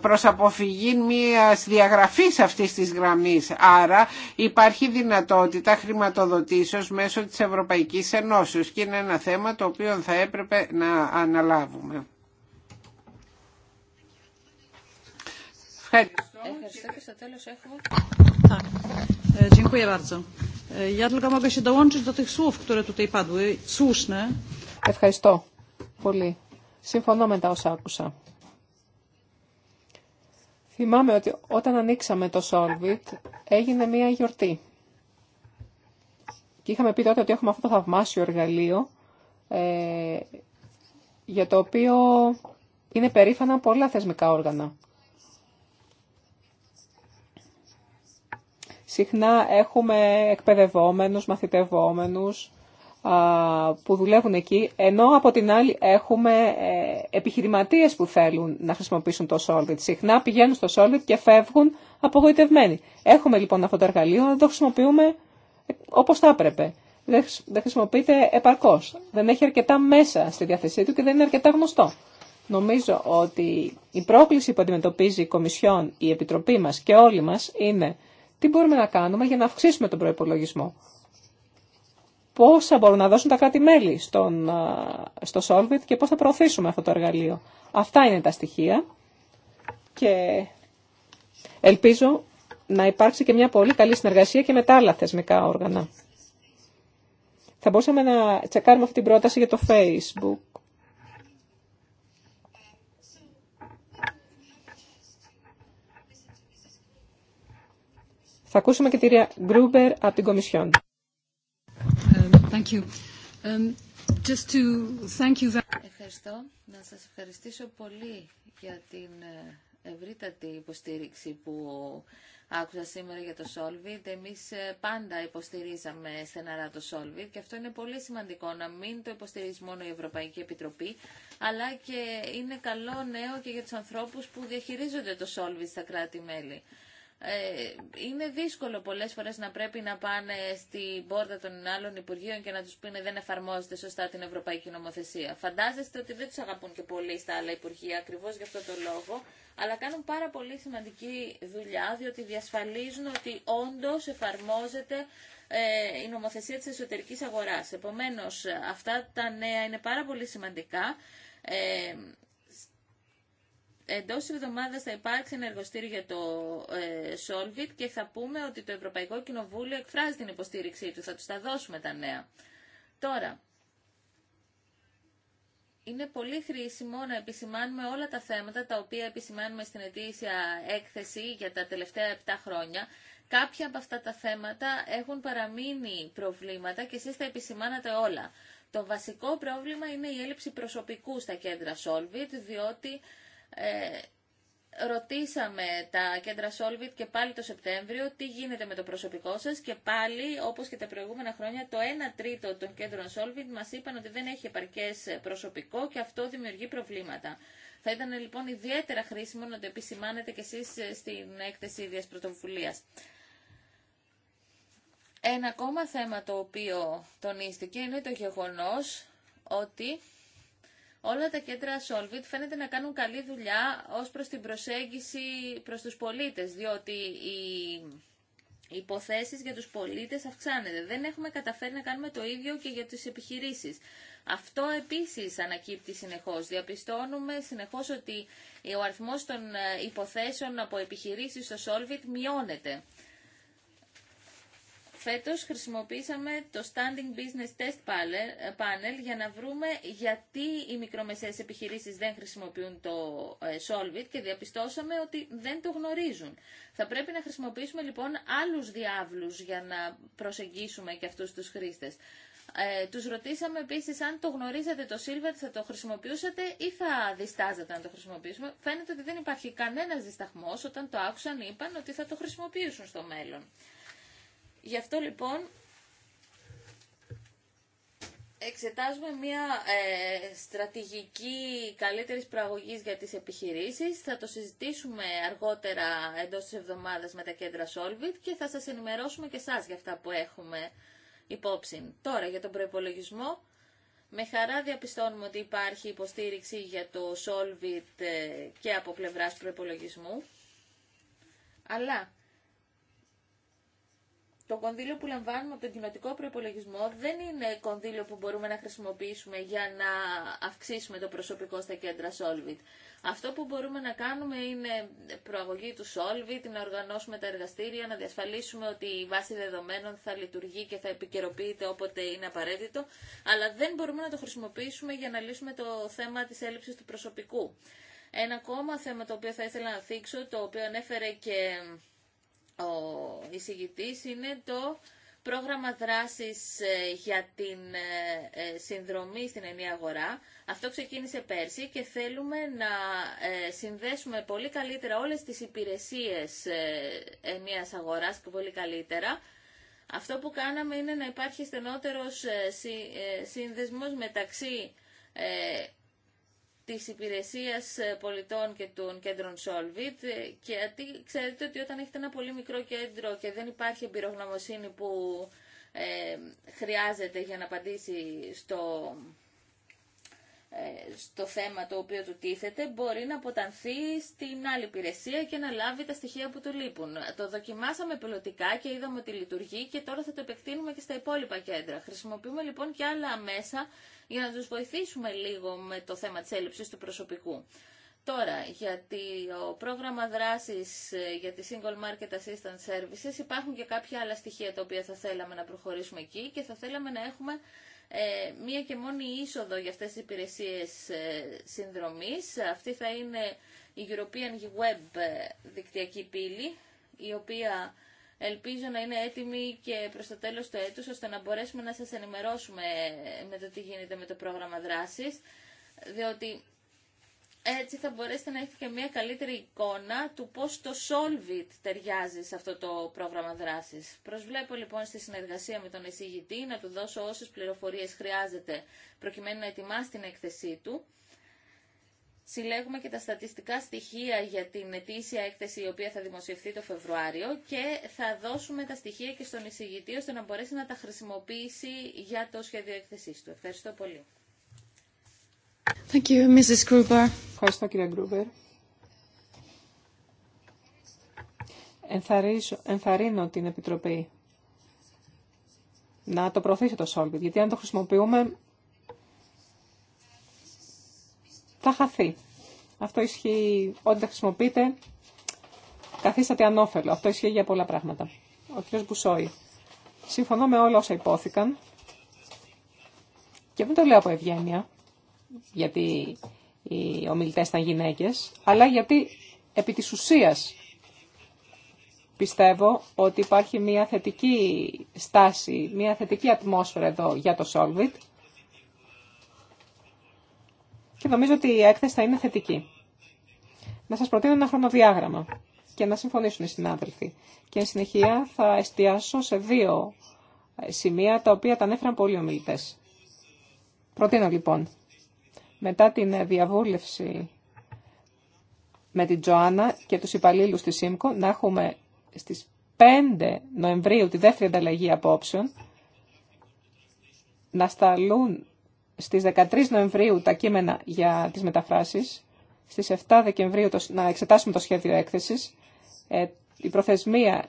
[SPEAKER 2] προς αποφυγή μίας διαγραφής αυτής της γραμμής. Άρα υπάρχει δυνατότητα χρηματοδοτήσεως μέσω της Ευρωπαϊκής Ενώσεως και είναι ένα θέμα το οποίο θα έπρεπε να αναλάβουμε. Ευχαριστώ.
[SPEAKER 3] Ευχαριστώ
[SPEAKER 1] τέλος ε, Ευχαριστώ πολύ. Συμφωνώ με τα όσα άκουσα. Θυμάμαι ότι όταν ανοίξαμε το Solvit έγινε μία γιορτή. Και είχαμε πει τότε ότι έχουμε αυτό το θαυμάσιο εργαλείο ε, για το οποίο είναι περήφανα πολλά θεσμικά όργανα. Συχνά έχουμε εκπαιδευόμενους, μαθητευόμενους που δουλεύουν εκεί, ενώ από την άλλη έχουμε ε, επιχειρηματίες που θέλουν να χρησιμοποιήσουν το Solvit. Συχνά πηγαίνουν στο Solvit και φεύγουν απογοητευμένοι. Έχουμε λοιπόν αυτό το εργαλείο, να το χρησιμοποιούμε Όπω θα έπρεπε. Δεν χρησιμοποιείται επαρκώς. Δεν έχει αρκετά μέσα στη διάθεσή του και δεν είναι αρκετά γνωστό. Νομίζω ότι η πρόκληση που αντιμετωπίζει η Κομισιόν, η Επιτροπή μας και όλοι μας είναι τι μπορούμε να κάνουμε για να αυξήσουμε τον προπολογισμό. Πόσα μπορούν να δώσουν τα κράτη-μέλη στο Solvit και πώς θα προωθήσουμε αυτό το εργαλείο. Αυτά είναι τα στοιχεία και ελπίζω να υπάρξει και μια πολύ καλή συνεργασία και με τα άλλα θεσμικά όργανα. Θα μπορούσαμε να τσεκάρουμε αυτή την πρόταση για το Facebook. Θα ακούσουμε και τη Ρία Γκρούμπερ από την Κομισιόν. Um, um,
[SPEAKER 3] Ευχαριστώ. Να σας ευχαριστήσω πολύ για την ε, ευρύτατη υποστήριξη που άκουσα σήμερα για το Solvit. Εμεί ε, πάντα υποστηρίζαμε στεναρά το Solvit και αυτό είναι πολύ σημαντικό να μην το υποστηρίζει μόνο η Ευρωπαϊκή Επιτροπή, αλλά και είναι καλό νέο και για τους ανθρώπους που διαχειρίζονται το Solvit στα κράτη-μέλη. Ε, είναι δύσκολο πολλές φορές να πρέπει να πάνε στην πόρτα των άλλων Υπουργείων και να τους πούνε δεν εφαρμόζεται σωστά την Ευρωπαϊκή Νομοθεσία. Φαντάζεστε ότι δεν τους αγαπούν και πολύ στα άλλα Υπουργεία ακριβώς γι' αυτό το λόγο, αλλά κάνουν πάρα πολύ σημαντική δουλειά διότι διασφαλίζουν ότι όντως εφαρμόζεται ε, η νομοθεσία της εσωτερικής αγοράς. Επομένως, αυτά τα νέα είναι πάρα πολύ σημαντικά. Ε, Εντό τη εβδομάδα θα υπάρξει ένα εργοστήριο για το ε, Solvit και θα πούμε ότι το Ευρωπαϊκό Κοινοβούλιο εκφράζει την υποστήριξή του. Θα του τα δώσουμε τα νέα. Τώρα, είναι πολύ χρήσιμο να επισημάνουμε όλα τα θέματα τα οποία επισημάνουμε στην ετήσια έκθεση για τα τελευταία 7 χρόνια. Κάποια από αυτά τα θέματα έχουν παραμείνει προβλήματα και εσείς τα επισημάνατε όλα. Το βασικό πρόβλημα είναι η έλλειψη προσωπικού στα κέντρα Solvit, διότι ε, ρωτήσαμε τα κέντρα Solvit και πάλι το Σεπτέμβριο τι γίνεται με το προσωπικό σας και πάλι όπως και τα προηγούμενα χρόνια το 1 τρίτο των κέντρων Solvit μας είπαν ότι δεν έχει επαρκές προσωπικό και αυτό δημιουργεί προβλήματα. Θα ήταν λοιπόν ιδιαίτερα χρήσιμο να το επισημάνετε κι εσείς στην έκθεση ίδιας πρωτοβουλίας. Ένα ακόμα θέμα το οποίο τονίστηκε είναι το γεγονός ότι όλα τα κέντρα Solvit φαίνεται να κάνουν καλή δουλειά ως προς την προσέγγιση προς τους πολίτες, διότι οι υποθέσεις για τους πολίτες αυξάνεται. Δεν έχουμε καταφέρει να κάνουμε το ίδιο και για τις επιχειρήσεις. Αυτό επίσης ανακύπτει συνεχώς. Διαπιστώνουμε συνεχώς ότι ο αριθμός των ε, υποθέσεων από επιχειρήσεις στο Solvit μειώνεται. Φέτος χρησιμοποίησαμε το Standing Business Test ε, Panel για να βρούμε γιατί οι μικρομεσαίες επιχειρήσεις δεν χρησιμοποιούν το ε, Solvit και διαπιστώσαμε ότι δεν το γνωρίζουν. Θα πρέπει να χρησιμοποιήσουμε λοιπόν άλλους διάβλους για να προσεγγίσουμε και αυτούς τους χρήστες. Ε, τους ρωτήσαμε επίσης αν το γνωρίζατε το Silver θα το χρησιμοποιούσατε ή θα διστάζατε να το χρησιμοποιήσουμε. Φαίνεται ότι δεν υπάρχει κανένας δισταχμός όταν το άκουσαν είπαν ότι θα το χρησιμοποιήσουν στο μέλλον. Γι' αυτό λοιπόν εξετάζουμε μια ε, στρατηγική καλύτερης προαγωγής για τις επιχειρήσεις. Θα το συζητήσουμε αργότερα εντός της εβδομάδας με τα κέντρα Solvit και θα σας ενημερώσουμε και εσάς για αυτά που έχουμε υπόψη. Τώρα για τον προϋπολογισμό. Με χαρά διαπιστώνουμε ότι υπάρχει υποστήριξη για το Solvit ε, και από πλευράς προϋπολογισμού. Αλλά το κονδύλιο που λαμβάνουμε από τον κοινοτικό προπολογισμό δεν είναι κονδύλιο που μπορούμε να χρησιμοποιήσουμε για να αυξήσουμε το προσωπικό στα κέντρα Solvit. Αυτό που μπορούμε να κάνουμε είναι προαγωγή του Solvit, να οργανώσουμε τα εργαστήρια, να διασφαλίσουμε ότι η βάση δεδομένων θα λειτουργεί και θα επικαιροποιείται όποτε είναι απαραίτητο, αλλά δεν μπορούμε να το χρησιμοποιήσουμε για να λύσουμε το θέμα της έλλειψης του προσωπικού. Ένα ακόμα θέμα το οποίο θα ήθελα να θίξω, το οποίο ανέφερε και ο εισηγητής είναι το πρόγραμμα δράσης ε, για την ε, ε, συνδρομή στην ενιαία αγορά. Αυτό ξεκίνησε πέρσι και θέλουμε να συνδέσουμε πολύ καλύτερα όλες τις υπηρεσίες ενιαίας αγοράς και πολύ καλύτερα. Αυτό που κάναμε είναι να υπάρχει στενότερος σύνδεσμος μεταξύ της υπηρεσίας ε, πολιτών και των κέντρων Solvit ε, και γιατί ξέρετε ότι όταν έχετε ένα πολύ μικρό κέντρο και δεν υπάρχει εμπειρογνωμοσύνη που ε, χρειάζεται για να απαντήσει στο ε, στο θέμα το οποίο του τίθεται μπορεί να αποτανθεί στην άλλη υπηρεσία και να λάβει τα στοιχεία που του λείπουν. Το δοκιμάσαμε πιλωτικά και είδαμε ότι λειτουργεί και τώρα θα το επεκτείνουμε και στα υπόλοιπα κέντρα. Χρησιμοποιούμε λοιπόν και άλλα μέσα για να τους βοηθήσουμε λίγο με το θέμα της έλλειψης του προσωπικού. Τώρα, γιατί ο πρόγραμμα δράσης ε, για τη Single Market Assistance Services υπάρχουν και κάποια άλλα στοιχεία τα οποία θα θέλαμε να προχωρήσουμε εκεί και θα θέλαμε να έχουμε ε, μία και μόνη είσοδο για αυτές τις υπηρεσίες ε, συνδρομής. Αυτή θα είναι η European Web δικτυακή πύλη, η οποία ελπίζω να είναι έτοιμη και προς το τέλος του έτους, ώστε να μπορέσουμε να σας ενημερώσουμε με το τι γίνεται με το πρόγραμμα δράσης, διότι έτσι θα μπορέσετε να έχετε και μια καλύτερη εικόνα του πώς το Solvit ταιριάζει σε αυτό το πρόγραμμα δράσης. Προσβλέπω λοιπόν στη συνεργασία με τον εισηγητή να του δώσω όσες πληροφορίες χρειάζεται προκειμένου να ετοιμάσει την έκθεσή του. Συλλέγουμε και τα στατιστικά στοιχεία για την ετήσια έκθεση η οποία θα δημοσιευθεί το Φεβρουάριο και θα δώσουμε τα στοιχεία και στον εισηγητή ώστε να μπορέσει να τα χρησιμοποιήσει για το σχέδιο έκθεσής του. Ευχαριστώ πολύ.
[SPEAKER 1] Ευχαριστώ κυρία Γκρούβερ. Ενθαρρύνω την Επιτροπή να το προωθήσει το Solvit, γιατί αν το χρησιμοποιούμε θα χαθεί. Αυτό ισχύει ό,τι τα χρησιμοποιείτε, καθίσατε ανώφελο. Αυτό ισχύει για πολλά πράγματα. Ο κ. Μπουσόη. Συμφωνώ με όλα όσα υπόθηκαν και δεν το λέω από ευγένεια γιατί οι ομιλητές ήταν γυναίκες, αλλά γιατί επί της ουσίας πιστεύω ότι υπάρχει μια θετική στάση, μια θετική ατμόσφαιρα εδώ για το Solvit και νομίζω ότι η έκθεση θα είναι θετική. Να σας προτείνω ένα χρονοδιάγραμμα και να συμφωνήσουν οι συνάδελφοι. Και εν συνεχεία θα εστιάσω σε δύο ε, σημεία τα οποία τα ανέφεραν πολλοί ομιλητές. Προτείνω λοιπόν μετά την ε, διαβούλευση με την Τζοάννα και τους υπαλλήλους της ΣΥΜΚΟ να έχουμε στις 5 Νοεμβρίου τη δεύτερη ανταλλαγή απόψεων να σταλούν στις 13 Νοεμβρίου τα κείμενα για τις μεταφράσεις στις 7 Δεκεμβρίου να εξετάσουμε το σχέδιο έκθεσης ε, η προθεσμία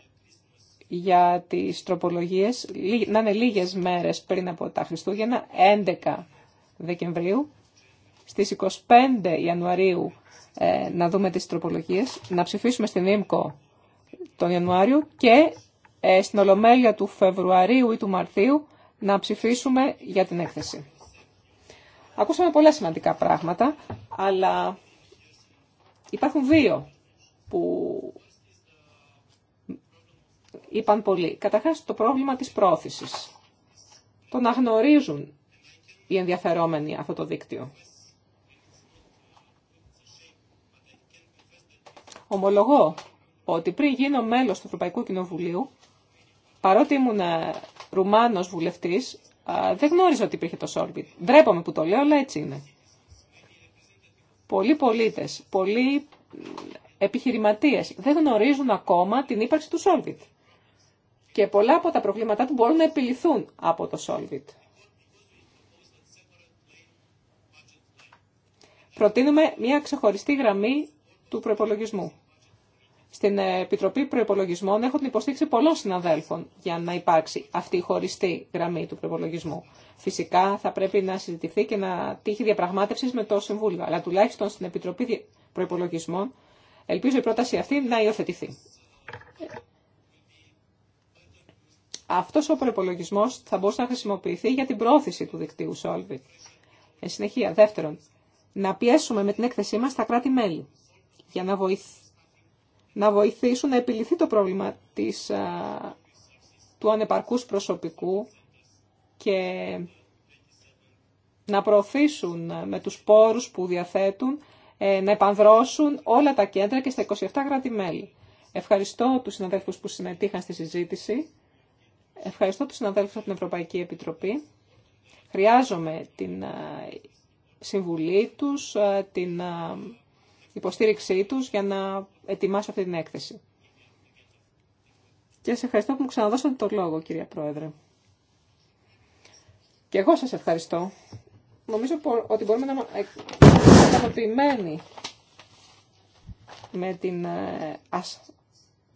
[SPEAKER 1] για τις τροπολογίες να είναι λίγες μέρες πριν από τα Χριστούγεννα 11 Δεκεμβρίου στις 25 Ιανουαρίου ε, να δούμε τις τροπολογίες, να ψηφίσουμε στην ΙΜΚΟ τον Ιανουάριο και ε, στην Ολομέλεια του Φεβρουαρίου ή του Μαρτίου να ψηφίσουμε για την έκθεση. Ακούσαμε πολλά σημαντικά πράγματα, αλλά υπάρχουν δύο που είπαν πολύ, Καταρχάς το πρόβλημα της πρόθεσης. Το να γνωρίζουν οι ενδιαφερόμενοι αυτό το δίκτυο. Ομολογώ ότι πριν γίνω μέλος του Ευρωπαϊκού Κοινοβουλίου, παρότι ήμουν ε, Ρουμάνος βουλευτής, ε, δεν γνώριζα ότι υπήρχε το Σόρμπιτ. Ντρέπομαι που το λέω, αλλά έτσι είναι. Πολλοί πολίτες, πολλοί ε, επιχειρηματίες δεν γνωρίζουν ακόμα την ύπαρξη του Solvit. Και πολλά από τα προβλήματά του μπορούν να επιληθούν από το Solvit. Προτείνουμε μια ξεχωριστή γραμμή του προπολογισμού. Στην Επιτροπή Προπολογισμών έχω την υποστήριξη πολλών συναδέλφων για να υπάρξει αυτή η χωριστή γραμμή του προπολογισμού. Φυσικά θα πρέπει να συζητηθεί και να τύχει διαπραγμάτευση με το Συμβούλιο. Αλλά τουλάχιστον στην Επιτροπή Προπολογισμών ελπίζω η πρόταση αυτή να υιοθετηθεί. Αυτό ο προπολογισμό θα μπορούσε να χρησιμοποιηθεί για την πρόωθηση του δικτύου Solvit. Εν συνεχεία, δεύτερον, να πιέσουμε με την έκθεσή μα τα κράτη-μέλη για να βοηθήσουμε να βοηθήσουν να επιληθεί το πρόβλημα της, του ανεπαρκούς προσωπικού και να προωθήσουν με τους πόρους που διαθέτουν, ε, να επανδρώσουν όλα τα κέντρα και στα 27 κράτη-μέλη. Ευχαριστώ τους συναδέλφους που συμμετείχαν στη συζήτηση. Ευχαριστώ τους συναδέλφους από την Ευρωπαϊκή Επιτροπή. Χρειάζομαι την συμβουλή τους, την υποστήριξή τους για να ετοιμάσω αυτή την έκθεση. Και σε ευχαριστώ που μου ξαναδώσατε το λόγο, κυρία Πρόεδρε. Και εγώ σας ευχαριστώ. Νομίζω ότι μπορούμε να είμαστε ικανοποιημένοι με την ε,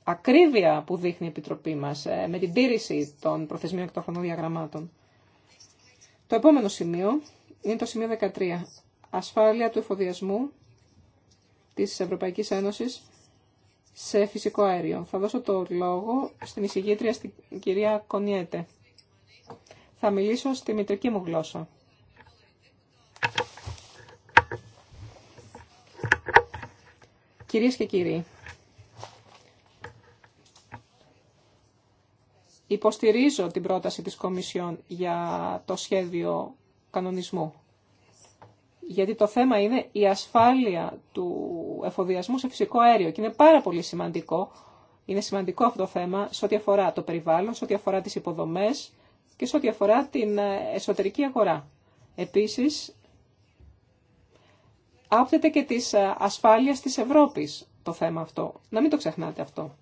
[SPEAKER 1] ακρίβεια που δείχνει η Επιτροπή μας, ε, με την τήρηση των προθεσμίων και των χρονοδιαγραμμάτων. Το επόμενο σημείο είναι το σημείο 13. Ασφάλεια του εφοδιασμού της Ευρωπαϊκής Ένωσης σε φυσικό αέριο. Θα δώσω το λόγο στην εισηγήτρια, στην κυρία Κονιέτε. Θα μιλήσω στη μητρική μου γλώσσα. Κυρίες και κύριοι, υποστηρίζω την πρόταση της Κομισιόν για το σχέδιο κανονισμού γιατί το θέμα είναι η ασφάλεια του εφοδιασμού σε φυσικό αέριο και είναι πάρα πολύ σημαντικό. Είναι σημαντικό αυτό το θέμα σε ό,τι αφορά το περιβάλλον, σε ό,τι αφορά τις υποδομές και σε ό,τι αφορά την ε, εσωτερική αγορά. Επίσης, άπτεται και της ε, ασφάλειας της Ευρώπης το θέμα αυτό. Να μην το ξεχνάτε αυτό.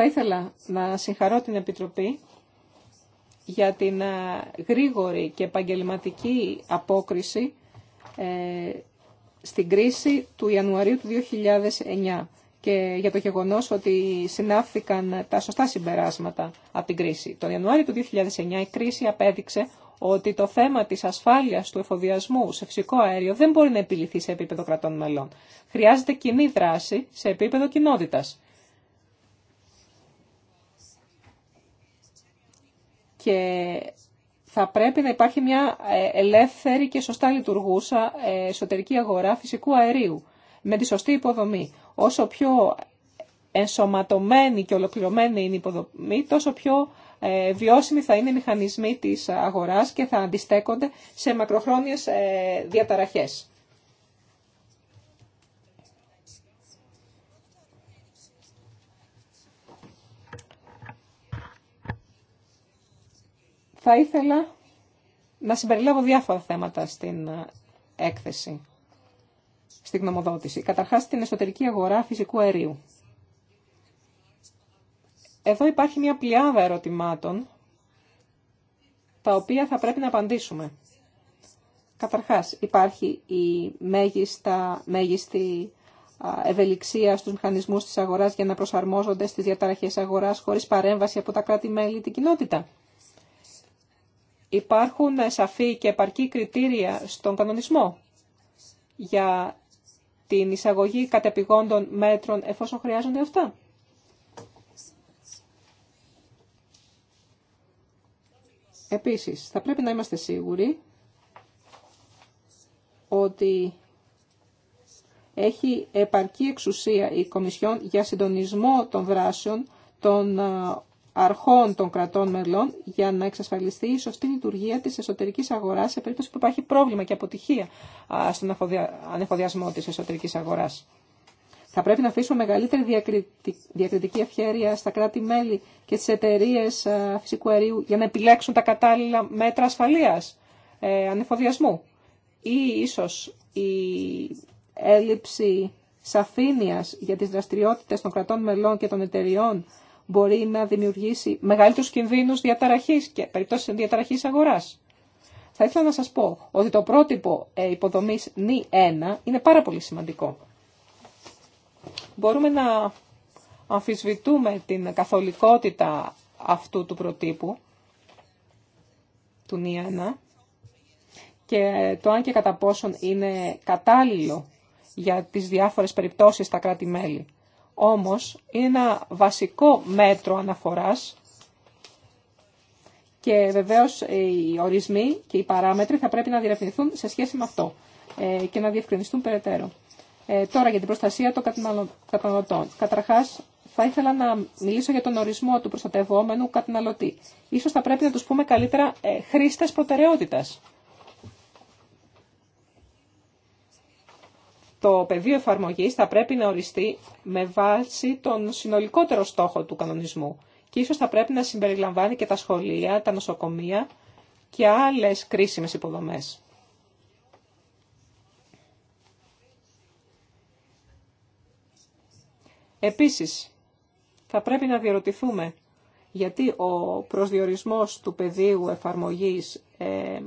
[SPEAKER 1] Θα ήθελα να συγχαρώ την Επιτροπή για την ε, γρήγορη και επαγγελματική απόκριση ε, στην κρίση του Ιανουαρίου του 2009 και για το γεγονός ότι συνάφθηκαν τα σωστά συμπεράσματα από την κρίση. Τον Ιανουάριο του 2009 η κρίση απέδειξε ότι το θέμα της ασφάλειας του εφοδιασμού σε φυσικό αέριο δεν μπορεί να επιληθεί σε επίπεδο κρατών μελών. Χρειάζεται κοινή δράση σε επίπεδο κοινότητας. και θα πρέπει να υπάρχει μια ε, ελεύθερη και σωστά λειτουργούσα ε, εσωτερική αγορά φυσικού αερίου με τη σωστή υποδομή. Όσο πιο ενσωματωμένη και ολοκληρωμένη είναι η υποδομή, τόσο πιο ε, βιώσιμη θα είναι οι μηχανισμοί της αγοράς και θα αντιστέκονται σε μακροχρόνιες διαταραχές. Θα ήθελα να συμπεριλάβω διάφορα θέματα στην ε, έκθεση, στην γνωμοδότηση. Καταρχάς, την εσωτερική αγορά φυσικού αερίου. Εδώ υπάρχει μια πλειάδα ερωτημάτων, τα οποία θα πρέπει να απαντήσουμε. Καταρχάς, υπάρχει η μέγιστα, μέγιστη ευελιξία στους μηχανισμούς της αγοράς για να προσαρμόζονται στις διαταραχές αγοράς χωρίς παρέμβαση από τα κράτη-μέλη την κοινότητα. Υπάρχουν σαφή και επαρκή κριτήρια στον κανονισμό για την εισαγωγή κατεπηγόντων μέτρων εφόσον χρειάζονται αυτά. Επίσης, θα πρέπει να είμαστε σίγουροι ότι έχει επαρκή εξουσία η Κομισιόν για συντονισμό των δράσεων των αρχών των κρατών μελών για να εξασφαλιστεί η σωστή λειτουργία τη εσωτερική αγορά σε περίπτωση που υπάρχει πρόβλημα και αποτυχία στον ανεφοδιασμό τη εσωτερική αγορά. Θα πρέπει να αφήσουμε μεγαλύτερη διακριτική ευχέρεια στα κράτη-μέλη και στις εταιρείε φυσικού αερίου για να επιλέξουν τα κατάλληλα μέτρα ασφαλείας ε, ανεφοδιασμού. Ή ίσως η έλλειψη σαφήνειας για τις δραστηριότητες των κρατών μελών και των εταιριών μπορεί να δημιουργήσει μεγαλύτερους κινδύνους διαταραχής και περιπτώσει διαταραχής αγοράς. Θα ήθελα να σας πω ότι το πρότυπο ε, υποδομής νη 1 είναι πάρα πολύ σημαντικό. Μπορούμε να αμφισβητούμε την καθολικότητα αυτού του προτύπου, του νη 1, και το αν και κατά πόσον είναι κατάλληλο για τις διάφορες περιπτώσεις στα κράτη-μέλη. Όμως είναι ένα βασικό μέτρο αναφοράς και βεβαίως οι ορισμοί και οι παράμετροι θα πρέπει να διευκρινιστούν σε σχέση με αυτό ε, και να διευκρινιστούν περαιτέρω. Ε, τώρα για την προστασία των καταναλωτών. Καταρχάς θα ήθελα να μιλήσω για τον ορισμό του προστατευόμενου καταναλωτή. Ίσως θα πρέπει να τους πούμε καλύτερα ε, χρήστες προτεραιότητας. το πεδίο εφαρμογής θα πρέπει να οριστεί με βάση τον συνολικότερο στόχο του κανονισμού και ίσως θα πρέπει να συμπεριλαμβάνει και τα σχολεία, τα νοσοκομεία και άλλες κρίσιμες υποδομές. Επίσης, θα πρέπει να διερωτηθούμε γιατί ο προσδιορισμός του πεδίου εφαρμογής ε,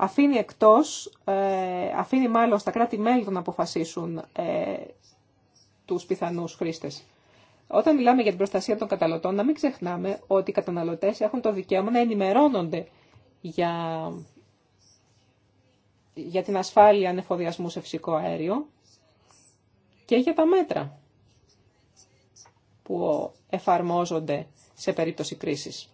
[SPEAKER 1] αφήνει εκτός, ε, αφήνει μάλλον στα κράτη-μέλη να αποφασίσουν ε, τους πιθανούς χρήστες. Όταν μιλάμε για την προστασία των καταναλωτών, να μην ξεχνάμε ότι οι καταναλωτές έχουν το δικαίωμα να ενημερώνονται για, για την ασφάλεια ανεφοδιασμού σε φυσικό αέριο και για τα μέτρα που εφαρμόζονται σε περίπτωση κρίσης.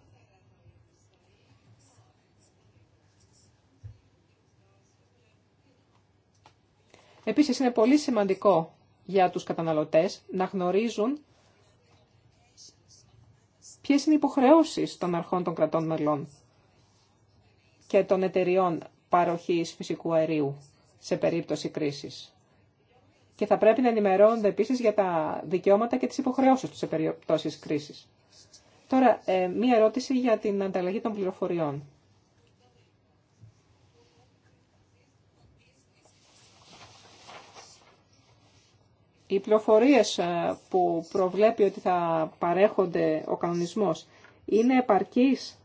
[SPEAKER 1] Επίσης, είναι πολύ σημαντικό για τους καταναλωτές να γνωρίζουν ποιες είναι οι υποχρεώσεις των αρχών των κρατών μελών και των εταιριών παροχής φυσικού αερίου σε περίπτωση κρίσης. Και θα πρέπει να ενημερώνονται επίσης για τα δικαιώματα και τις υποχρεώσεις τους σε περίπτωση κρίσης. Τώρα, ε, μία ερώτηση για την ανταλλαγή των πληροφοριών. Οι πληροφορίες ε, που προβλέπει ότι θα παρέχονται ο κανονισμός είναι επαρκείς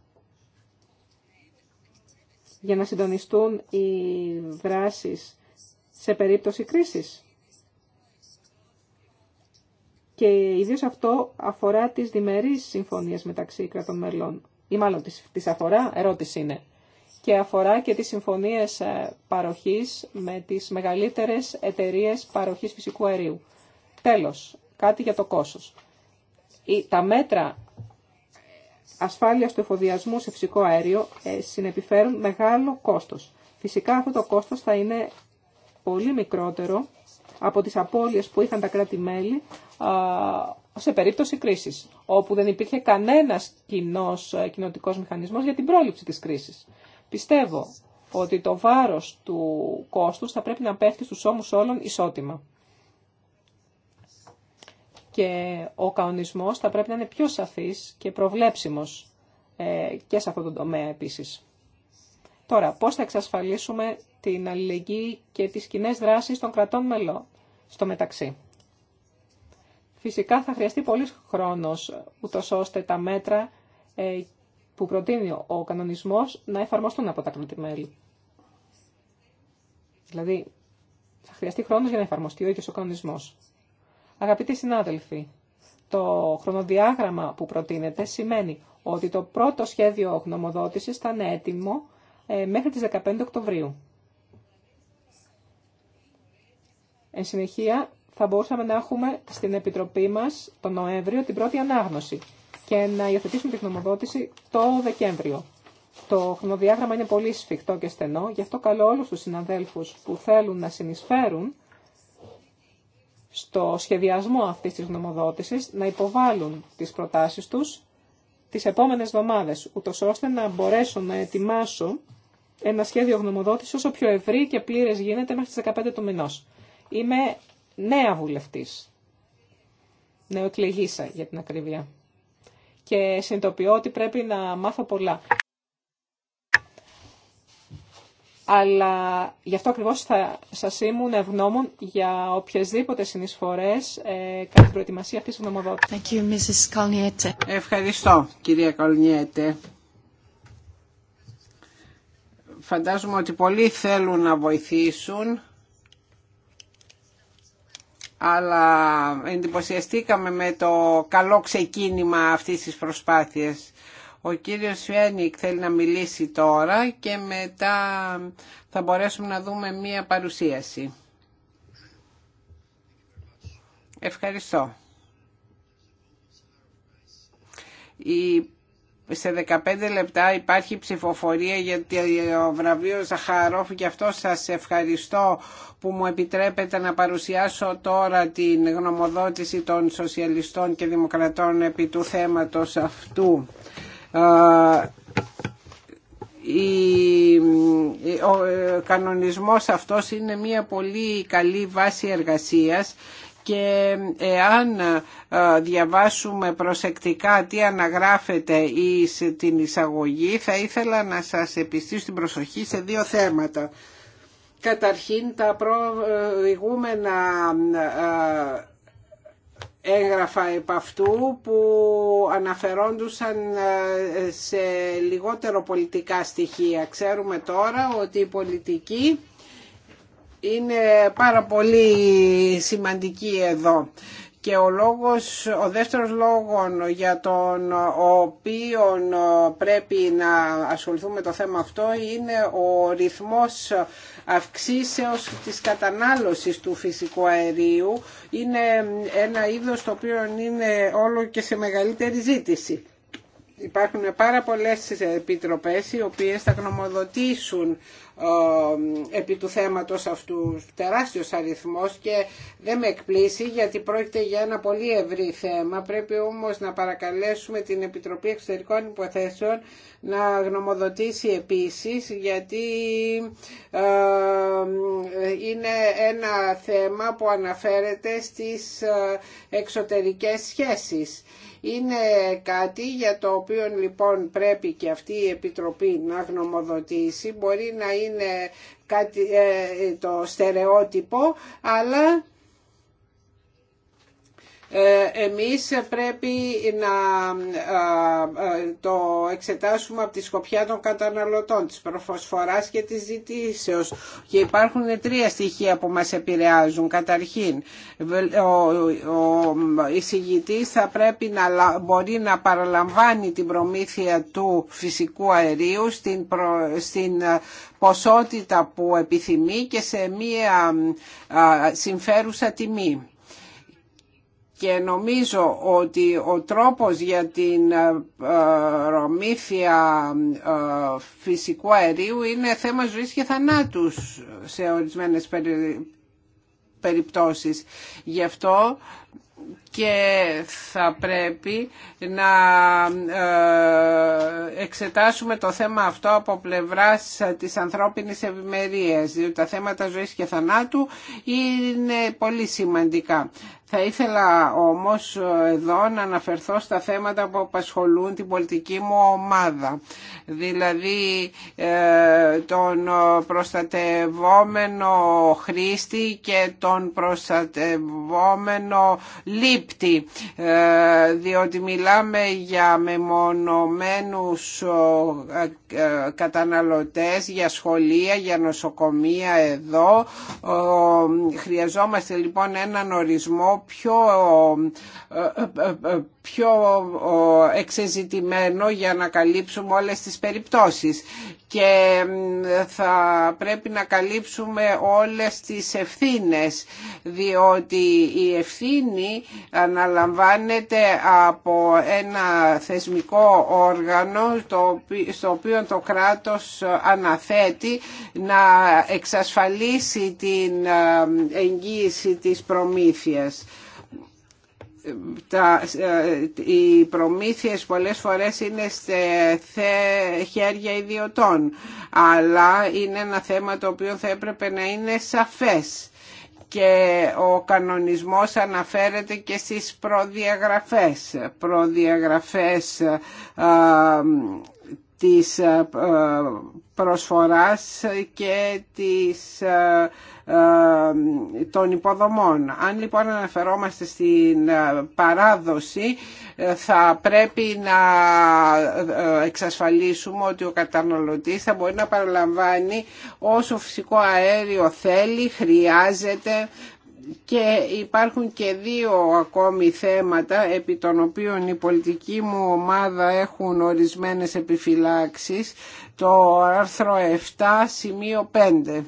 [SPEAKER 1] για να συντονιστούν οι δράσεις σε περίπτωση κρίσης. Και ιδίως αυτό αφορά τις διμερείς συμφωνίες μεταξύ κρατών μελών. Ή μάλλον τις αφορά, ερώτηση είναι και αφορά και τις συμφωνίες ε, παροχής με τις μεγαλύτερες εταιρείες παροχής φυσικού αερίου. Τέλος, κάτι για το κόστος. Τα μέτρα ασφάλειας του εφοδιασμού σε φυσικό αέριο ε, συνεπιφέρουν μεγάλο κόστος. Φυσικά αυτό το κόστος θα είναι πολύ μικρότερο από τις απώλειες που είχαν τα κράτη-μέλη σε περίπτωση κρίσης, όπου δεν υπήρχε κανένας κοινός ε, κοινοτικός μηχανισμός για την πρόληψη της κρίσης. Πιστεύω ότι το βάρος του κόστους θα πρέπει να πέφτει στους ώμους όλων ισότιμα. Και ο καονισμός θα πρέπει να είναι πιο σαφής και προβλέψιμος ε, και σε αυτό το τομέα επίσης. Τώρα, πώς θα εξασφαλίσουμε την αλληλεγγύη και τις κοινέ δράσεις των κρατών μελών στο μεταξύ. Φυσικά θα χρειαστεί πολύς χρόνος, ούτως ώστε τα μέτρα ε, που προτείνει ο κανονισμός να εφαρμοστούν από τα κράτη-μέλη. Δηλαδή, θα χρειαστεί χρόνος για να εφαρμοστεί ο ίδιο ο κανονισμός. Αγαπητοί συνάδελφοι, το χρονοδιάγραμμα που προτείνεται σημαίνει ότι το πρώτο σχέδιο γνωμοδότησης θα είναι έτοιμο ε, μέχρι τις 15 Οκτωβρίου. Εν συνεχεία, θα μπορούσαμε να έχουμε στην Επιτροπή μας τον Νοέμβριο την πρώτη ανάγνωση και να υιοθετήσουν τη γνωμοδότηση το Δεκέμβριο. Το χρονοδιάγραμμα είναι πολύ σφιχτό και στενό, γι' αυτό καλώ όλου του συναδέλφου που θέλουν να συνεισφέρουν στο σχεδιασμό αυτής της γνωμοδότησης να υποβάλουν τις προτάσεις τους τις επόμενες εβδομάδε, ούτω ώστε να μπορέσω να ετοιμάσω ένα σχέδιο γνωμοδότηση όσο πιο ευρύ και πλήρες γίνεται μέχρι τις 15 του μηνός. Είμαι νέα βουλευτής, νεοεκλεγήσα για την ακρίβεια και συνειδητοποιώ ότι πρέπει να μάθω πολλά. Αλλά γι' αυτό ακριβώς θα σας ήμουν ευγνώμων για οποιασδήποτε συνεισφορές ε,
[SPEAKER 2] κατά την προετοιμασία αυτής της νομοδότησης. Ευχαριστώ κυρία Καλνιέτε. Φαντάζομαι ότι πολλοί θέλουν να βοηθήσουν αλλά εντυπωσιαστήκαμε με το καλό ξεκίνημα αυτής της προσπάθειας. Ο κύριος Φιένικ θέλει να μιλήσει τώρα και μετά θα μπορέσουμε να δούμε μία παρουσίαση. Ευχαριστώ σε 15 λεπτά υπάρχει ψηφοφορία για το βραβείο Ζαχαρόφ και αυτό σας ευχαριστώ που μου επιτρέπετε να παρουσιάσω τώρα την γνωμοδότηση των σοσιαλιστών και δημοκρατών επί του θέματος αυτού. Ε, ο κανονισμός αυτός είναι μια πολύ καλή βάση εργασίας και εάν ε, διαβάσουμε προσεκτικά τι αναγράφεται ή την εισαγωγή θα ήθελα να σας επιστήσω την προσοχή σε δύο θέματα. Καταρχήν τα προηγούμενα ε, έγγραφα επ' αυτού που αναφερόντουσαν ε, σε λιγότερο πολιτικά στοιχεία. Ξέρουμε τώρα ότι η πολιτική είναι πάρα πολύ σημαντική εδώ. Και ο, λόγος, ο δεύτερος λόγος για τον οποίο πρέπει να ασχοληθούμε το θέμα αυτό είναι ο ρυθμός αυξήσεως της κατανάλωσης του φυσικού αερίου. Είναι ένα είδος το οποίο είναι όλο και σε μεγαλύτερη ζήτηση. Υπάρχουν πάρα πολλές επιτροπές οι οποίες θα γνωμοδοτήσουν ε, επί του θέματος αυτού τεράστιος αριθμός και δεν με εκπλήσει γιατί πρόκειται για ένα πολύ ευρύ θέμα. Πρέπει όμως να παρακαλέσουμε την Επιτροπή Εξωτερικών Υποθέσεων να γνωμοδοτήσει επίσης γιατί ε, είναι ένα θέμα που αναφέρεται στις ε, εξωτερικές σχέσεις. Είναι κάτι για το οποίο λοιπόν πρέπει και αυτή η Επιτροπή να γνωμοδοτήσει. Μπορεί να είναι κάτι, ε, το στερεότυπο, αλλά ε, εμείς πρέπει να ε, ε, το εξετάσουμε από τη σκοπιά των καταναλωτών, της προσφοράς και της ζητήσεως. Και υπάρχουν τρία στοιχεία που μας επηρεάζουν. Καταρχήν, ο εισηγητής θα πρέπει να μπορεί να παραλαμβάνει την προμήθεια του φυσικού αερίου στην, στην ποσότητα που επιθυμεί και σε μία συμφέρουσα τιμή και νομίζω ότι ο τρόπος για την ε, ε, ρομήθεια ε, φυσικού αερίου είναι θέμα ζωής και θανάτου σε ορισμένες περι... περιπτώσεις. Γι' αυτό και θα πρέπει να εξετάσουμε το θέμα αυτό από πλευράς της ανθρώπινης ευημερίας, διότι τα θέματα ζωής και θανάτου είναι πολύ σημαντικά. Θα ήθελα όμως ε, εδώ να αναφερθώ στα θέματα που απασχολούν την πολιτική μου ομάδα, δηλαδή ε, τον προστατευόμενο χρήστη και τον προστατευόμενο λήπτη, ε, διότι μιλάμε για μεμονωμένους καταναλωτές, για σχολεία, για νοσοκομεία εδώ. Χρειαζόμαστε λοιπόν έναν ορισμό πιο, ε, ε, ε, πιο εξεζητημένο για να καλύψουμε όλες τις περιπτώσεις και θα πρέπει να καλύψουμε όλες τις ευθύνες διότι η ευθύνη αναλαμβάνεται από ένα θεσμικό όργανο στο οποίο το κράτος αναθέτει να εξασφαλίσει την ε, εγγύηση της προμήθειας τα, ε, οι προμήθειες πολλές φορές είναι σε χέρια ιδιωτών αλλά είναι ένα θέμα το οποίο θα έπρεπε να είναι σαφές και ο κανονισμός αναφέρεται και στις προδιαγραφές προδιαγραφές ε, της ε, προσφοράς και της ε, των υποδομών. Αν λοιπόν αναφερόμαστε στην ε, παράδοση ε, θα πρέπει να εξασφαλίσουμε ότι ο καταναλωτής θα μπορεί να παραλαμβάνει όσο φυσικό αέριο θέλει, χρειάζεται και υπάρχουν και δύο ακόμη θέματα επί των οποίων η πολιτική μου ομάδα έχουν ορισμένες επιφυλάξεις το άρθρο 7 σημείο 5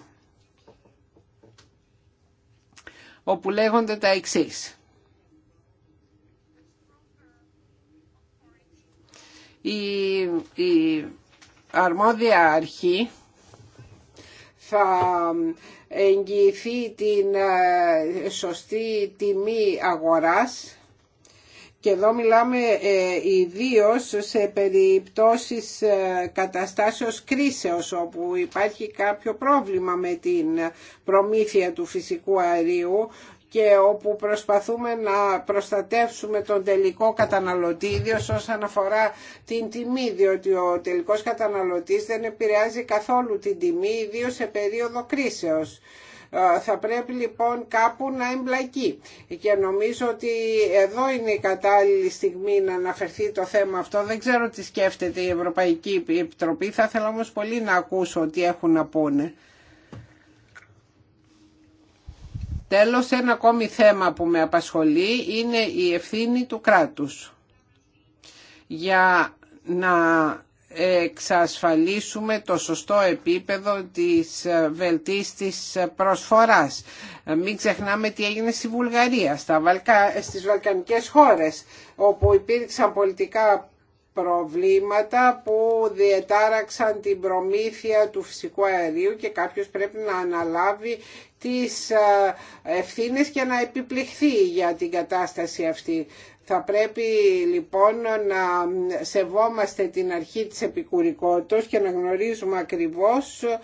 [SPEAKER 2] όπου λέγονται τα εξής. Η, η αρμόδια αρχή θα εγγυηθεί την ε, σωστή τιμή αγοράς και εδώ μιλάμε ε, ιδίω σε περιπτώσεις ε, καταστάσεως κρίσεως όπου υπάρχει κάποιο πρόβλημα με την προμήθεια του φυσικού αερίου και όπου προσπαθούμε να προστατεύσουμε τον τελικό καταναλωτή, ιδίως όσον αφορά την τιμή, διότι ο τελικός καταναλωτής δεν επηρεάζει καθόλου την τιμή, ιδίως σε περίοδο κρίσεως. Ε, θα πρέπει λοιπόν κάπου να εμπλακεί. Και νομίζω ότι εδώ είναι η κατάλληλη στιγμή να αναφερθεί το θέμα αυτό. Δεν ξέρω τι σκέφτεται η Ευρωπαϊκή Επιτροπή. Θα ήθελα όμως πολύ να ακούσω τι έχουν να πούνε. Τέλος, ένα ακόμη θέμα που με απασχολεί είναι η ευθύνη του κράτους για να εξασφαλίσουμε το σωστό επίπεδο της βελτίστης προσφοράς. Μην ξεχνάμε τι έγινε στη Βουλγαρία, στα Βαλκα... στις Βαλκανικές χώρες, όπου υπήρξαν πολιτικά προβλήματα που διετάραξαν την προμήθεια του φυσικού αερίου και κάποιος πρέπει να αναλάβει τις ε, ευθύνες και να επιπληχθεί για την κατάσταση αυτή. Θα πρέπει λοιπόν να σεβόμαστε την αρχή της επικουρικότητας και να γνωρίζουμε ακριβώς ε,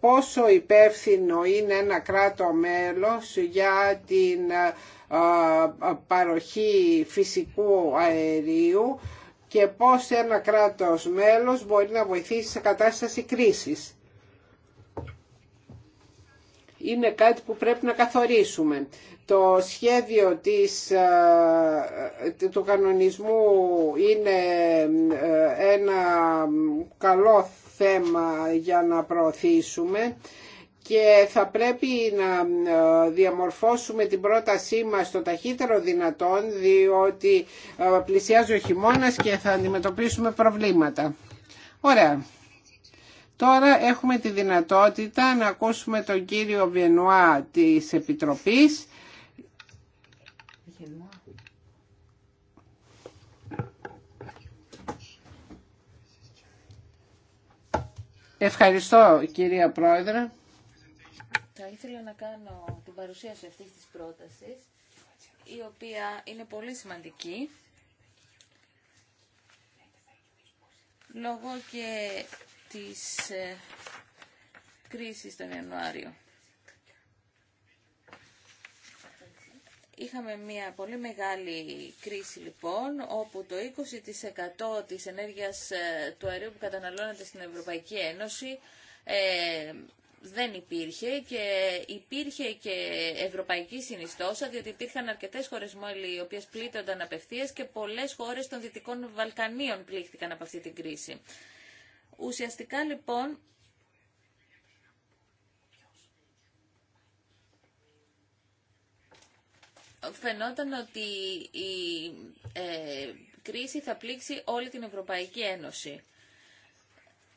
[SPEAKER 2] πόσο υπεύθυνο είναι ένα κράτο μέλος για την ε, παροχή φυσικού αερίου και πώς ένα κράτος μέλος μπορεί να βοηθήσει σε κατάσταση κρίσης. Είναι κάτι που πρέπει να καθορίσουμε. Το σχέδιο της, του κανονισμού είναι ένα καλό θέμα για να προωθήσουμε και θα πρέπει να ε, διαμορφώσουμε την πρότασή μας το ταχύτερο δυνατόν διότι ε, πλησιάζει ο χειμώνας και θα αντιμετωπίσουμε προβλήματα. Ωραία. Τώρα έχουμε τη δυνατότητα να ακούσουμε τον κύριο Βιενουά της Επιτροπής. Ευχαριστώ κυρία Πρόεδρε.
[SPEAKER 3] Θα ήθελα να κάνω την παρουσίαση αυτής της πρότασης, η οποία είναι πολύ σημαντική, λόγω και της ε, κρίσης τον Ιανουάριο. Είχαμε μια πολύ μεγάλη κρίση λοιπόν, όπου το 20% της ενέργειας ε, του αερίου που καταναλώνεται στην Ευρωπαϊκή Ένωση ε, δεν υπήρχε και υπήρχε και ευρωπαϊκή συνιστόσα διότι υπήρχαν αρκετές χώρες μόλι οι οποίες πλήττονταν απευθείας και πολλές χώρες των Δυτικών Βαλκανίων πλήχθηκαν από αυτή την κρίση. Ουσιαστικά λοιπόν φαινόταν ότι η ε, κρίση θα πλήξει όλη την Ευρωπαϊκή Ένωση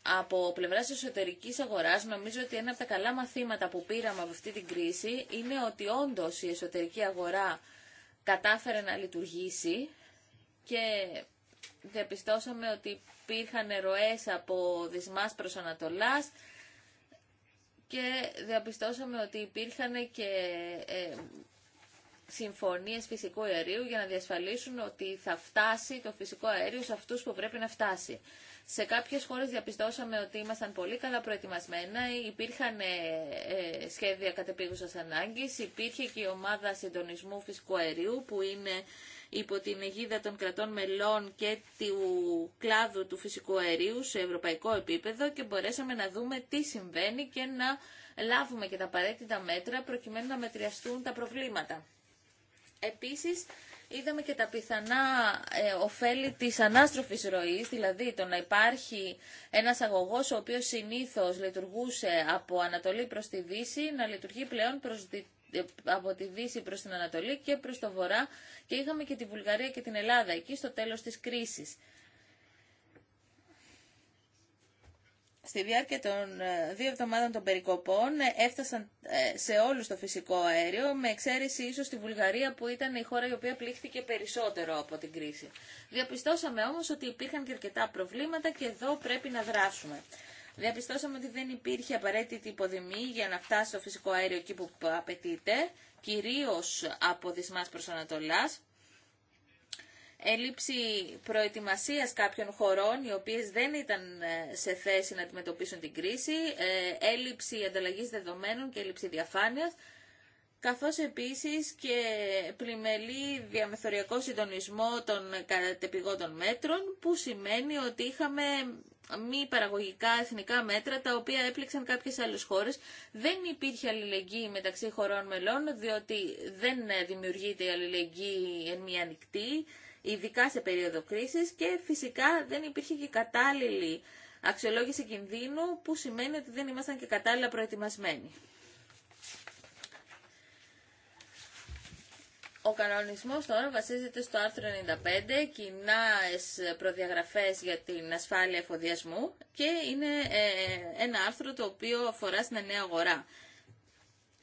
[SPEAKER 3] από πλευρά τη εσωτερική αγορά, νομίζω ότι ένα από τα καλά μαθήματα που πήραμε από αυτή την κρίση είναι ότι όντω η εσωτερική αγορά κατάφερε να λειτουργήσει και διαπιστώσαμε ότι υπήρχαν ροέ από δυσμά προ Ανατολά και διαπιστώσαμε ότι υπήρχαν και ε, συμφωνίες φυσικού αερίου για να διασφαλίσουν ότι θα φτάσει το φυσικό αέριο σε αυτούς που πρέπει να φτάσει. Σε κάποιες χώρες διαπιστώσαμε ότι ήμασταν πολύ καλά προετοιμασμένα, υπήρχαν ε, ε, σχέδια κατεπίγουσας ανάγκης, υπήρχε και η ομάδα συντονισμού φυσικού αερίου που είναι υπό την αιγίδα των κρατών μελών και του κλάδου του φυσικού αερίου σε ευρωπαϊκό επίπεδο και μπορέσαμε να δούμε τι συμβαίνει και να λάβουμε και τα απαραίτητα μέτρα προκειμένου να μετριαστούν τα προβλήματα. Επίσης, είδαμε και τα πιθανά ε, ωφέλη της ανάστροφης ροής, δηλαδή το να υπάρχει ένας αγωγός ο οποίος συνήθως λειτουργούσε από Ανατολή προς τη Δύση, να λειτουργεί πλέον προς ε, από τη Δύση προς την Ανατολή και προς το Βορρά και είχαμε και τη Βουλγαρία και την Ελλάδα εκεί στο τέλος της κρίσης. στη διάρκεια των ε, δύο εβδομάδων των περικοπών ε, έφτασαν ε, σε όλους το φυσικό αέριο, με εξαίρεση ίσως τη Βουλγαρία που ήταν η χώρα η οποία πλήχθηκε περισσότερο από την κρίση. Διαπιστώσαμε όμως ότι υπήρχαν και αρκετά προβλήματα και εδώ πρέπει να δράσουμε. Διαπιστώσαμε ότι δεν υπήρχε απαραίτητη υποδημή για να φτάσει το φυσικό αέριο εκεί που απαιτείται, κυρίως από δυσμάς προς Ανατολάς έλλειψη προετοιμασίας κάποιων χωρών οι οποίες δεν ήταν ε, σε θέση να αντιμετωπίσουν την κρίση, ε, έλλειψη ανταλλαγής δεδομένων και έλλειψη διαφάνειας, καθώς επίσης και πλημελή διαμεθοριακό συντονισμό των κατεπηγόντων μέτρων, που σημαίνει ότι είχαμε μη παραγωγικά εθνικά μέτρα τα οποία έπληξαν κάποιες άλλες χώρες. Δεν υπήρχε αλληλεγγύη μεταξύ χωρών μελών διότι δεν δημιουργείται η αλληλεγγύη εν μία νυχτή ειδικά σε περίοδο κρίσης και φυσικά δεν υπήρχε και κατάλληλη αξιολόγηση κινδύνου που σημαίνει ότι δεν ήμασταν και κατάλληλα προετοιμασμένοι. Ο κανονισμός τώρα βασίζεται στο άρθρο 95, κοινά προδιαγραφές για την ασφάλεια εφοδιασμού και είναι ε, ε, ένα άρθρο το οποίο αφορά στην νέα αγορά.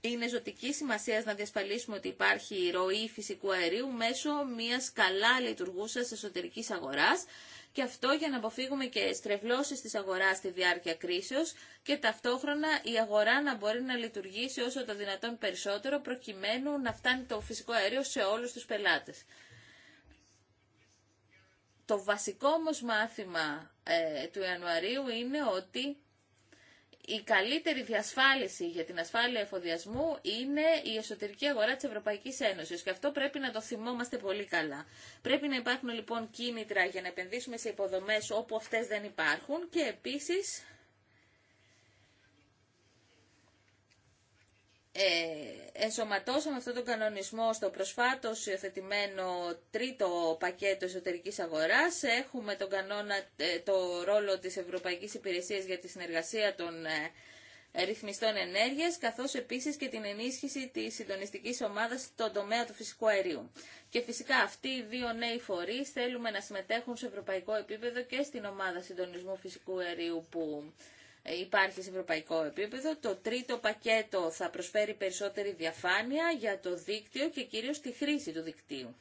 [SPEAKER 3] Είναι ζωτική σημασία να διασφαλίσουμε ότι υπάρχει ροή φυσικού αερίου μέσω μιας καλά λειτουργούσα εσωτερικής αγοράς και αυτό για να αποφύγουμε και στρεβλώσεις της αγοράς στη διάρκεια κρίσεως και ταυτόχρονα η αγορά να μπορεί να λειτουργήσει όσο το δυνατόν περισσότερο προκειμένου να φτάνει το φυσικό αέριο σε όλους τους πελάτες. Το βασικό όμως μάθημα ε, του Ιανουαρίου είναι ότι η καλύτερη διασφάλιση για την ασφάλεια εφοδιασμού είναι η εσωτερική αγορά της Ευρωπαϊκής Ένωσης και αυτό πρέπει να το θυμόμαστε πολύ καλά. Πρέπει να υπάρχουν λοιπόν κίνητρα για να επενδύσουμε σε υποδομές όπου αυτές δεν υπάρχουν και επίσης ε, ενσωματώσαμε αυτόν τον κανονισμό στο προσφάτως υιοθετημένο τρίτο πακέτο εσωτερικής αγοράς. Έχουμε τον κανόνα, ε, το ρόλο της Ευρωπαϊκής Υπηρεσίας για τη συνεργασία των ε, ρυθμιστών ενέργειας, καθώς επίσης και την ενίσχυση της συντονιστικής ομάδας στον τομέα του φυσικού αερίου. Και φυσικά αυτοί οι δύο νέοι φορείς θέλουμε να συμμετέχουν σε ευρωπαϊκό επίπεδο και στην ομάδα συντονισμού φυσικού αερίου που ε, υπάρχει σε ευρωπαϊκό επίπεδο. Το τρίτο πακέτο θα προσφέρει περισσότερη διαφάνεια για το δίκτυο και κυρίως τη χρήση του δικτύου.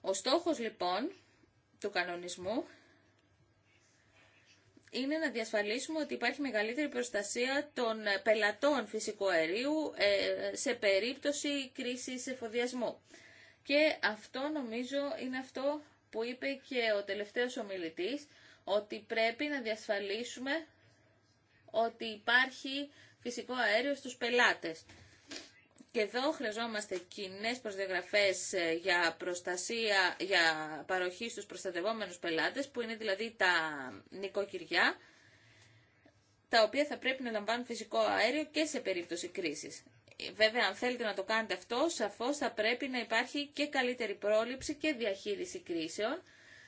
[SPEAKER 3] Ο στόχος λοιπόν του κανονισμού είναι να διασφαλίσουμε ότι υπάρχει μεγαλύτερη προστασία των πελατών φυσικού αερίου ε, σε περίπτωση κρίσης εφοδιασμού. Και αυτό νομίζω είναι αυτό που είπε και ο τελευταίος ομιλητής, ότι πρέπει να διασφαλίσουμε ότι υπάρχει φυσικό αέριο στους πελάτες. Και εδώ χρειαζόμαστε κοινέ προσδιογραφέ ε, για προστασία, για παροχή στους προστατευόμενους πελάτες, που είναι δηλαδή τα νοικοκυριά, τα οποία θα πρέπει να λαμβάνουν φυσικό αέριο και σε περίπτωση κρίσης. Βέβαια, αν θέλετε να το κάνετε αυτό, σαφώς θα πρέπει να υπάρχει και καλύτερη πρόληψη και διαχείριση κρίσεων,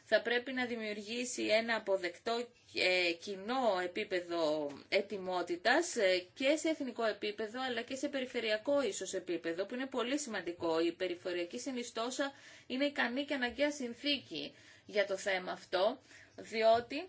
[SPEAKER 3] θα πρέπει να δημιουργήσει ένα αποδεκτό ε, κοινό επίπεδο ετοιμότητας ε, και σε εθνικό επίπεδο αλλά και σε περιφερειακό ίσως επίπεδο που είναι πολύ σημαντικό. Η περιφερειακή συνιστόσα είναι ικανή και αναγκαία συνθήκη για το θέμα αυτό διότι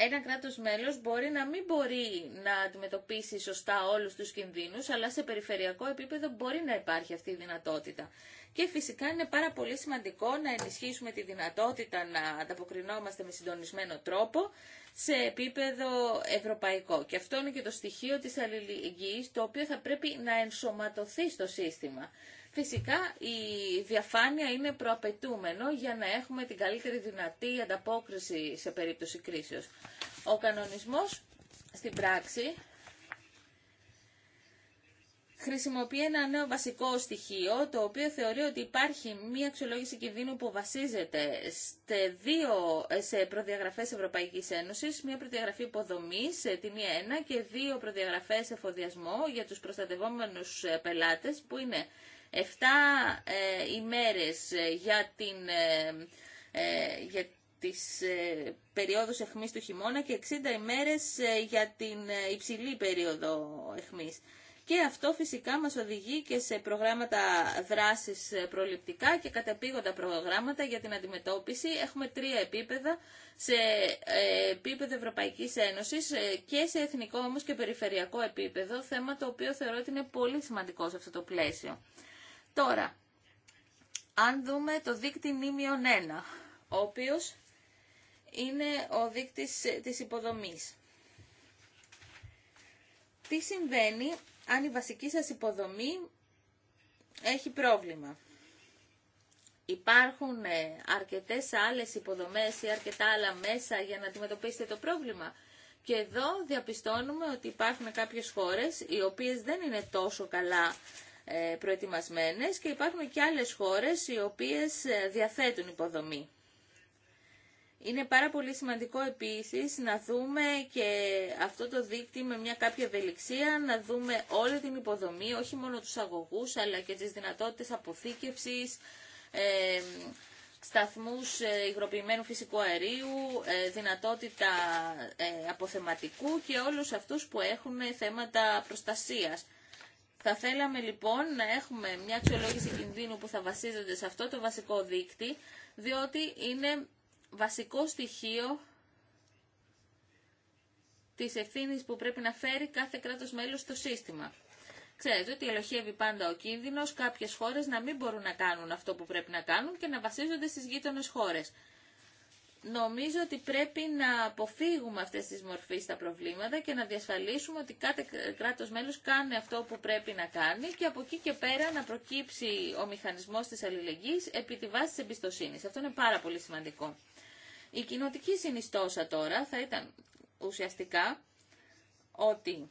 [SPEAKER 3] ένα κράτος μέλος μπορεί να μην μπορεί να αντιμετωπίσει σωστά όλους τους κινδύνους, αλλά σε περιφερειακό επίπεδο μπορεί να υπάρχει αυτή η δυνατότητα. Και φυσικά είναι πάρα πολύ σημαντικό να ενισχύσουμε τη δυνατότητα να ανταποκρινόμαστε με συντονισμένο τρόπο σε επίπεδο ευρωπαϊκό. Και αυτό είναι και το στοιχείο της αλληλεγγύης, το οποίο θα πρέπει να ενσωματωθεί στο σύστημα. Φυσικά η διαφάνεια είναι προαπαιτούμενο για να έχουμε την καλύτερη δυνατή ανταπόκριση σε περίπτωση κρίσεως. Ο κανονισμός στην πράξη χρησιμοποιεί ένα νέο βασικό στοιχείο, το οποίο θεωρεί ότι υπάρχει μία αξιολόγηση κινδύνου που βασίζεται σε δύο σε προδιαγραφές Ευρωπαϊκής Ένωσης, μία προδιαγραφή υποδομής, την 1 και δύο προδιαγραφές εφοδιασμό για τους προστατευόμενους πελάτες, που είναι 7 ε, ημέρες ε, για, την, ε, για τις περιόδους εχμής του χειμώνα και 60 ημέρες για την υψηλή περίοδο εχμής. Και αυτό φυσικά μας οδηγεί και σε προγράμματα δράσης προληπτικά και κατεπήγοντα προγράμματα για την αντιμετώπιση. Έχουμε τρία επίπεδα, σε επίπεδο Ευρωπαϊκής Ένωσης και σε εθνικό όμως και περιφερειακό επίπεδο, θέμα το οποίο θεωρώ ότι είναι πολύ σημαντικό σε αυτό το πλαίσιο. Τώρα, αν δούμε το δίκτυο νήμιον 1, ο οποίος είναι ο δίκτυς ε, της υποδομής. Τι συμβαίνει αν η βασική σας υποδομή έχει πρόβλημα. Υπάρχουν ε, αρκετές άλλες υποδομές ή αρκετά άλλα μέσα για να αντιμετωπίσετε το πρόβλημα. Και εδώ διαπιστώνουμε ότι υπάρχουν κάποιες χώρες οι οποίες δεν είναι τόσο καλά ε, προετοιμασμένες και υπάρχουν και άλλες χώρες οι οποίες ε, διαθέτουν υποδομή. Είναι πάρα πολύ σημαντικό επίσης να δούμε και αυτό το δίκτυο με μια κάποια ευελιξία, να δούμε όλη την υποδομή, όχι μόνο τους αγωγούς, αλλά και τις δυνατότητες αποθήκευσης, ε, σταθμούς ε, υγροποιημένου φυσικού αερίου, δυνατότητα αποθεματικού και όλους αυτούς που έχουν θέματα προστασίας. Θα θέλαμε λοιπόν να έχουμε μια αξιολόγηση κινδύνου που θα βασίζονται σε αυτό το βασικό δίκτυ, διότι είναι βασικό στοιχείο της ευθύνη που πρέπει να φέρει κάθε κράτος μέλος στο σύστημα. Ξέρετε ότι ελοχεύει πάντα ο κίνδυνος κάποιες χώρες να μην μπορούν να κάνουν αυτό που πρέπει να κάνουν και να βασίζονται στις γείτονες χώρες νομίζω ότι πρέπει να αποφύγουμε αυτές τις μορφές τα προβλήματα και να διασφαλίσουμε ότι κάθε κράτος μέλος κάνει αυτό που πρέπει να κάνει και από εκεί και πέρα να προκύψει ο μηχανισμός της αλληλεγγύης επί τη βάση της εμπιστοσύνης. Αυτό είναι πάρα πολύ σημαντικό. Η κοινοτική συνιστόσα τώρα θα ήταν ουσιαστικά ότι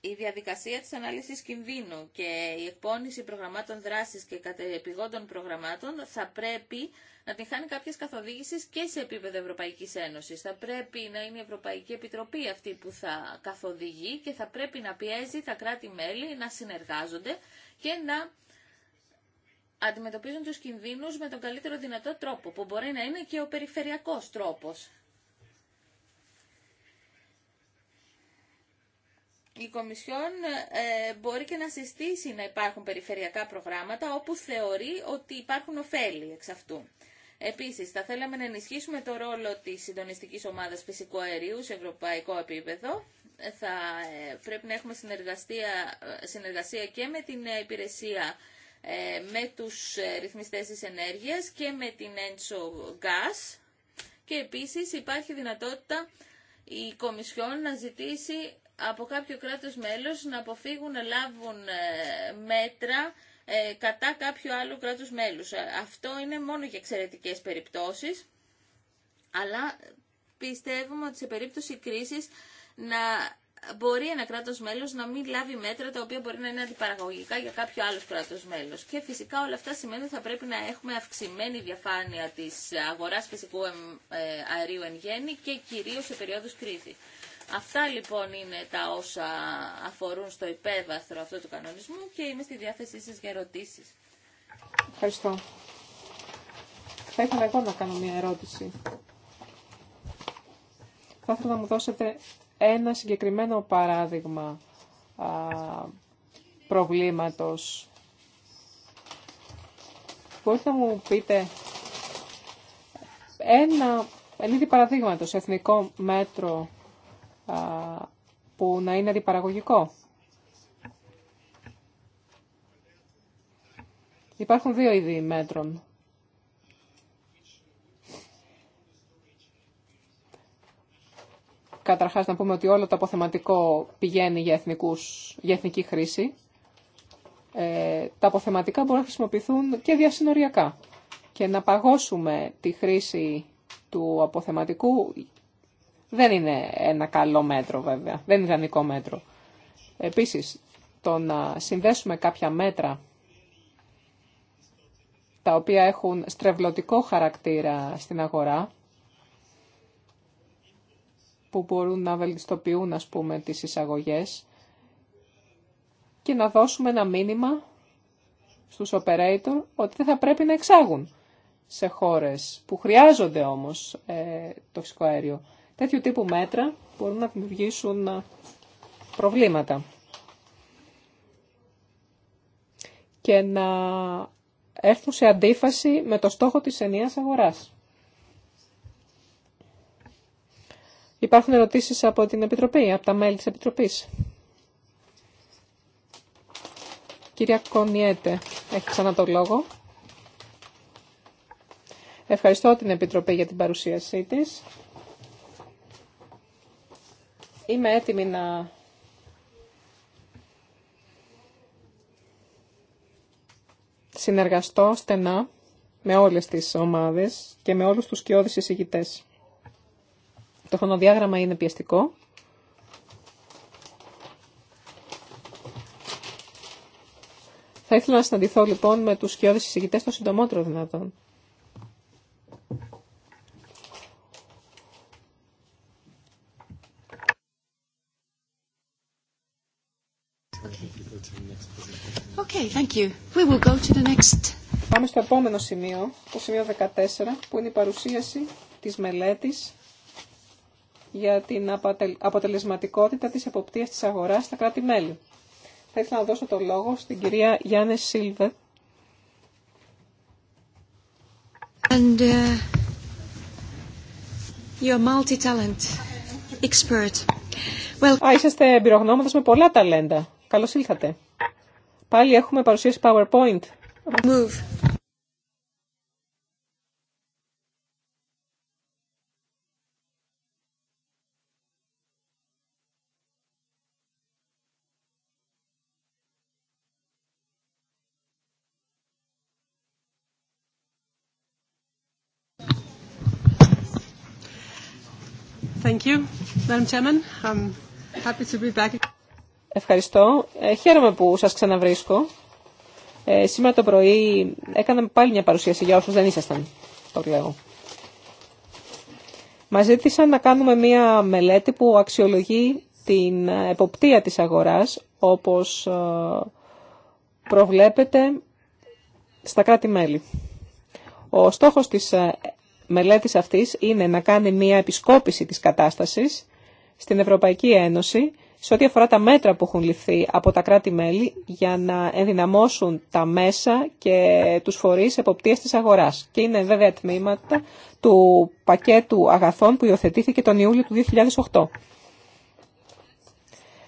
[SPEAKER 3] η διαδικασία της ανάλυσης κινδύνου και η εκπόνηση προγραμμάτων δράσης και κατεπηγόντων προγραμμάτων θα πρέπει να την χάνει κάποιες καθοδήγησεις και σε επίπεδο Ευρωπαϊκής Ένωσης. Θα πρέπει να είναι η Ευρωπαϊκή Επιτροπή αυτή που θα καθοδηγεί και θα πρέπει να πιέζει τα κράτη-μέλη να συνεργάζονται και να αντιμετωπίζουν τους κινδύνους με τον καλύτερο δυνατό τρόπο, που μπορεί να είναι και ο περιφερειακός τρόπος. η Κομισιόν ε, μπορεί και να συστήσει να υπάρχουν περιφερειακά προγράμματα όπου θεωρεί ότι υπάρχουν ωφέλη εξ αυτού. Επίσης, θα θέλαμε να ενισχύσουμε το ρόλο της συντονιστικής ομάδας φυσικού αερίου σε ευρωπαϊκό επίπεδο. Ε, θα ε, πρέπει να έχουμε συνεργασία και με την υπηρεσία με τους ρυθμιστές της ενέργειας και με την Enso Gas. Και επίσης υπάρχει δυνατότητα η Κομισιόν να ζητήσει από κάποιο κράτος μέλος να αποφύγουν να λάβουν ε, μέτρα ε, κατά κάποιο άλλο κράτος μέλους. Ε, αυτό είναι μόνο για εξαιρετικές περιπτώσεις, αλλά πιστεύουμε ότι σε περίπτωση κρίσης να μπορεί ένα κράτος μέλος να μην λάβει μέτρα τα οποία μπορεί να είναι αντιπαραγωγικά για κάποιο άλλο κράτος μέλος. Και φυσικά όλα αυτά σημαίνει ότι θα πρέπει να έχουμε αυξημένη διαφάνεια της αγοράς φυσικού αερίου εν γέννη και κυρίως σε περίοδους κρίσης. Αυτά λοιπόν είναι τα όσα αφορούν στο υπέβαθρο αυτού του κανονισμού και είμαι στη διάθεσή σας για ερωτήσεις.
[SPEAKER 1] Ευχαριστώ. Θα ήθελα εγώ να κάνω μια ερώτηση. Θα ήθελα να μου δώσετε ένα συγκεκριμένο παράδειγμα α, προβλήματος. Μπορείτε να μου πείτε ένα, ενίδη παραδείγματος, εθνικό μέτρο που να είναι αντιπαραγωγικό. Υπάρχουν δύο είδη μέτρων. Καταρχάς να πούμε ότι όλο το αποθεματικό πηγαίνει για, εθνικούς, για εθνική χρήση. Ε, τα αποθεματικά μπορούν να χρησιμοποιηθούν και διασυνοριακά και να παγώσουμε τη χρήση του αποθεματικού δεν είναι ένα καλό μέτρο βέβαια, δεν είναι ιδανικό μέτρο. Επίσης, το να συνδέσουμε κάποια μέτρα τα οποία έχουν στρεβλωτικό χαρακτήρα στην αγορά, που μπορούν να βελτιστοποιούν, ας πούμε, τις εισαγωγές και να δώσουμε ένα μήνυμα στους operator ότι δεν θα πρέπει να εξάγουν σε χώρες που χρειάζονται όμως ε, το φυσικό αέριο. Τέτοιου τύπου μέτρα μπορούν να δημιουργήσουν ε, προβλήματα και να έρθουν σε αντίφαση με το στόχο της ενιαίας αγοράς. Υπάρχουν ερωτήσεις από την Επιτροπή, από τα μέλη της Επιτροπής. Κυρία Κονιέτε, έχει ξανά το λόγο. Ευχαριστώ την Επιτροπή για την παρουσίασή της. Είμαι έτοιμη να συνεργαστώ στενά με όλες τις ομάδες και με όλους τους σκιώδεις εισηγητές. Το χρονοδιάγραμμα είναι πιεστικό. Θα ήθελα να συναντηθώ λοιπόν με τους σκιώδεις εισηγητές το συντομότερο δυνατόν. Πάμε στο επόμενο σημείο, το σημείο 14, που είναι η παρουσίαση της μελέτης για την αποτελεσματικότητα της εποπτείας της αγοράς στα κράτη-μέλη. Θα ήθελα να δώσω το λόγο στην κυρία Γιάννη Σίλβε. And uh, multi-talent expert. είσαστε εμπειρογνώματος με πολλά ταλέντα. Καλώς ήλθατε. Πάλι έχουμε παρουσίαση PowerPoint. Move. Thank you, Madam Chairman. I'm happy to be back. Ευχαριστώ. Ε, χαίρομαι που σας ξαναβρίσκω. Ε, σήμερα το πρωί έκανα πάλι μια παρουσίαση για όσους δεν ήσασταν, το λέω. Μας ζήτησαν να κάνουμε μια μελέτη που αξιολογεί την ε, εποπτεία της αγοράς, όπως ε, προβλέπεται στα κράτη-μέλη. Ο στόχος της μελέτης αυτής είναι να κάνει μια επισκόπηση της κατάστασης στην Ευρωπαϊκή Ένωση σε ό,τι αφορά τα μέτρα που έχουν ληφθεί από τα κράτη-μέλη για να ενδυναμώσουν τα μέσα και τους φορείς εποπτείας της αγοράς. Και είναι βέβαια τμήματα του πακέτου αγαθών που υιοθετήθηκε τον Ιούλιο του 2008.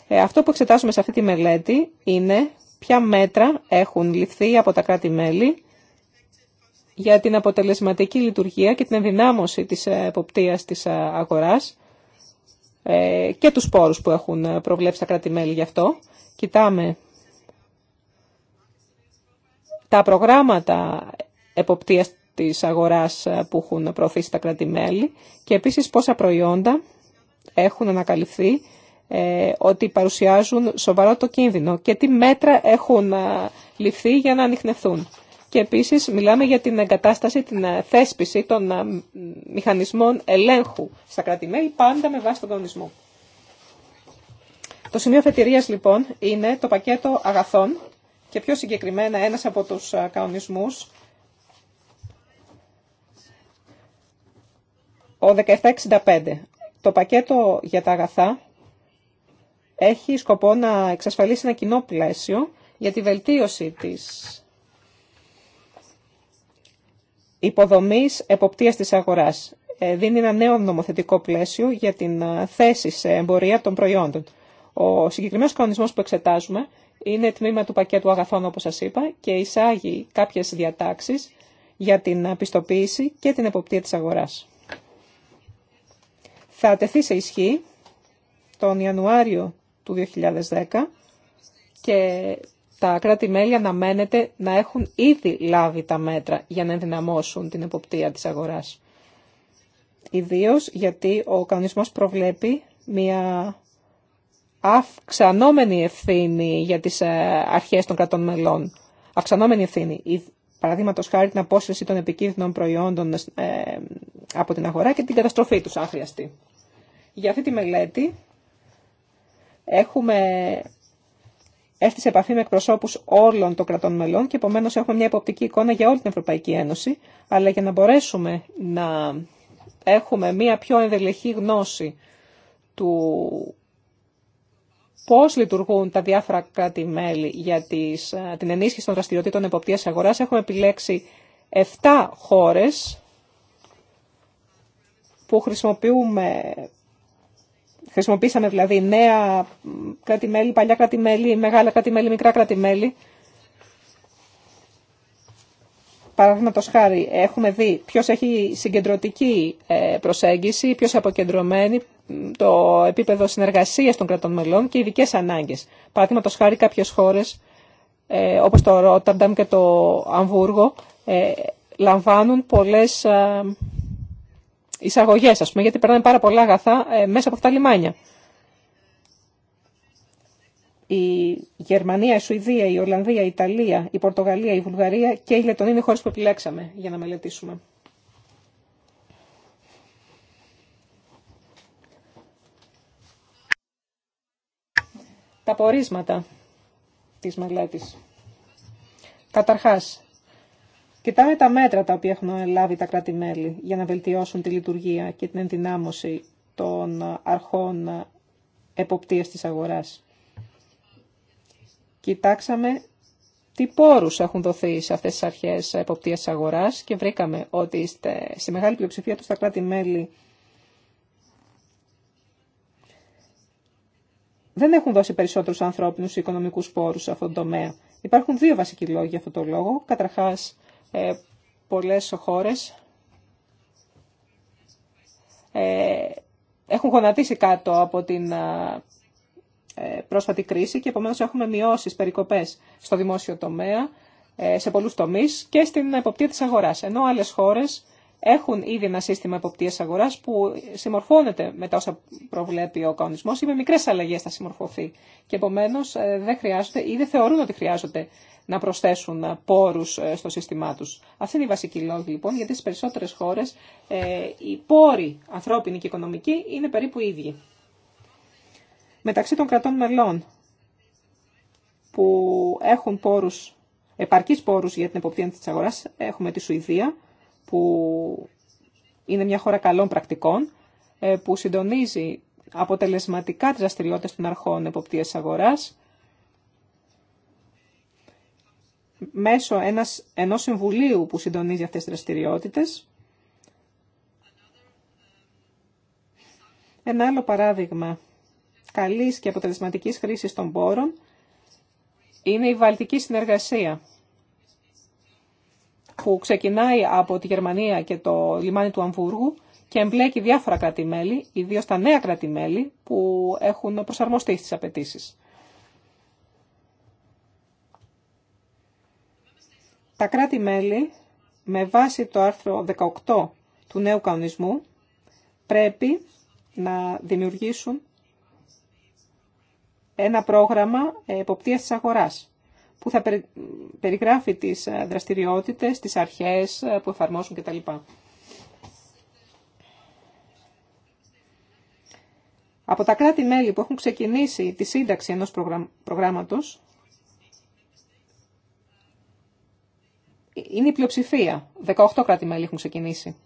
[SPEAKER 1] Ε, αυτό που εξετάζουμε σε αυτή τη μελέτη είναι ποια μέτρα έχουν ληφθεί από τα κράτη-μέλη για την αποτελεσματική λειτουργία και την ενδυνάμωση της ε, εποπτείας της ε, αγοράς ε, και τους πόρους που έχουν ε, προβλέψει τα κράτη-μέλη γι' αυτό. Κοιτάμε τα προγράμματα εποπτείας της αγοράς ε, που έχουν προωθήσει τα κράτη-μέλη και επίσης πόσα προϊόντα έχουν ανακαλυφθεί ότι παρουσιάζουν σοβαρό το κίνδυνο και τι μέτρα έχουν ληφθεί για να ανοιχνευθούν. Και επίσης μιλάμε για την εγκατάσταση, την ε, θέσπιση των ε, μηχανισμών ελέγχου στα κρατη πάντα με βάση τον κανονισμό. Το σημείο φετηρίας λοιπόν είναι το πακέτο αγαθών και πιο συγκεκριμένα ένας από τους ε, κανονισμούς ο 1765. Το πακέτο για τα αγαθά έχει σκοπό να εξασφαλίσει ένα κοινό πλαίσιο για τη βελτίωση της υποδομής εποπτείας της αγοράς. Ε, δίνει ένα νέο νομοθετικό πλαίσιο για την ε, θέση σε εμπορία των προϊόντων. Ο συγκεκριμένος κανονισμός που εξετάζουμε είναι τμήμα του πακέτου αγαθών, όπως σας είπα, και εισάγει κάποιες διατάξεις για την πιστοποίηση και την εποπτεία της αγοράς. Θα τεθεί σε ισχύ τον Ιανουάριο του 2010 και τα κράτη-μέλη αναμένεται να έχουν ήδη λάβει τα μέτρα για να ενδυναμώσουν την εποπτεία της αγοράς. Ιδίως γιατί ο κανονισμός προβλέπει μια αυξανόμενη ευθύνη για τις ε, αρχές των κρατών μελών. Αυξανόμενη ευθύνη. Παραδείγματο χάρη την απόσυρση των επικίνδυνων προϊόντων ε, από την αγορά και την καταστροφή τους, αν Για αυτή τη μελέτη έχουμε έρθει σε επαφή με εκπροσώπου όλων των κρατών μελών και επομένω έχουμε μια υποπτική εικόνα για όλη την Ευρωπαϊκή Ένωση. Αλλά για να μπορέσουμε να έχουμε μια πιο ενδελεχή γνώση του πώς λειτουργούν τα διάφορα κράτη-μέλη για τις, ε, την ενίσχυση των δραστηριοτήτων εποπτείας αγοράς. Έχουμε επιλέξει 7 χώρες που χρησιμοποιούμε Χρησιμοποίησαμε δηλαδή νέα κράτη-μέλη, παλιά κράτη-μέλη, μεγάλα κράτη-μέλη, μικρά κράτη-μέλη. Παραδείγματο χάρη, έχουμε δει ποιο έχει συγκεντρωτική ε, προσέγγιση, ποιο αποκεντρωμένη, το επίπεδο συνεργασία των κρατών μελών και ειδικέ ανάγκε. Παραδείγματο χάρη, κάποιε χώρε, ε, όπω το Ρότερνταμ και το Αμβούργο, ε, λαμβάνουν πολλές εισαγωγέ, ας πούμε, γιατί περνάνε πάρα πολλά αγαθά ε, μέσα από αυτά τα λιμάνια. Η Γερμανία, η Σουηδία, η Ολλανδία, η Ιταλία, η Πορτογαλία, η Βουλγαρία και η Λετωνία είναι χώρε που επιλέξαμε για να μελετήσουμε. Τα πορίσματα της μελέτης. Καταρχάς, Κοιτάμε τα μέτρα τα οποία έχουν λάβει τα κράτη-μέλη για να βελτιώσουν τη λειτουργία και την ενδυνάμωση των αρχών εποπτείας της αγοράς. Κοιτάξαμε τι πόρους έχουν δοθεί σε αυτές τις αρχές εποπτείας της αγοράς και βρήκαμε ότι στη μεγάλη πλειοψηφία του στα κράτη-μέλη δεν έχουν δώσει περισσότερους ανθρώπινους ή οικονομικούς πόρους σε αυτόν τον τομέα. Υπάρχουν δύο βασικοί λόγοι για αυτόν τον λόγο. Καταρχάς, ε, πολλές χώρες ε, έχουν γονατίσει κάτω από την ε, πρόσφατη κρίση και επομένως έχουμε μειώσεις περικοπές στο δημόσιο τομέα, σε πολλούς τομείς και στην εποπτεία της αγοράς. Ενώ άλλες χώρες έχουν ήδη ένα σύστημα εποπτείας αγοράς που συμμορφώνεται με τα όσα προβλέπει ο κανονισμός ή με μικρές αλλαγές θα συμμορφωθεί. Και επομένως δεν χρειάζονται ή δεν θεωρούν ότι χρειάζονται να προσθέσουν ε, πόρους ε, στο σύστημά τους. Αυτή είναι η βασική λόγη λοιπόν, γιατί στις περισσότερες χώρες ε, οι πόροι ανθρώπινοι και οικονομικοί είναι περίπου ίδιοι. Μεταξύ των κρατών μελών που έχουν πόρους, επαρκείς πόρους για την εποπτεία της αγοράς, έχουμε τη Σουηδία, που είναι μια χώρα καλών πρακτικών, που συντονίζει αποτελεσματικά τις δραστηριότητε των αρχών εποπτείας αγοράς μέσω ένας, ενός συμβουλίου που συντονίζει αυτές τις δραστηριότητες. Ένα άλλο παράδειγμα καλής και αποτελεσματικής χρήσης των πόρων είναι η βαλτική συνεργασία που ξεκινάει από τη Γερμανία και το λιμάνι του Αμβούργου και εμπλέκει διάφορα κράτη-μέλη, ιδίως τα νέα κράτη-μέλη που έχουν προσαρμοστεί στις απαιτήσει. Τα κράτη-μέλη, με βάση το άρθρο 18 του νέου κανονισμού, πρέπει να δημιουργήσουν ένα πρόγραμμα εποπτείας της αγοράς που θα περιγράφει τις δραστηριότητες, τις αρχές που εφαρμόσουν κτλ. Από τα κράτη-μέλη που έχουν ξεκινήσει τη σύνταξη ενός προγράμματος, είναι η πλειοψηφία. 18 κράτη-μέλη έχουν ξεκινήσει.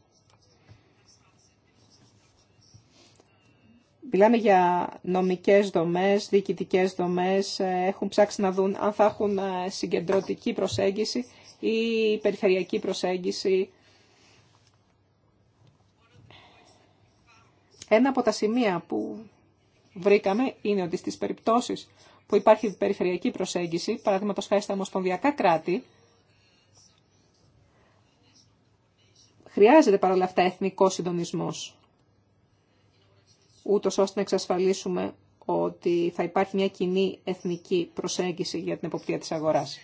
[SPEAKER 1] Μιλάμε για νομικές δομές, διοικητικές δομές, ε, έχουν ψάξει να δουν αν θα έχουν ε, συγκεντρωτική προσέγγιση ή περιφερειακή προσέγγιση. Ένα από τα σημεία που βρήκαμε είναι ότι στις περιπτώσεις που υπάρχει περιφερειακή προσέγγιση, παραδείγματος χάρη στα ομοσπονδιακά κράτη, Χρειάζεται παρόλα αυτά εθνικό συντονισμό. Ούτω ώστε να εξασφαλίσουμε ότι θα υπάρχει μια κοινή εθνική προσέγγιση για την εποπτεία της αγοράς.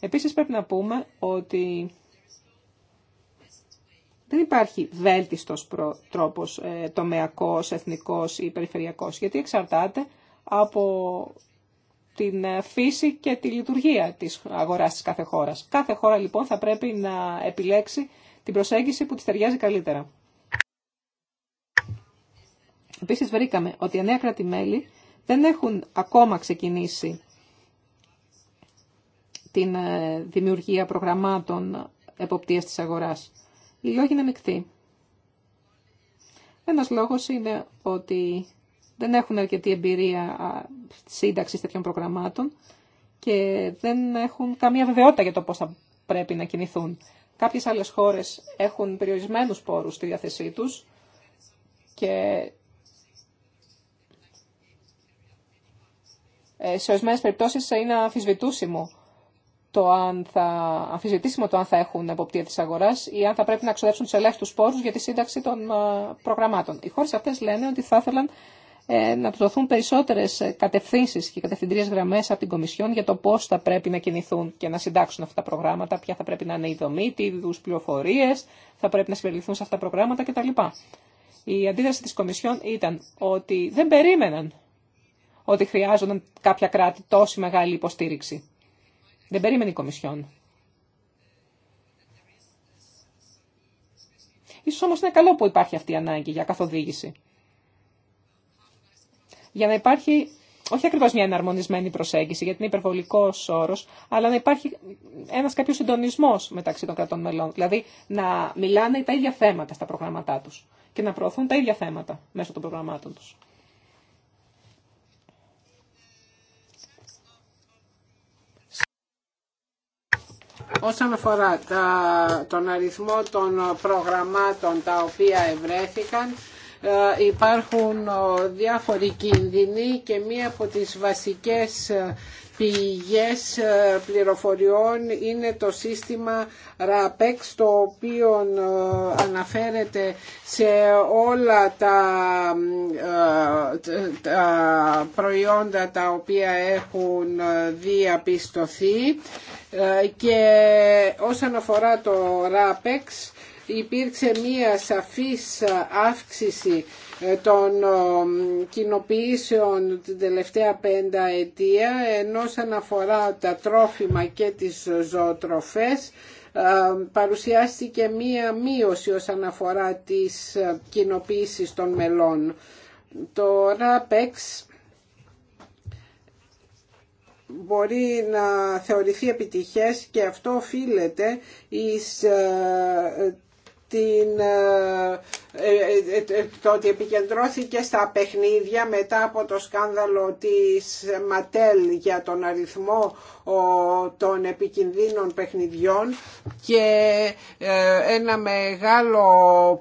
[SPEAKER 1] Επίσης πρέπει να πούμε ότι δεν υπάρχει βέλτιστος τρόπος ε, τομεακός, εθνικός ή περιφερειακός, γιατί εξαρτάται από την ε, φύση και τη λειτουργία της αγοράς της κάθε χώρας. Κάθε χώρα λοιπόν θα πρέπει να επιλέξει την προσέγγιση που τη ταιριάζει καλύτερα. Επίση, βρήκαμε ότι οι νέα κράτη-μέλη δεν έχουν ακόμα ξεκινήσει την ε, δημιουργία προγραμμάτων εποπτείας της αγοράς. Οι λόγοι είναι μεικτοί. Ένας λόγος είναι ότι δεν έχουν αρκετή εμπειρία σύνταξη τέτοιων προγραμμάτων και δεν έχουν καμία βεβαιότητα για το πώς θα πρέπει να κινηθούν. Κάποιες άλλες χώρες έχουν περιορισμένους πόρους στη διάθεσή τους και ε, σε ορισμένε περιπτώσεις είναι αμφισβητούσιμο το αν θα, αμφισβητήσιμο το αν θα έχουν εποπτεία της αγοράς ή αν θα πρέπει να ξοδέψουν τους ελεύθερους πόρους για τη σύνταξη των προγραμμάτων. Οι χώρες αυτές λένε ότι θα ήθελαν ε, να του δοθούν περισσότερε κατευθύνσει και κατευθυντήριες γραμμέ από την Κομισιόν για το πώ θα πρέπει να κινηθούν και να συντάξουν αυτά τα προγράμματα, ποια θα πρέπει να είναι η δομή, τι είδου πληροφορίε, θα πρέπει να συμπεριληφθούν σε αυτά τα προγράμματα κτλ. Η αντίδραση τη Κομισιόν ήταν ότι δεν περίμεναν ότι χρειάζονταν κάποια κράτη τόση μεγάλη υποστήριξη. Δεν περίμενε η Κομισιόν. Ίσως όμως είναι καλό που υπάρχει αυτή η ανάγκη για καθοδήγηση για να υπάρχει όχι ακριβώ μια εναρμονισμένη προσέγγιση, γιατί είναι υπερβολικός όρο, αλλά να υπάρχει ένας κάποιο συντονισμό μεταξύ των κρατών μελών. Δηλαδή να μιλάνε τα ίδια θέματα στα προγράμματά τους και να προωθούν τα ίδια θέματα μέσω των προγραμμάτων τους.
[SPEAKER 2] Όσον αφορά τα, τον αριθμό των προγραμμάτων τα οποία ευρέθηκαν, ε, υπάρχουν ε, διάφοροι κίνδυνοι και μία από τις βασικές ε, πηγές πληροφοριών είναι το σύστημα RAPEX το οποίο αναφέρεται σε όλα τα, προϊόντα τα οποία έχουν διαπιστωθεί και όσον αφορά το RAPEX υπήρξε μία σαφής αύξηση ε, των ε, κοινοποιήσεων την τελευταία πέντα ετία ενώ σαν αφορά τα τρόφιμα και τις ζωοτροφές ε, παρουσιάστηκε μία μείωση όσον αφορά τις κοινοποίησεις των μελών. Το RAPEX μπορεί να θεωρηθεί επιτυχές και αυτό οφείλεται εις την, ε, ε, ε, το ότι επικεντρώθηκε στα παιχνίδια μετά από το σκάνδαλο της Ματέλ για τον αριθμό των επικινδύνων παιχνιδιών και ένα μεγάλο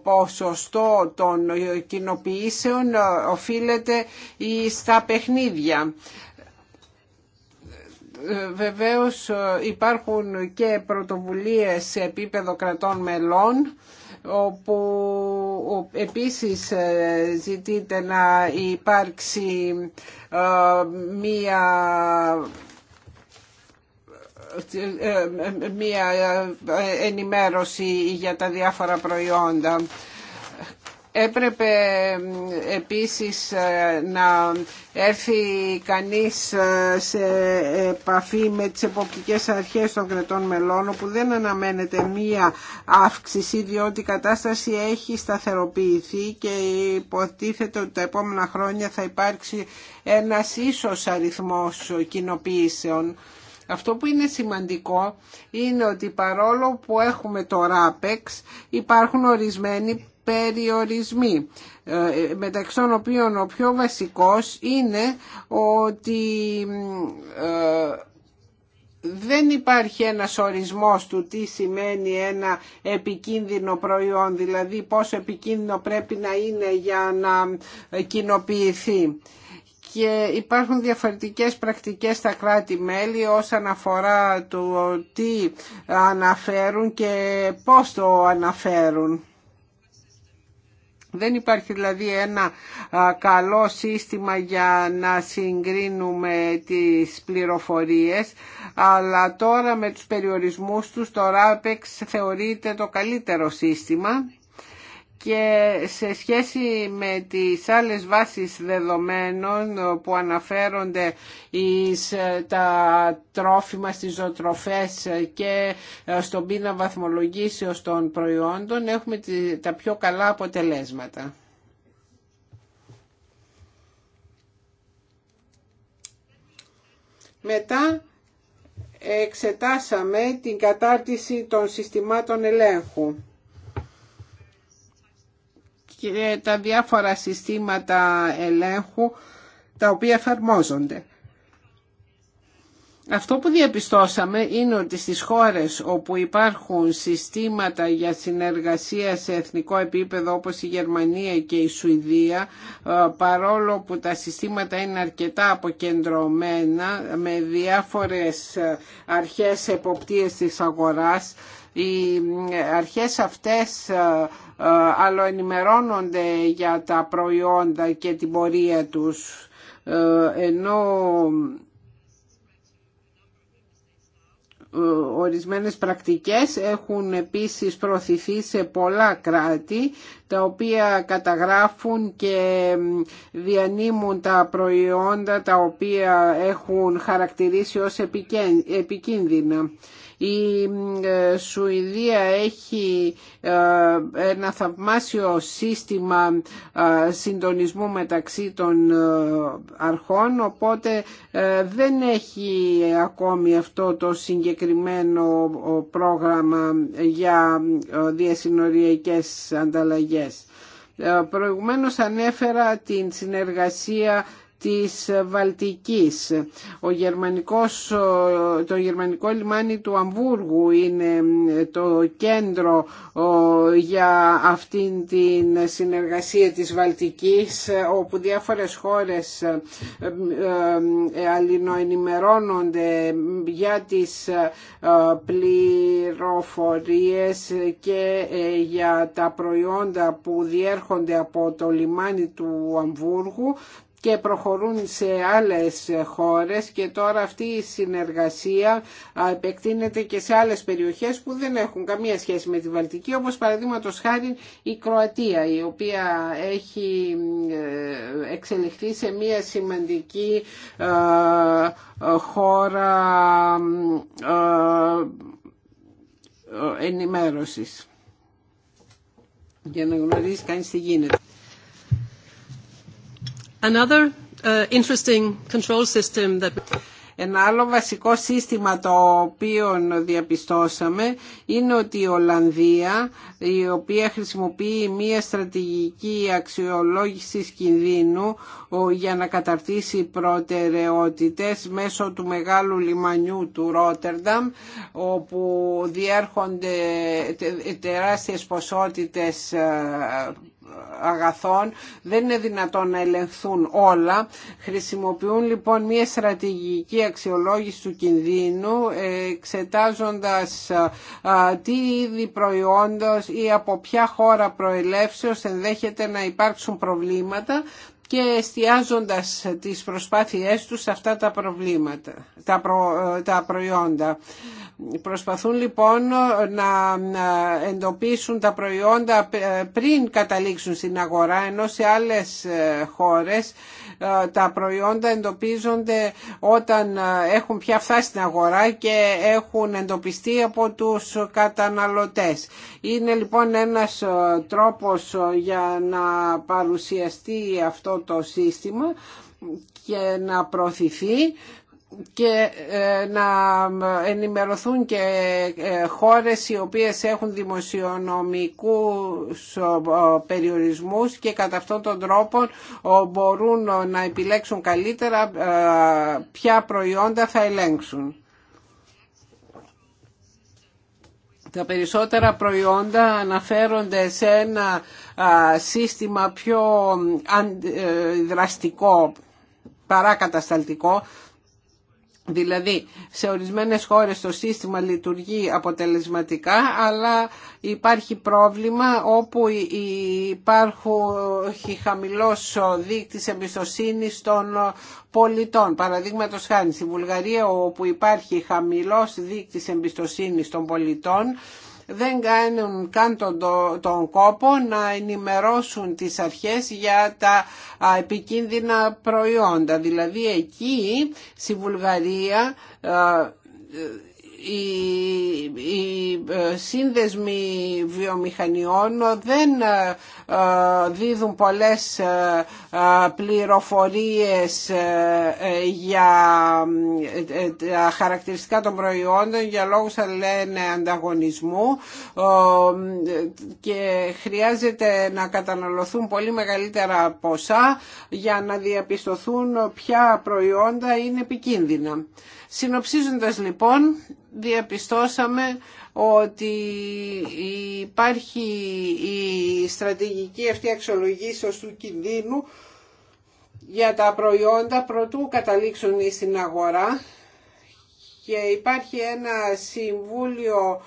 [SPEAKER 2] ποσοστό των κοινοποιήσεων οφείλεται στα παιχνίδια βεβαίως υπάρχουν και πρωτοβουλίες σε επίπεδο κρατών μελών όπου επίσης ε, ζητείτε να υπάρξει ε, μία ε, μία ενημέρωση για τα διάφορα προϊόντα. Έπρεπε επίσης ε, να έρθει κανείς ε, σε επαφή με τις εποπτικές αρχές των κρατών μελών όπου δεν αναμένεται μία αύξηση διότι η κατάσταση έχει σταθεροποιηθεί και υποτίθεται ότι τα επόμενα χρόνια θα υπάρξει ένας ίσος αριθμός κοινοποιήσεων. Αυτό που είναι σημαντικό είναι ότι παρόλο που έχουμε το RAPEX υπάρχουν ορισμένοι περιορισμοί ε, μεταξύ των οποίων ο πιο βασικός είναι ότι ε, δεν υπάρχει ένας ορισμός του τι σημαίνει ένα επικίνδυνο προϊόν, δηλαδή πόσο επικίνδυνο πρέπει να είναι για να ε, κοινοποιηθεί και υπάρχουν διαφορετικές πρακτικές στα κράτη-μέλη όσον αφορά το τι αναφέρουν και πώς το αναφέρουν. Δεν υπάρχει δηλαδή ένα καλό σύστημα για να συγκρίνουμε τις πληροφορίες, αλλά τώρα με τους περιορισμούς τους το RAPEX θεωρείται το καλύτερο σύστημα και σε σχέση με τις άλλες βάσεις δεδομένων που αναφέρονται εις ε, τα τρόφιμα στις ζωοτροφές και ε, στον πίνα βαθμολογήσεως των προϊόντων έχουμε τα πιο καλά αποτελέσματα. Μετά εξετάσαμε την κατάρτιση των συστημάτων ελέγχου και τα διάφορα συστήματα ελέγχου τα οποία εφαρμόζονται. Αυτό που διαπιστώσαμε είναι ότι στις χώρες όπου υπάρχουν συστήματα για συνεργασία σε εθνικό επίπεδο όπως η Γερμανία και η Σουηδία ε, παρόλο που τα συστήματα είναι αρκετά αποκεντρωμένα με διάφορες ε, αρχές εποπτείες της αγοράς οι ε, αρχές αυτές ε, Αλλά ενημερώνονται για τα προϊόντα και την πορεία τους ε, ενώ ε, ορισμένες πρακτικές έχουν επίσης προωθηθεί σε πολλά κράτη τα οποία καταγράφουν και διανύμουν τα προϊόντα τα οποία έχουν χαρακτηρίσει ως επικίνδυνα. Η ε, Σουηδία έχει ε, ένα θαυμάσιο σύστημα ε, συντονισμού μεταξύ των αρχών οπότε δεν έχει ακόμη αυτό το συγκεκριμένο πρόγραμμα για διασυνοριακές ανταλλαγές. Προηγουμένως ανέφερα την συνεργασία της Βαλτικής. Ο γερμανικός, το γερμανικό λιμάνι του Αμβούργου είναι το κέντρο για αυτήν την συνεργασία της Βαλτικής όπου διάφορες χώρες ε, ε, ε, αλληνοενημερώνονται για τις πληροφορίες και για τα προϊόντα που διέρχονται από το λιμάνι του Αμβούργου και προχωρούν σε άλλες χώρες και τώρα αυτή η συνεργασία επεκτείνεται και σε άλλες περιοχές που δεν έχουν καμία σχέση με τη Βαλτική όπως παραδείγματο χάρη η Κροατία η οποία έχει ε, εξελιχθεί σε μια σημαντική ε, χώρα ε, ενημέρωσης για να γνωρίζει κανείς τι γίνεται. Uh, ένα άλλο βασικό σύστημα το οποίο διαπιστώσαμε είναι ότι η Ολλανδία η οποία χρησιμοποιεί μια στρατηγική αξιολόγησης κινδύνου για να καταρτήσει προτεραιότητες μέσω του μεγάλου λιμανιού του Ρότερνταμ όπου διέρχονται τεράστιες ποσότητες ε, αγαθών δεν είναι δυνατόν να ελεγχθούν όλα. Χρησιμοποιούν λοιπόν μια στρατηγική αξιολόγηση του κινδύνου εξετάζοντας τι είδη προϊόντος ή από ποια χώρα προελεύσεως ενδέχεται να υπάρξουν προβλήματα και εστιάζοντας τις προσπάθειές τους σε αυτά τα προβλήματα, τα, ε, προϊόντα. Προσπαθούν λοιπόν να εντοπίσουν τα προϊόντα ε, πριν καταλήξουν στην αγορά, ενώ σε άλλες ε, χώρες ε, τα προϊόντα εντοπίζονται όταν ε, έχουν πια φτάσει στην αγορά και έχουν εντοπιστεί από τους καταναλωτές. Είναι λοιπόν ένας ε, τρόπος για να παρουσιαστεί αυτό το σύστημα και να προωθηθεί και ε, να ενημερωθούν και ε, χώρες οι οποίες έχουν δημοσιονομικούς περιορισμούς και κατά αυτόν τον τρόπο μπορούν να επιλέξουν καλύτερα ε, ποια προϊόντα θα ελέγξουν. Τα περισσότερα προϊόντα αναφέρονται σε ένα σύστημα πιο δραστικό παρά κατασταλτικό Δηλαδή, σε ορισμένες χώρες το σύστημα λειτουργεί αποτελεσματικά, αλλά υπάρχει πρόβλημα όπου υπάρχει χαμηλός δείκτης εμπιστοσύνης των πολιτών. Παραδείγματος χάνει στη Βουλγαρία όπου υπάρχει χαμηλός δείκτης εμπιστοσύνης των πολιτών, δεν κάνουν καν τον, τον κόπο να ενημερώσουν τις αρχές για τα επικίνδυνα προϊόντα. Δηλαδή εκεί στη Βουλγαρία οι ε, σύνδεσμοι βιομηχανιών δεν ε, ε, δίδουν πολλές πληροφορίες για τα χαρακτηριστικά των προϊόντων για λόγους λένε ανταγωνισμού και χρειάζεται να καταναλωθούν πολύ μεγαλύτερα ποσά για να διαπιστωθούν ποια προϊόντα είναι επικίνδυνα. Συνοψίζοντας λοιπόν, διαπιστώσαμε ότι υπάρχει η στρατηγική αυτή αξιολογήσεως του κινδύνου για τα προϊόντα προτού καταλήξουν στην αγορά και υπάρχει ένα συμβούλιο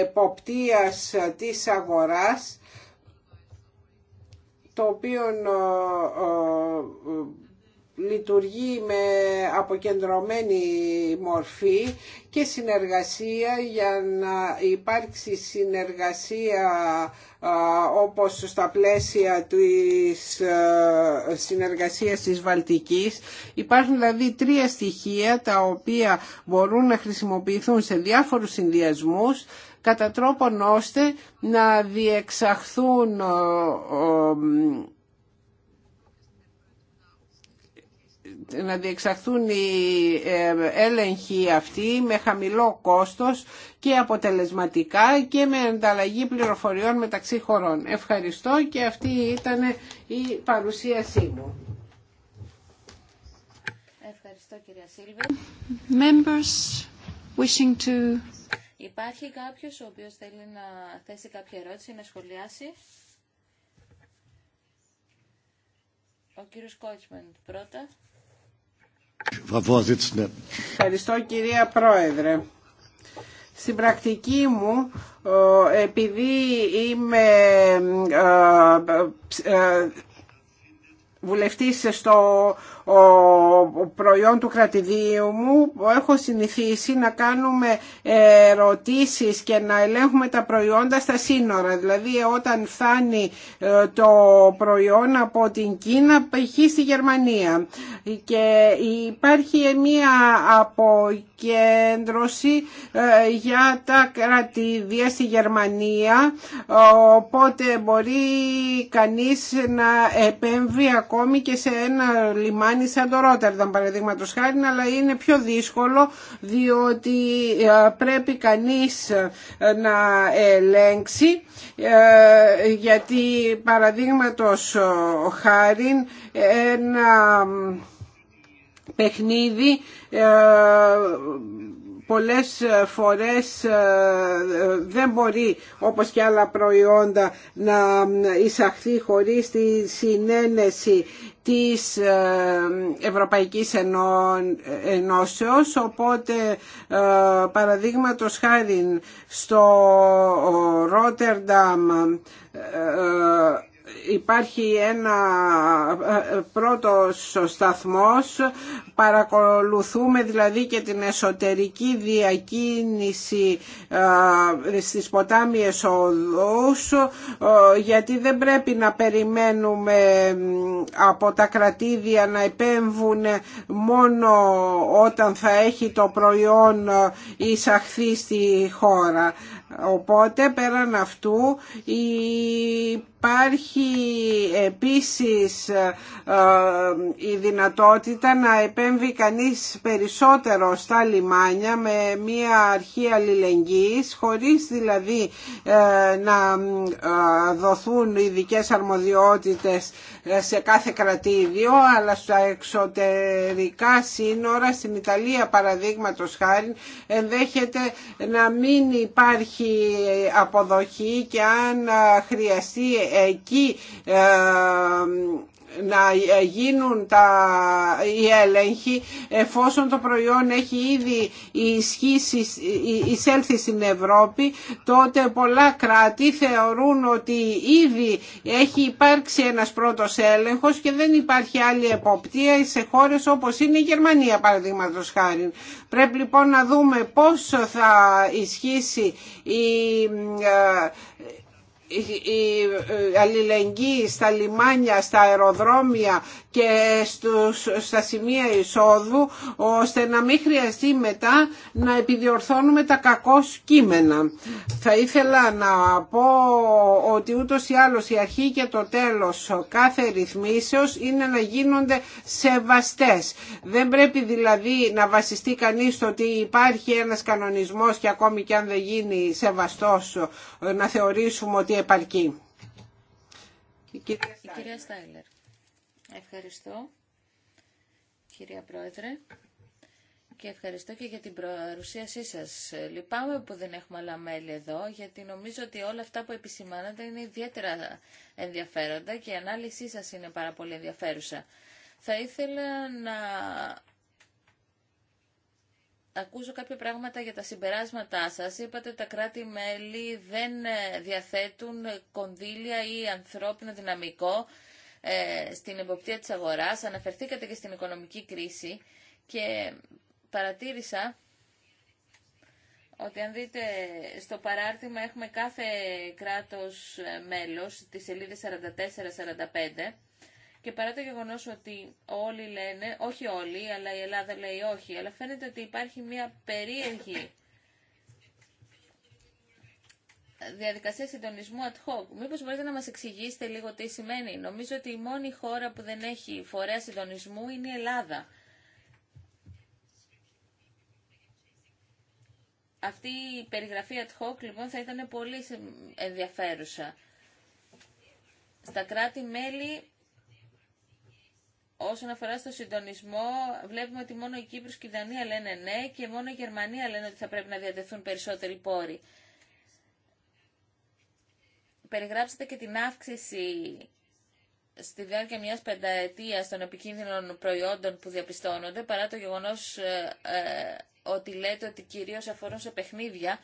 [SPEAKER 2] εποπτείας της αγοράς το οποίο λειτουργεί με αποκεντρωμένη μορφή και συνεργασία για να υπάρξει συνεργασία όπως στα πλαίσια της συνεργασίας της Βαλτικής. Υπάρχουν δηλαδή τρία στοιχεία τα οποία μπορούν να χρησιμοποιηθούν σε διάφορους συνδυασμούς κατά τρόπον ώστε να διεξαχθούν να διεξαχθούν οι ε, έλεγχοι αυτοί με χαμηλό κόστος και αποτελεσματικά και με ανταλλαγή πληροφοριών μεταξύ χωρών. Ευχαριστώ και αυτή ήταν η παρουσίασή μου.
[SPEAKER 3] Ευχαριστώ κυρία Σίλβερ.
[SPEAKER 2] Members wishing to...
[SPEAKER 3] Υπάρχει κάποιος ο οποίος θέλει να θέσει κάποια ερώτηση, να σχολιάσει. Ο κύριος Κότσμαν πρώτα.
[SPEAKER 2] Ευχαριστώ κυρία Πρόεδρε. Στην πρακτική μου, επειδή είμαι ε, ε, ε, βουλευτής στο προϊόν του κρατηδίου μου έχω συνηθίσει να κάνουμε ερωτήσεις και να ελέγχουμε τα προϊόντα στα σύνορα. Δηλαδή όταν φτάνει ε, το προϊόν από την Κίνα π.χ. στη Γερμανία και υπάρχει μια αποκέντρωση ε, για τα κρατηδία στη Γερμανία οπότε μπορεί κανείς να επέμβει ακόμη και σε ένα λιμάνι κάνει σαν το Ρότερνταμ παραδείγματο χάρη, αλλά είναι πιο δύσκολο διότι ε, πρέπει κανείς ε, να ελέγξει ε, γιατί παραδείγματο χάρη ένα παιχνίδι πολλές ε, φορές ε, ε, δεν μπορεί όπως και άλλα προϊόντα να εισαχθεί χωρίς τη συνένεση της Ευρωπαϊκής Ενώσεως οπότε παραδείγματος χάρη στο Ρότερνταμ υπάρχει ένα ε, ε, πρώτο σταθμός, παρακολουθούμε δηλαδή και την εσωτερική διακίνηση ε, στις ποτάμιες οδούς, γιατί δεν πρέπει να περιμένουμε από τα κρατήδια να επέμβουν μόνο όταν θα έχει το προϊόν εισαχθεί στη χώρα. Οπότε πέραν αυτού η Υπάρχει επίσης ε, η δυνατότητα να επέμβει κανείς περισσότερο στα λιμάνια με μια αρχή αλληλεγγύης χωρίς δηλαδή ε, να ε, δοθούν ειδικέ αρμοδιότητες σε κάθε κρατήδιο αλλά στα εξωτερικά σύνορα στην Ιταλία παραδείγματος χάρη ενδέχεται να μην υπάρχει αποδοχή και αν χρειαστεί εκεί ε, να γίνουν τα, οι έλεγχοι εφόσον το προϊόν έχει ήδη ισχύσει, ε, εισέλθει στην Ευρώπη τότε πολλά κράτη θεωρούν ότι ήδη έχει υπάρξει ένας πρώτος έλεγχος και δεν υπάρχει άλλη εποπτεία σε χώρες όπως είναι η Γερμανία παραδείγματο χάρη. Πρέπει λοιπόν να δούμε πώς θα ισχύσει η ε, η ε, αλληλεγγύη στα λιμάνια, στα αεροδρόμια και στους, στα σημεία εισόδου ώστε να μην χρειαστεί μετά να επιδιορθώνουμε τα κακό κείμενα. Θα ήθελα να πω ότι ούτως ή άλλως η αρχή και το τέλος κάθε ρυθμίσεως είναι να γίνονται σεβαστές. Δεν πρέπει δηλαδή να βασιστεί κανείς στο ότι υπάρχει ένας κανονισμός και ακόμη και αν δεν γίνει σεβαστός να θεωρήσουμε ότι η
[SPEAKER 3] κυρία, Η Στάιλερ. Ευχαριστώ, κυρία Πρόεδρε. Και ευχαριστώ και για την παρουσίασή σας. Λυπάμαι που δεν έχουμε άλλα μέλη εδώ, γιατί νομίζω ότι όλα αυτά που επισημάνατε είναι ιδιαίτερα ενδιαφέροντα και η ανάλυση σας είναι πάρα πολύ ενδιαφέρουσα. Θα ήθελα να ακούσω κάποια πράγματα για τα συμπεράσματά σας. Είπατε τα κράτη-μέλη δεν ε, διαθέτουν κονδύλια ή ανθρώπινο δυναμικό ε, στην εποπτεία της αγοράς. Αναφερθήκατε και στην οικονομική κρίση και παρατήρησα ότι αν δείτε στο παράρτημα έχουμε κάθε κράτος ε, μέλος, τη σελίδα 44-45, και παρά το γεγονό ότι όλοι λένε, όχι όλοι, αλλά η Ελλάδα λέει όχι, αλλά φαίνεται ότι υπάρχει μια περίεργη διαδικασία συντονισμού ad hoc. Μήπως μπορείτε να μα εξηγήσετε λίγο τι σημαίνει. Νομίζω ότι η μόνη χώρα που δεν έχει φορέα συντονισμού είναι η Ελλάδα. Αυτή η περιγραφή ad hoc λοιπόν θα ήταν πολύ ενδιαφέρουσα. Στα κράτη-μέλη Όσον αφορά στο συντονισμό, βλέπουμε ότι μόνο η Κύπρος και η Δανία λένε ναι και μόνο η Γερμανία λένε ότι θα πρέπει να διατεθούν περισσότεροι πόροι. Περιγράψατε και την αύξηση στη διάρκεια μιας πενταετίας των επικίνδυνων προϊόντων που διαπιστώνονται, παρά το γεγονός ε, ε, ότι λέτε ότι κυρίως αφορούν σε παιχνίδια,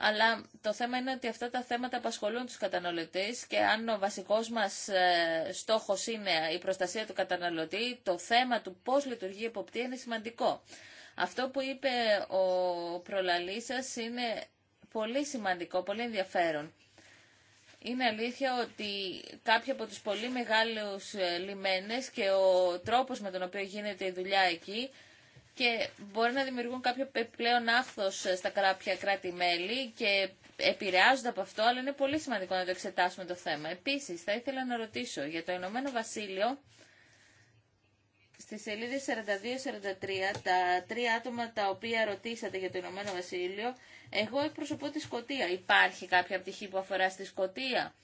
[SPEAKER 3] αλλά το θέμα είναι ότι αυτά τα θέματα απασχολούν τους καταναλωτές και αν ο βασικός μας ε, στόχος είναι η προστασία του καταναλωτή, το θέμα του πώς λειτουργεί η εποπτεία είναι σημαντικό. Αυτό που είπε ο προλαλής σας είναι πολύ σημαντικό, πολύ ενδιαφέρον. Είναι αλήθεια ότι κάποιοι από τους πολύ μεγάλους ε, λιμένες και ο τρόπος με τον οποίο γίνεται η δουλειά εκεί και μπορεί να δημιουργούν κάποιο επιπλέον άφθο ε, στα κάποια κράτη-μέλη και επηρεάζονται από αυτό, αλλά είναι πολύ σημαντικό να το εξετάσουμε το θέμα. Επίσης, θα ήθελα να ρωτήσω για το Ηνωμένο Βασίλειο, Στη σελίδα 42-43, τα τρία άτομα τα οποία ρωτήσατε για το Ηνωμένο Βασίλειο, εγώ εκπροσωπώ τη Σκοτία. Υπάρχει κάποια πτυχή που αφορά στη Σκοτία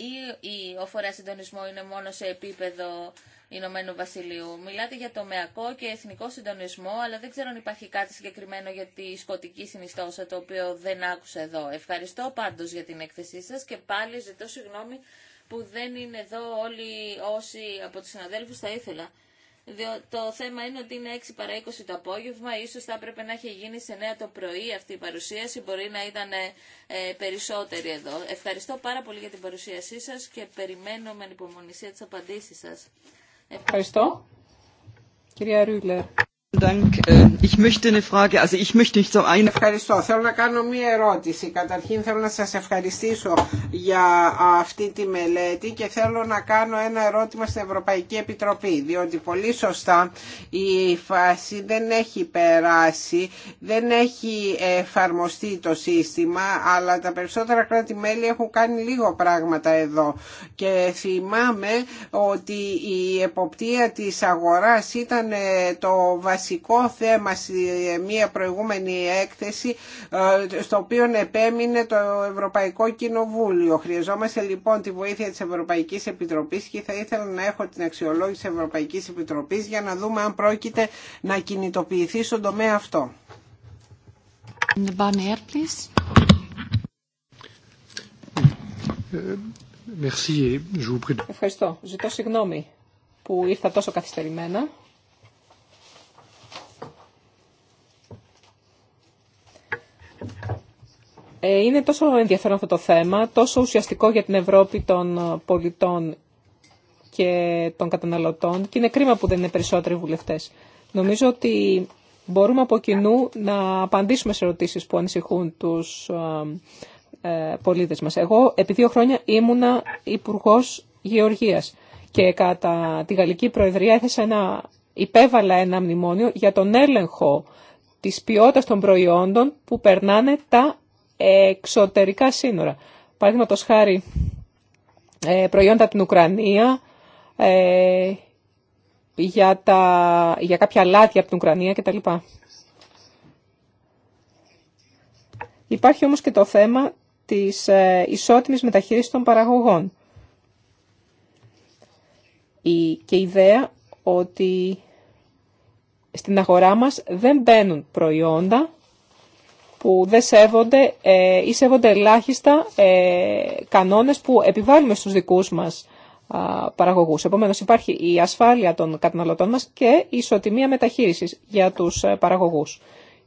[SPEAKER 3] ή η φορέα συντονισμού είναι μόνο σε επίπεδο Ηνωμένου Βασιλείου. Μιλάτε για το τομεακό και εθνικό συντονισμό, αλλά δεν ξέρω αν υπάρχει κάτι συγκεκριμένο για τη σκοτική συνιστόσα, το οποίο δεν άκουσα εδώ. Ευχαριστώ πάντως για την έκθεσή σας και πάλι ζητώ συγγνώμη που δεν είναι εδώ όλοι όσοι από τους συναδέλφους θα ήθελα το θέμα είναι ότι είναι 6 παρά 20 το απόγευμα, ίσως θα έπρεπε να έχει γίνει σε 9 το πρωί αυτή η παρουσίαση, μπορεί να ήταν ε, περισσότερη εδώ. Ευχαριστώ πάρα πολύ για την παρουσίασή σας και περιμένω με ανυπομονησία τις απαντήσεις σας.
[SPEAKER 1] Ευχαριστώ.
[SPEAKER 2] Κυρία Ρούλερ. Ευχαριστώ. Θέλω να κάνω μία ερώτηση. Καταρχήν θέλω να σας ευχαριστήσω για αυτή τη μελέτη και θέλω να κάνω ένα ερώτημα στην Ευρωπαϊκή Επιτροπή διότι πολύ σωστά η φάση δεν έχει περάσει, δεν έχει εφαρμοστεί το σύστημα αλλά τα περισσότερα κράτη-μέλη έχουν κάνει λίγο πράγματα εδώ και θυμάμαι ότι η εποπτεία της αγοράς ήταν το βασικό βασικό θέμα σε μια προηγούμενη έκθεση στο οποίο επέμεινε το Ευρωπαϊκό Κοινοβούλιο. Χρειαζόμαστε λοιπόν τη βοήθεια της Ευρωπαϊκής Επιτροπής και θα ήθελα να έχω την αξιολόγηση της Ευρωπαϊκής Επιτροπής για να δούμε αν πρόκειται να κινητοποιηθεί στον τομέα αυτό.
[SPEAKER 1] Ευχαριστώ. Ζητώ συγγνώμη που ήρθα τόσο καθυστερημένα. Ε, είναι τόσο ενδιαφέρον αυτό το θέμα, τόσο ουσιαστικό για την Ευρώπη των πολιτών και των καταναλωτών και είναι κρίμα που δεν είναι περισσότεροι βουλευτές. Νομίζω ότι μπορούμε από κοινού να απαντήσουμε σε ερωτήσεις που ανησυχούν τους ε, πολίτες μας. Εγώ επί δύο χρόνια ήμουνα υπουργό Γεωργίας και κατά τη Γαλλική Προεδρία ένα, υπέβαλα ένα μνημόνιο για τον έλεγχο της ποιότητας των προϊόντων που περνάνε τα εξωτερικά σύνορα. Παραδείγματο χάρη ε, προϊόντα από την Ουκρανία, ε, για, τα, για κάποια λάδια από την Ουκρανία κτλ. Υπάρχει όμως και το θέμα της ε, ισότιμης μεταχείρισης των παραγωγών. Η, και η ιδέα ότι στην αγορά μας δεν μπαίνουν προϊόντα που δεν σέβονται ε, ή σέβονται ελάχιστα ε, κανόνες που επιβάλλουμε στους δικούς μας παραγωγούς. Επομένως υπάρχει η ασφάλεια των καταναλωτών μας και η ισοτιμία μεταχείρισης για τους ε, παραγωγούς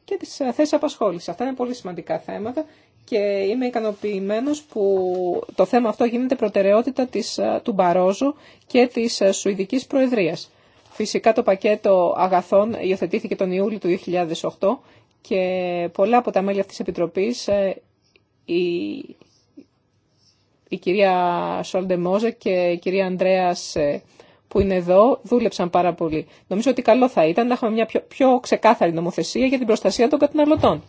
[SPEAKER 1] και τις θέσεις απασχόλησης. Αυτά είναι πολύ σημαντικά θέματα και είμαι ικανοποιημένος που το θέμα αυτό γίνεται προτεραιότητα της, του Μπαρόζου και της Σουηδικής Προεδρίας. Φυσικά το πακέτο αγαθών υιοθετήθηκε τον Ιούλιο του 2008 και πολλά από τα μέλη αυτής της Επιτροπής, ε, η, η κυρία Σόλντε Μόζε και η κυρία Ανδρέας ε, που είναι εδώ, δούλεψαν πάρα πολύ. Νομίζω ότι καλό θα ήταν να έχουμε μια πιο, πιο ξεκάθαρη νομοθεσία για την προστασία των καταναλωτών.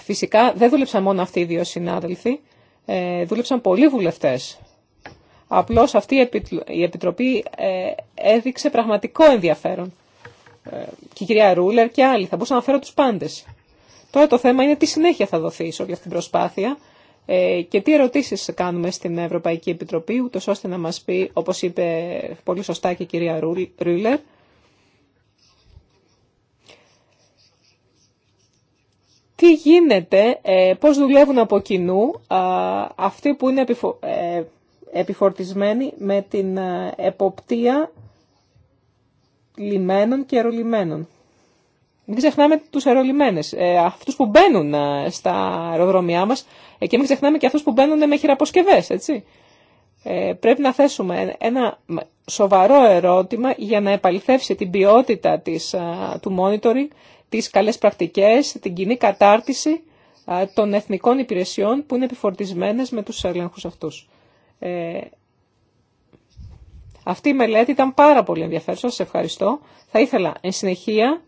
[SPEAKER 1] Φυσικά δεν δούλεψαν μόνο αυτοί οι δύο συνάδελφοι, ε, δούλεψαν πολλοί βουλευτές Απλώς αυτή η Επιτροπή ε, έδειξε πραγματικό ενδιαφέρον. Ε, και η κυρία Ρούλερ και άλλοι, θα μπορούσα να φέρω τους πάντες. Τώρα το θέμα είναι τι συνέχεια θα δοθεί σε όλη αυτή την προσπάθεια ε, και τι ερωτήσεις κάνουμε στην Ευρωπαϊκή Επιτροπή, ούτως ώστε να μας πει, όπως είπε πολύ σωστά και η κυρία Ρούλερ, τι γίνεται, πώς δουλεύουν από κοινού αυτοί που είναι επιφορτισμένη με την ε, εποπτεία λιμένων και αερολιμένων. Μην ξεχνάμε τους αερολιμένες, ε, αυτούς που μπαίνουν ε, στα αεροδρομιά μας ε, και μην ξεχνάμε και αυτούς που μπαίνουν με χειραποσκευές, έτσι. Ε, πρέπει να θέσουμε ένα σοβαρό ερώτημα για να επαληθεύσει την ποιότητα της, του monitoring, τις καλές πρακτικές, την κοινή κατάρτιση των εθνικών υπηρεσιών που είναι επιφορτισμένες με τους έλεγχους αυτούς. Ε, αυτή η μελέτη ήταν πάρα πολύ ενδιαφέρουσα, σας ευχαριστώ. Θα ήθελα εν συνεχεία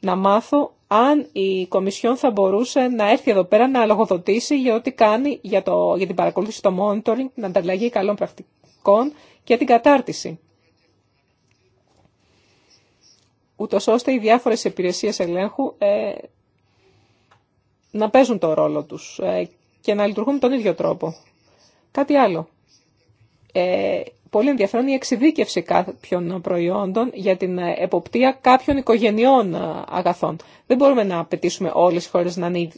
[SPEAKER 1] να μάθω αν η Κομισιόν θα μπορούσε να έρθει εδώ πέρα να λογοδοτήσει για ό,τι κάνει για, το, για την παρακολούθηση, το monitoring, την ανταλλαγή καλών πρακτικών και την κατάρτιση. ούτω ώστε οι διάφορες υπηρεσίες ελέγχου ε, να παίζουν το ρόλο τους ε, και να λειτουργούν τον ίδιο τρόπο. Κάτι άλλο ε, πολύ ενδιαφέρον η εξειδίκευση κάποιων προϊόντων για την εποπτεία κάποιων οικογενειών αγαθών. Δεν μπορούμε να απαιτήσουμε όλες οι χώρες να είναι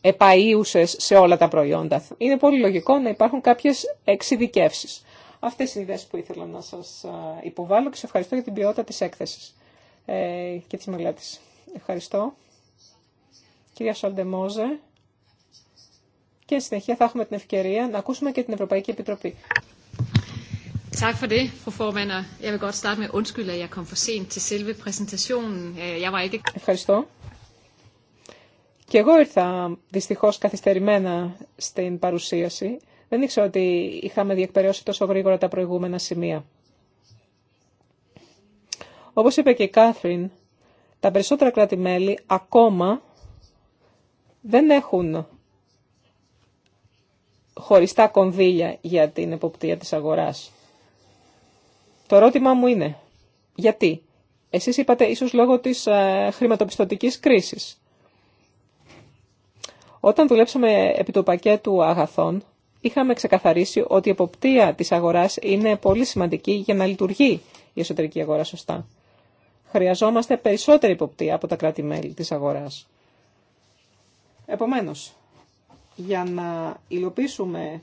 [SPEAKER 1] επαΐουσες σε όλα τα προϊόντα. Είναι πολύ λογικό να υπάρχουν κάποιες εξειδικεύσεις. Αυτές οι ιδέες που ήθελα να σας ε, υποβάλω και σας ευχαριστώ για την ποιότητα της έκθεσης ε, και της μελέτης. Ευχαριστώ. Κυρία Σαλντεμόζε, και συνεχεία θα έχουμε την ευκαιρία να ακούσουμε και την Ευρωπαϊκή Επιτροπή. Ευχαριστώ. Και εγώ ήρθα δυστυχώς καθυστερημένα στην παρουσίαση. Δεν ήξερα ότι είχαμε διεκπαιρεώσει τόσο γρήγορα τα προηγούμενα σημεία. Όπως είπε και η Κάθριν, τα περισσότερα κράτη-μέλη ακόμα δεν έχουν χωριστά κονδύλια για την εποπτεία της αγοράς. Το ερώτημα μου είναι, γιατί. Εσείς είπατε ίσως λόγω της ε, χρηματοπιστωτικής κρίσης. Όταν δουλέψαμε επί του πακέτου αγαθών, είχαμε ξεκαθαρίσει ότι η εποπτεία της αγοράς είναι πολύ σημαντική για να λειτουργεί η εσωτερική αγορά σωστά. Χρειαζόμαστε περισσότερη εποπτεία από τα κράτη-μέλη της αγοράς. Επομένως, για να υλοποιήσουμε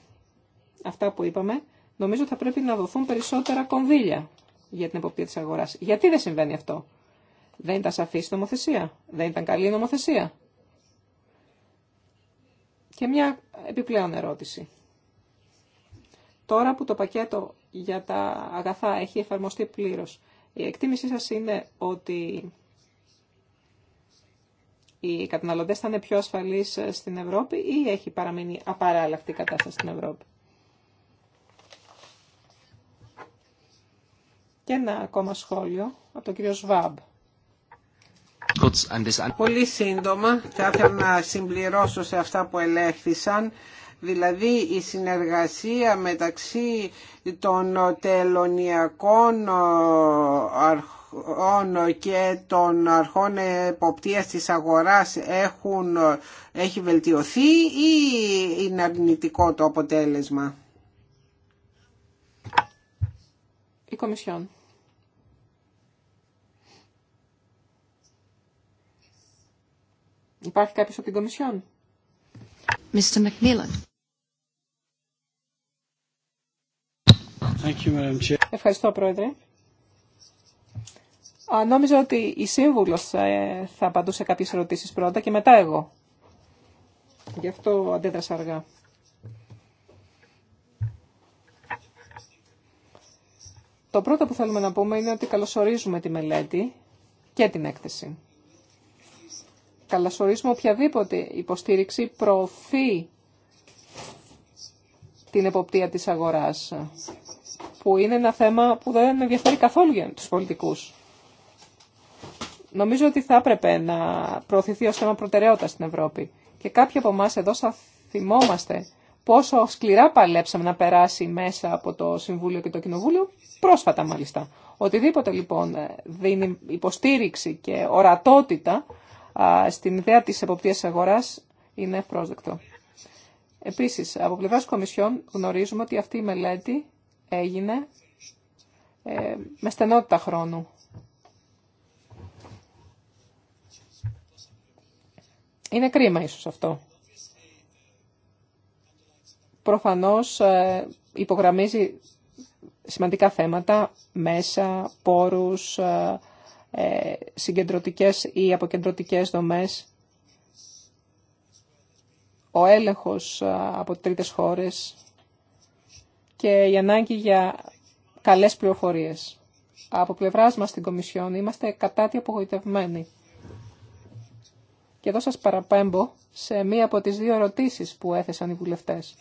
[SPEAKER 1] αυτά που είπαμε, νομίζω θα πρέπει να δοθούν περισσότερα κονδύλια για την εποπτεία της αγοράς. Γιατί δεν συμβαίνει αυτό. Δεν ήταν σαφή η νομοθεσία. Δεν ήταν καλή η νομοθεσία. Και μια επιπλέον ερώτηση. Τώρα που το πακέτο για τα αγαθά έχει εφαρμοστεί πλήρως, η εκτίμησή σας είναι ότι οι καταναλωτές θα είναι πιο ασφαλείς ε, στην Ευρώπη ή έχει παραμείνει απαράλλακτη η κατάσταση στην Ευρώπη. Και ένα
[SPEAKER 2] ακόμα σχόλιο από τον κύριο Σβάμπ. Πολύ σύντομα θα απαραλλαχτη δηλαδή, η συνεργασία μεταξύ των τελωνιακών ε, αρχών αρχών και των αρχών εποπτείας της αγοράς έχουν, έχει βελτιωθεί ή είναι αρνητικό το αποτέλεσμα.
[SPEAKER 1] Η Κομισιόν. Υπάρχει κάποιος από την Κομισιόν. Mr. McMillan.
[SPEAKER 2] Thank you, Madam Chair.
[SPEAKER 1] Ευχαριστώ, Πρόεδρε νόμιζα ότι η σύμβουλος ε, θα απαντούσε κάποιες ερωτήσεις πρώτα και μετά εγώ. Γι' αυτό αντέδρασα αργά. Το πρώτο που θέλουμε να πούμε είναι ότι καλωσορίζουμε τη μελέτη και την έκθεση. Καλωσορίζουμε οποιαδήποτε υποστήριξη προωθεί την εποπτεία της αγοράς, που είναι ένα θέμα που δεν ενδιαφέρει καθόλου για τους πολιτικούς. Νομίζω ότι θα έπρεπε να προωθηθεί ως θέμα προτεραιότητα στην Ευρώπη. Και κάποιοι από εμά εδώ θα θυμόμαστε πόσο σκληρά παλέψαμε να περάσει μέσα από το Συμβούλιο και το Κοινοβούλιο, πρόσφατα μάλιστα. Οτιδήποτε λοιπόν δίνει υποστήριξη και ορατότητα στην ιδέα της εποπτείας αγοράς είναι ευπρόσδεκτο. Επίσης, από πλευράς Κομισιόν γνωρίζουμε ότι αυτή η μελέτη έγινε ε, με στενότητα χρόνου. Είναι κρίμα ίσως αυτό. Προφανώς ε, υπογραμμίζει σημαντικά θέματα, μέσα, πόρους, ε, ε, συγκεντρωτικές ή αποκεντρωτικές δομές, ο έλεγχος από τρίτες χώρες και η ανάγκη για καλές πληροφορίες. Από πλευράς μας στην Κομισιόν είμαστε κατά τη απογοητευμένοι. Και εδώ σας παραπέμπω σε μία από τις δύο ερωτήσεις που έθεσαν οι βουλευτές.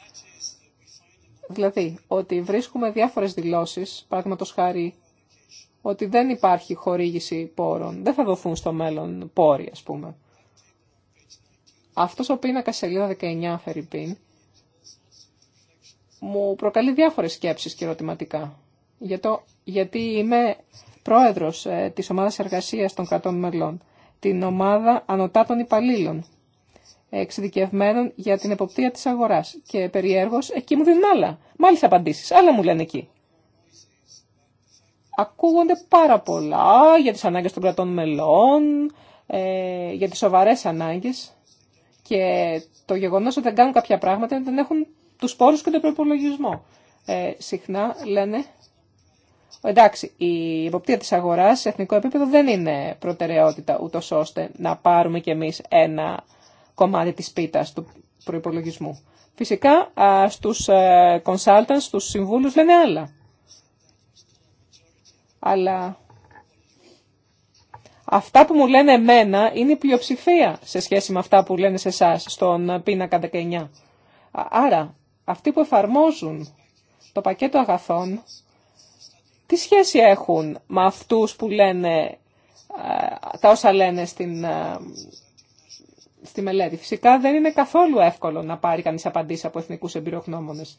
[SPEAKER 1] Δηλαδή, ότι βρίσκουμε διάφορες δηλώσεις, το χάρη, ότι δεν υπάρχει χορήγηση πόρων, δεν θα δοθούν στο μέλλον πόροι, ας πούμε. Αυτός ο πίνακα σελίδα 19, Φερρυπίν, μου προκαλεί διάφορες σκέψεις και ερωτηματικά. γιατί είμαι πρόεδρος ε, της ομάδας εργασίας των κρατών μελών την ομάδα ανωτάτων υπαλλήλων, ε, εξειδικευμένων για την εποπτεία της αγοράς. Και περιέργως, εκεί μου δίνουν άλλα. Μάλιστα απαντήσεις, άλλα μου λένε εκεί. Ακούγονται πάρα πολλά για τις ανάγκες των κρατών μελών, ε, για τις σοβαρές ανάγκες και το γεγονός ότι δεν κάνουν κάποια πράγματα, δεν έχουν τους πόρους και τον προπολογισμό. Ε, συχνά λένε Εντάξει, η υποπτία της αγοράς σε εθνικό επίπεδο δεν είναι προτεραιότητα ούτω ώστε να πάρουμε κι εμείς ένα κομμάτι της πίτας του προϋπολογισμού. Φυσικά στους ε, consultants, στους συμβούλους λένε άλλα. Αλλά αυτά που μου λένε εμένα είναι η πλειοψηφία σε σχέση με αυτά που λένε σε εσά στον πίνακα 19. Άρα αυτοί που εφαρμόζουν το πακέτο αγαθών τι σχέση έχουν με αυτούς που λένε ε, τα όσα λένε στην, ε, στη μελέτη. Φυσικά δεν είναι καθόλου εύκολο να πάρει κανείς απαντήσεις από εθνικούς εμπειρογνώμονες.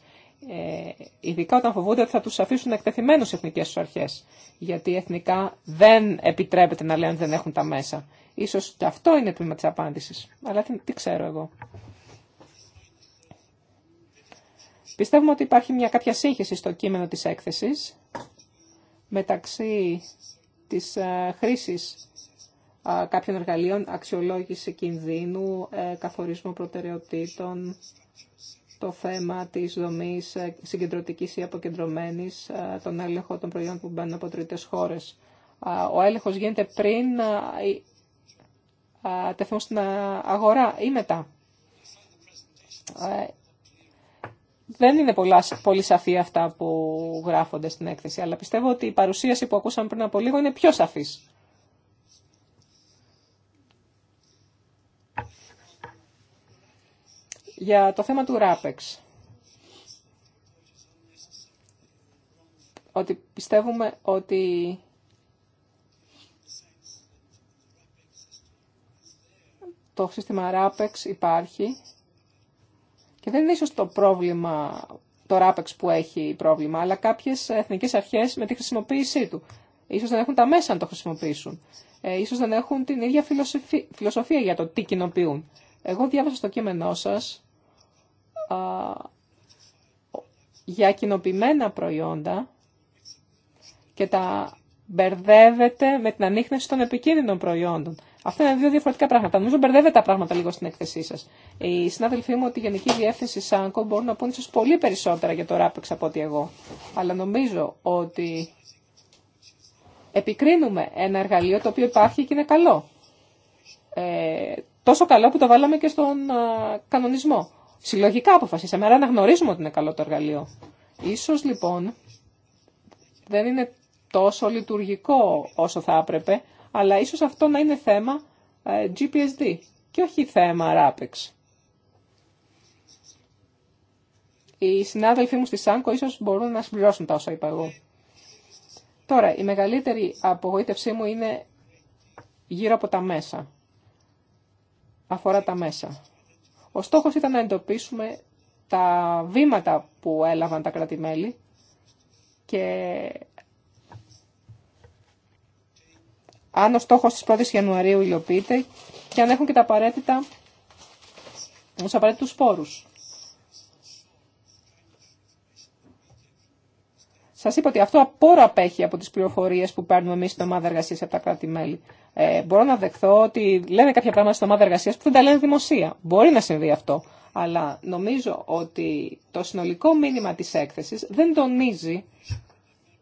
[SPEAKER 1] Ε, ειδικά όταν φοβούνται ότι θα τους αφήσουν εκτεθειμένους εθνικές τους αρχές. Γιατί εθνικά δεν επιτρέπεται να λένε ότι δεν έχουν τα μέσα. Ίσως και αυτό είναι τμήμα της απάντησης. Αλλά τι, τι ξέρω εγώ. Πιστεύουμε ότι υπάρχει μια κάποια σύγχυση στο κείμενο της έκθεσης μεταξύ της ε, χρήσης ε, κάποιων εργαλείων, αξιολόγηση κινδύνου, ε, καθορισμό προτεραιοτήτων, το θέμα της δομής συγκεντρωτικής ή αποκεντρωμένης, τον έλεγχο των προϊόντων που μπαίνουν από τρίτες χώρες. Ο έλεγχος γίνεται πριν τεθούν στην αγορά ή μετά δεν είναι πολύ σαφή αυτά που γράφονται στην έκθεση, αλλά πιστεύω ότι η παρουσίαση που ακούσαμε πριν από λίγο είναι πιο σαφής. Για το θέμα του ράπεξ. Ότι πιστεύουμε ότι το σύστημα RAPEX υπάρχει και δεν είναι ίσως το πρόβλημα, το ράπεξ που έχει πρόβλημα, αλλά κάποιες εθνικές αρχές με τη χρησιμοποίησή του. Ίσως δεν έχουν τα μέσα να το χρησιμοποιήσουν. Ε, ίσως δεν έχουν την ίδια φιλοσοφία για το τι κοινοποιούν. Εγώ διάβασα στο κείμενό σα για κοινοποιημένα προϊόντα και τα μπερδεύεται με την ανείχνευση των επικίνδυνων προϊόντων. Αυτά είναι δύο διαφορετικά πράγματα. Νομίζω μπερδεύετε τα πράγματα λίγο στην έκθεσή σα. Οι συνάδελφοί μου ότι η Γενική Διεύθυνση ΣΑΝΚΟ μπορούν να πούν ίσω πολύ περισσότερα για το ράπεξ από ότι εγώ. Αλλά νομίζω ότι επικρίνουμε ένα εργαλείο το οποίο υπάρχει και είναι καλό. Ε, τόσο καλό που το βάλαμε και στον κανονισμό. Συλλογικά αποφασίσαμε, άρα να γνωρίζουμε ότι είναι καλό το εργαλείο. Ίσως λοιπόν δεν είναι τόσο λειτουργικό όσο θα έπρεπε αλλά ίσως αυτό να είναι θέμα ε, GPSD και όχι θέμα RAPEX. Οι συνάδελφοί μου στη ΣΑΝΚΟ ίσως μπορούν να συμπληρώσουν τα όσα είπα εγώ. Τώρα, η μεγαλύτερη απογοήτευσή μου είναι γύρω από τα μέσα. Αφορά τα μέσα. Ο στόχος ήταν να εντοπίσουμε τα βήματα που έλαβαν τα κρατη και αν ο στόχος της 1ης Ιανουαρίου υλοποιείται και αν έχουν και τα απαραίτητα, τους απαραίτητους σπόρους. Σα είπα ότι αυτό απόρα απέχει από τι πληροφορίε που παίρνουμε εμεί στην ομάδα εργασία από τα κράτη-μέλη. Ε, μπορώ να δεχθώ ότι λένε κάποια πράγματα στην ομάδα εργασία που δεν τα λένε δημοσία. Μπορεί να συμβεί αυτό. Αλλά νομίζω ότι το συνολικό μήνυμα τη έκθεση δεν τονίζει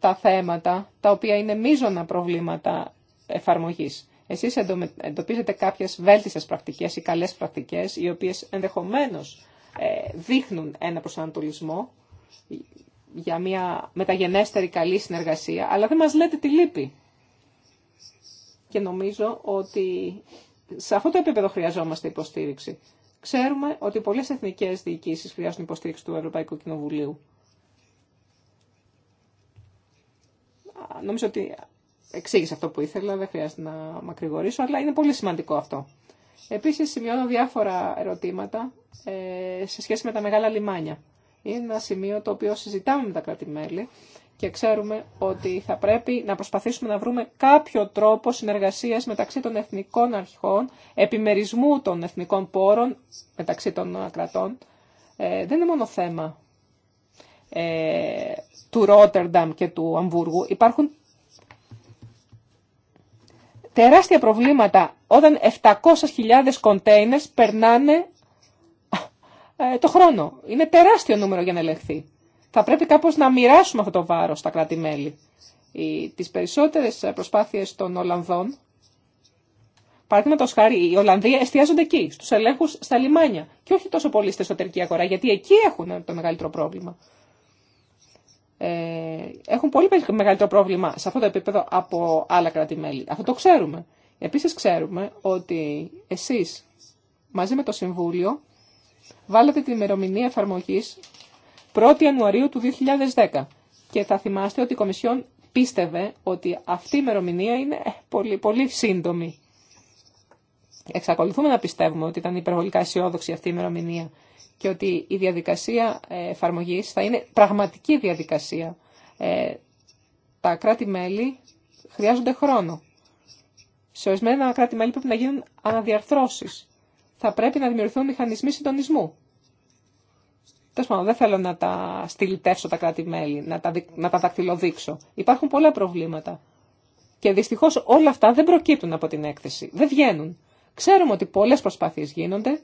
[SPEAKER 1] τα θέματα τα οποία είναι μείζωνα προβλήματα εφαρμογής. Εσείς εντοπίζετε κάποιες βέλτιστες πρακτικές ή καλέ πρακτικές, οι οποίες ενδεχομένως ε, δείχνουν ένα προσανατολισμό για μια μεταγενέστερη καλή συνεργασία, αλλά δεν μας λέτε τι λείπει. Και νομίζω ότι σε αυτό το επίπεδο χρειαζόμαστε υποστήριξη. Ξέρουμε ότι πολλές εθνικές διοικήσει χρειάζονται υποστήριξη του Ευρωπαϊκού Κοινοβουλίου. Νομίζω ότι εξήγησε αυτό που ήθελα, δεν χρειάζεται να μακρηγορήσω, αλλά είναι πολύ σημαντικό αυτό. Επίσης σημειώνω διάφορα ερωτήματα ε, σε σχέση με τα μεγάλα λιμάνια. Είναι ένα σημείο το οποίο συζητάμε με τα κράτη-μέλη και ξέρουμε ότι θα πρέπει να προσπαθήσουμε να βρούμε κάποιο τρόπο συνεργασίας μεταξύ των εθνικών αρχών, επιμερισμού των εθνικών πόρων μεταξύ των κρατών. Ε, δεν είναι μόνο θέμα ε, του Ρότερνταμ και του Αμβούργου. Υπάρχουν τεράστια προβλήματα όταν 700.000 containers περνάνε ε, το χρόνο. Είναι τεράστιο νούμερο για να ελεγχθεί. Θα πρέπει κάπως να μοιράσουμε αυτό το βάρος στα κράτη-μέλη. Τις περισσότερες προσπάθειες των Ολλανδών, παραδείγματο χάρη, οι Ολλανδοί εστιάζονται εκεί, στους ελέγχους στα λιμάνια και όχι τόσο πολύ στην εσωτερική αγορά, γιατί εκεί έχουν το μεγαλύτερο πρόβλημα. Ε, έχουν πολύ μεγαλύτερο πρόβλημα σε αυτό το επίπεδο από άλλα κράτη-μέλη. Αυτό το ξέρουμε. Επίσης ξέρουμε ότι εσείς μαζί με το Συμβούλιο βάλατε την ημερομηνία εφαρμογής 1η Ιανουαρίου του 2010 και θα θυμάστε ότι η Κομισιόν πίστευε ότι αυτή η ημερομηνία είναι ε, πολύ, πολύ σύντομη. Εξακολουθούμε να πιστεύουμε ότι ήταν υπερβολικά αισιόδοξη αυτή η ημερομηνία και ότι η διαδικασία ε, εφαρμογής θα είναι πραγματική διαδικασία. Ε, τα κράτη-μέλη χρειάζονται χρόνο. Σε ορισμένα κράτη-μέλη πρέπει να γίνουν αναδιαρθρώσεις. Θα πρέπει να δημιουργηθούν μηχανισμοί συντονισμού. Τέλο πάντων, δεν θέλω να τα στυλιτεύσω τα κράτη-μέλη, να τα, να τα δακτυλοδείξω. Υπάρχουν πολλά προβλήματα. Και δυστυχώ όλα αυτά δεν προκύπτουν από την έκθεση. Δεν βγαίνουν. Ξέρουμε ότι πολλέ προσπάθειε γίνονται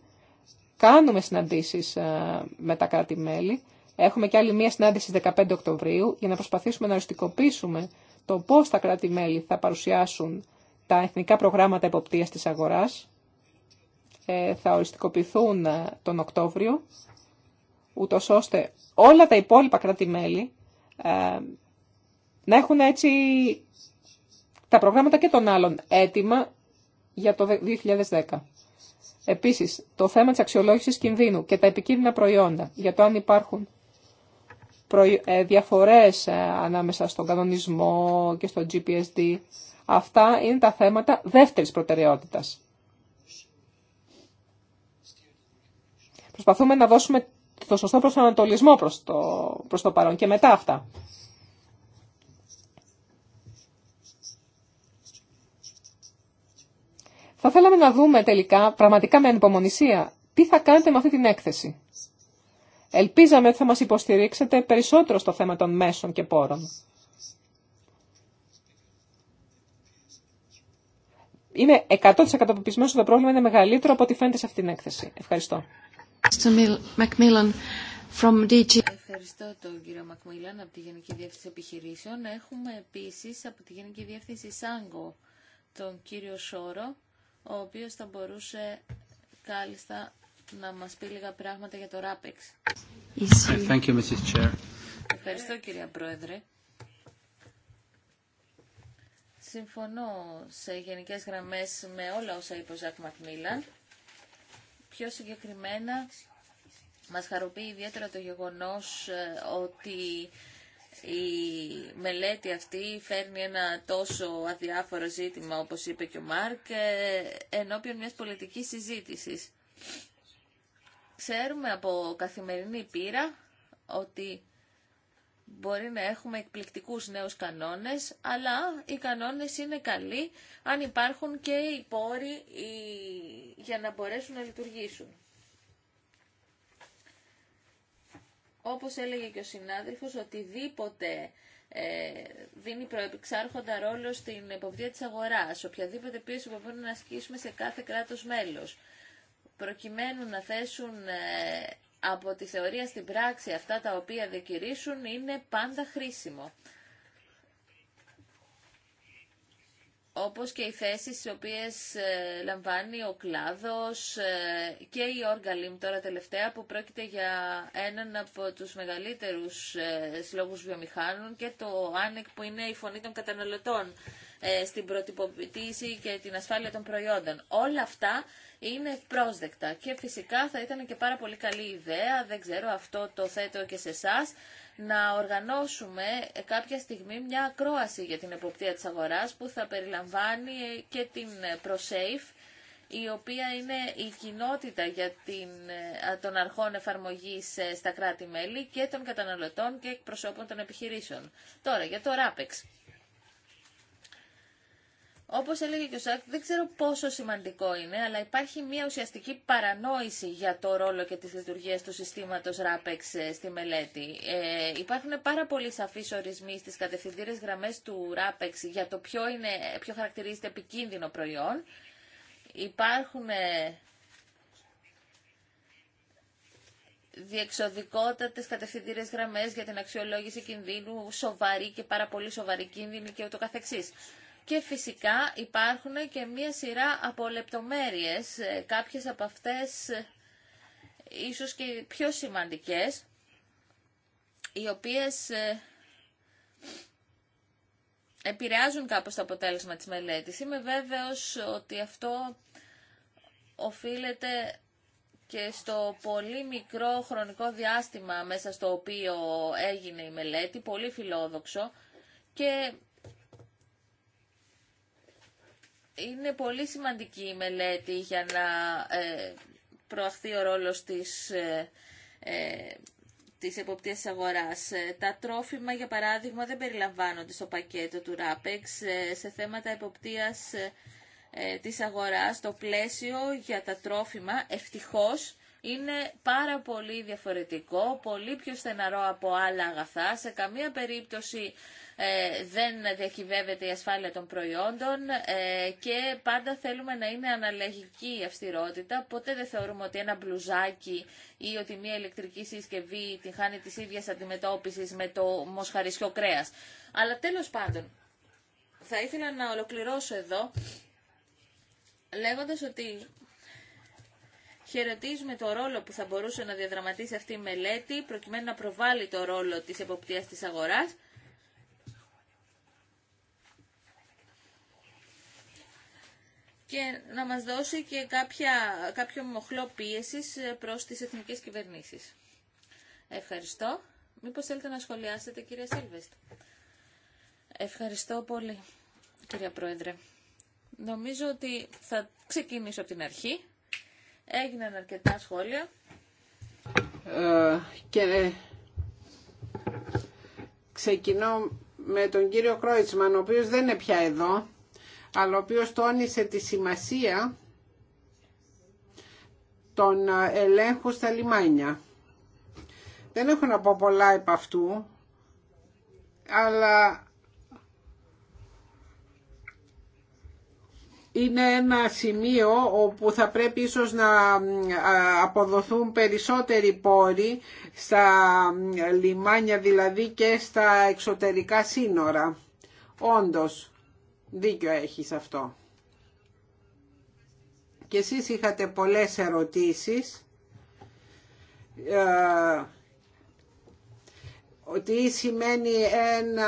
[SPEAKER 1] Κάνουμε συναντήσεις ε, με τα κράτη-μέλη. Έχουμε και άλλη μία συνάντηση 15 Οκτωβρίου για να προσπαθήσουμε να οριστικοποιήσουμε το πώς τα κράτη-μέλη θα παρουσιάσουν τα εθνικά προγράμματα εποπτείας της αγοράς. Ε, θα οριστικοποιηθούν ε, τον Οκτώβριο, ούτως ώστε όλα τα υπόλοιπα κράτη-μέλη να έχουν έτσι τα προγράμματα και των άλλων έτοιμα για το 2010. Επίσης, το θέμα της αξιολόγησης κινδύνου και τα επικίνδυνα προϊόντα, για το αν υπάρχουν ε, διαφορές ε, ανάμεσα στον κανονισμό και στο GPSD, αυτά είναι τα θέματα δεύτερης προτεραιότητας. Προσπαθούμε να δώσουμε το σωστό προσανατολισμό προς το, προς το παρόν και μετά αυτά. Θα θέλαμε να δούμε τελικά, πραγματικά με ανυπομονησία, τι θα κάνετε με αυτή την έκθεση. Ελπίζαμε ότι θα μας υποστηρίξετε περισσότερο στο θέμα των μέσων και πόρων. Είμαι 100% πεπισμένος ότι το πρόβλημα είναι μεγαλύτερο από ό,τι φαίνεται σε αυτή την έκθεση. Ευχαριστώ. Ευχαριστώ
[SPEAKER 3] τον κύριο Μακμίλαν από τη Γενική Διεύθυνση Επιχειρήσεων. Έχουμε επίσης από τη Γενική Διεύθυνση Σάγκο τον κύριο Σόρο ο οποίος θα μπορούσε κάλλιστα να μας πει λίγα πράγματα για το RAPEX. Ευχαριστώ κυρία Πρόεδρε. Συμφωνώ σε γενικές γραμμές με όλα όσα είπε ο Ζακ Μακμίλαν. Πιο συγκεκριμένα μας χαροποιεί ιδιαίτερα το γεγονός ε, ότι η μελέτη αυτή φέρνει ένα τόσο αδιάφορο ζήτημα, όπως είπε και ο Μάρκ, ε, ενώπιον μιας πολιτικής συζήτησης. Ξέρουμε από καθημερινή πείρα ότι μπορεί να έχουμε εκπληκτικούς νέους κανόνες, αλλά οι κανόνες είναι καλοί αν υπάρχουν και οι πόροι για να μπορέσουν να λειτουργήσουν. όπως έλεγε και ο συνάδελφος, οτιδήποτε ε, δίνει προεπιξάρχοντα ρόλο στην εποπτεία της αγοράς, οποιαδήποτε πίεση που μπορούμε να ασκήσουμε σε κάθε κράτος μέλος, προκειμένου να θέσουν ε, από τη θεωρία στην πράξη αυτά τα οποία διακηρύσουν, είναι πάντα χρήσιμο. όπως και οι θέσεις τις οποίες ε, λαμβάνει ο κλάδος ε, και η Όργαλιμ τώρα τελευταία που πρόκειται για έναν από τους μεγαλύτερους ε, συλλόγους βιομηχάνων και το ΆΝΕΚ που είναι η φωνή των καταναλωτών στην προτυποποίηση και την ασφάλεια των προϊόντων. Όλα αυτά είναι πρόσδεκτα και φυσικά θα ήταν και πάρα πολύ καλή ιδέα, δεν ξέρω αυτό το θέτω και σε εσά να οργανώσουμε κάποια στιγμή μια ακρόαση για την εποπτεία της αγοράς που θα περιλαμβάνει και την ProSafe η οποία είναι η κοινότητα για την, ε, των αρχών εφαρμογής ε, στα κράτη-μέλη και των καταναλωτών και εκπροσώπων των επιχειρήσεων. Τώρα, για το RAPEX. Όπω έλεγε και ο Σάκ, δεν ξέρω πόσο σημαντικό είναι, αλλά υπάρχει μια ουσιαστική παρανόηση για το ρόλο και τι λειτουργίε του συστήματο RAPEX ε, στη μελέτη. Ε, υπάρχουν πάρα πολλοί σαφεί ορισμοί στις κατευθυντήρε γραμμέ του RAPEX για το ποιο, είναι, ποιο χαρακτηρίζεται επικίνδυνο προϊόν. Υπάρχουν ε, διεξοδικότατες κατευθυντήρες γραμμές για την αξιολόγηση κινδύνου, σοβαρή και πάρα πολύ σοβαρή κίνδυνη και ούτω καθεξής. Και φυσικά υπάρχουν και μία σειρά από λεπτομέρειες, ε, κάποιες από αυτές ε, ίσως και πιο σημαντικές, οι οποίες ε, επηρεάζουν κάπως το αποτέλεσμα της μελέτης. Είμαι βέβαιος ότι αυτό οφείλεται και στο πολύ μικρό χρονικό διάστημα μέσα στο οποίο έγινε η μελέτη, πολύ φιλόδοξο και είναι πολύ σημαντική η μελέτη για να ε, προαχθεί ο ρόλος της, ε, ε, της εποπτείας αγοράς. Ε, τα τρόφιμα, για παράδειγμα, δεν περιλαμβάνονται στο πακέτο του RAPEX ε, σε θέματα εποπτείας ε, της αγοράς. Το πλαίσιο για τα τρόφιμα, ευτυχώς, είναι πάρα πολύ διαφορετικό, πολύ πιο στεναρό από άλλα αγαθά. Σε καμία περίπτωση ε, δεν διακυβεύεται η ασφάλεια των προϊόντων ε, και πάντα θέλουμε να είναι αναλλαγική η αυστηρότητα. Ποτέ δεν θεωρούμε ότι ένα μπλουζάκι ή ότι μια ηλεκτρική συσκευή την χάνει της ίδιας αντιμετώπισης με το μοσχαρισιό κρέας. Αλλά τέλος πάντων, θα ήθελα να ολοκληρώσω εδώ λέγοντας ότι Χαιρετίζουμε το ρόλο που θα μπορούσε να διαδραματίσει αυτή η μελέτη προκειμένου να προβάλλει το ρόλο της εποπτείας της αγοράς. και να μας δώσει και κάποια, κάποιο μοχλό πίεση προς τις εθνικές κυβερνήσεις. Ευχαριστώ. Μήπως θέλετε να σχολιάσετε, κυρία Σίλβεστ. Ευχαριστώ πολύ, κυρία Πρόεδρε. Νομίζω ότι θα ξεκινήσω από την αρχή. Έγιναν αρκετά σχόλια.
[SPEAKER 2] Ε, και ε, ξεκινώ με τον κύριο Κρόιτσμαν, ο οποίος δεν είναι πια εδώ, αλλά ο οποίος τόνισε τη σημασία των ε, ελέγχων στα λιμάνια. Δεν έχω να πω πολλά επ' αυτού, αλλά είναι ένα σημείο όπου θα πρέπει ίσως να αποδοθούν περισσότεροι πόροι στα λιμάνια δηλαδή και στα εξωτερικά σύνορα. Όντως, δίκιο έχεις αυτό. Και εσείς είχατε πολλές ερωτήσεις ε, τι σημαίνει ένα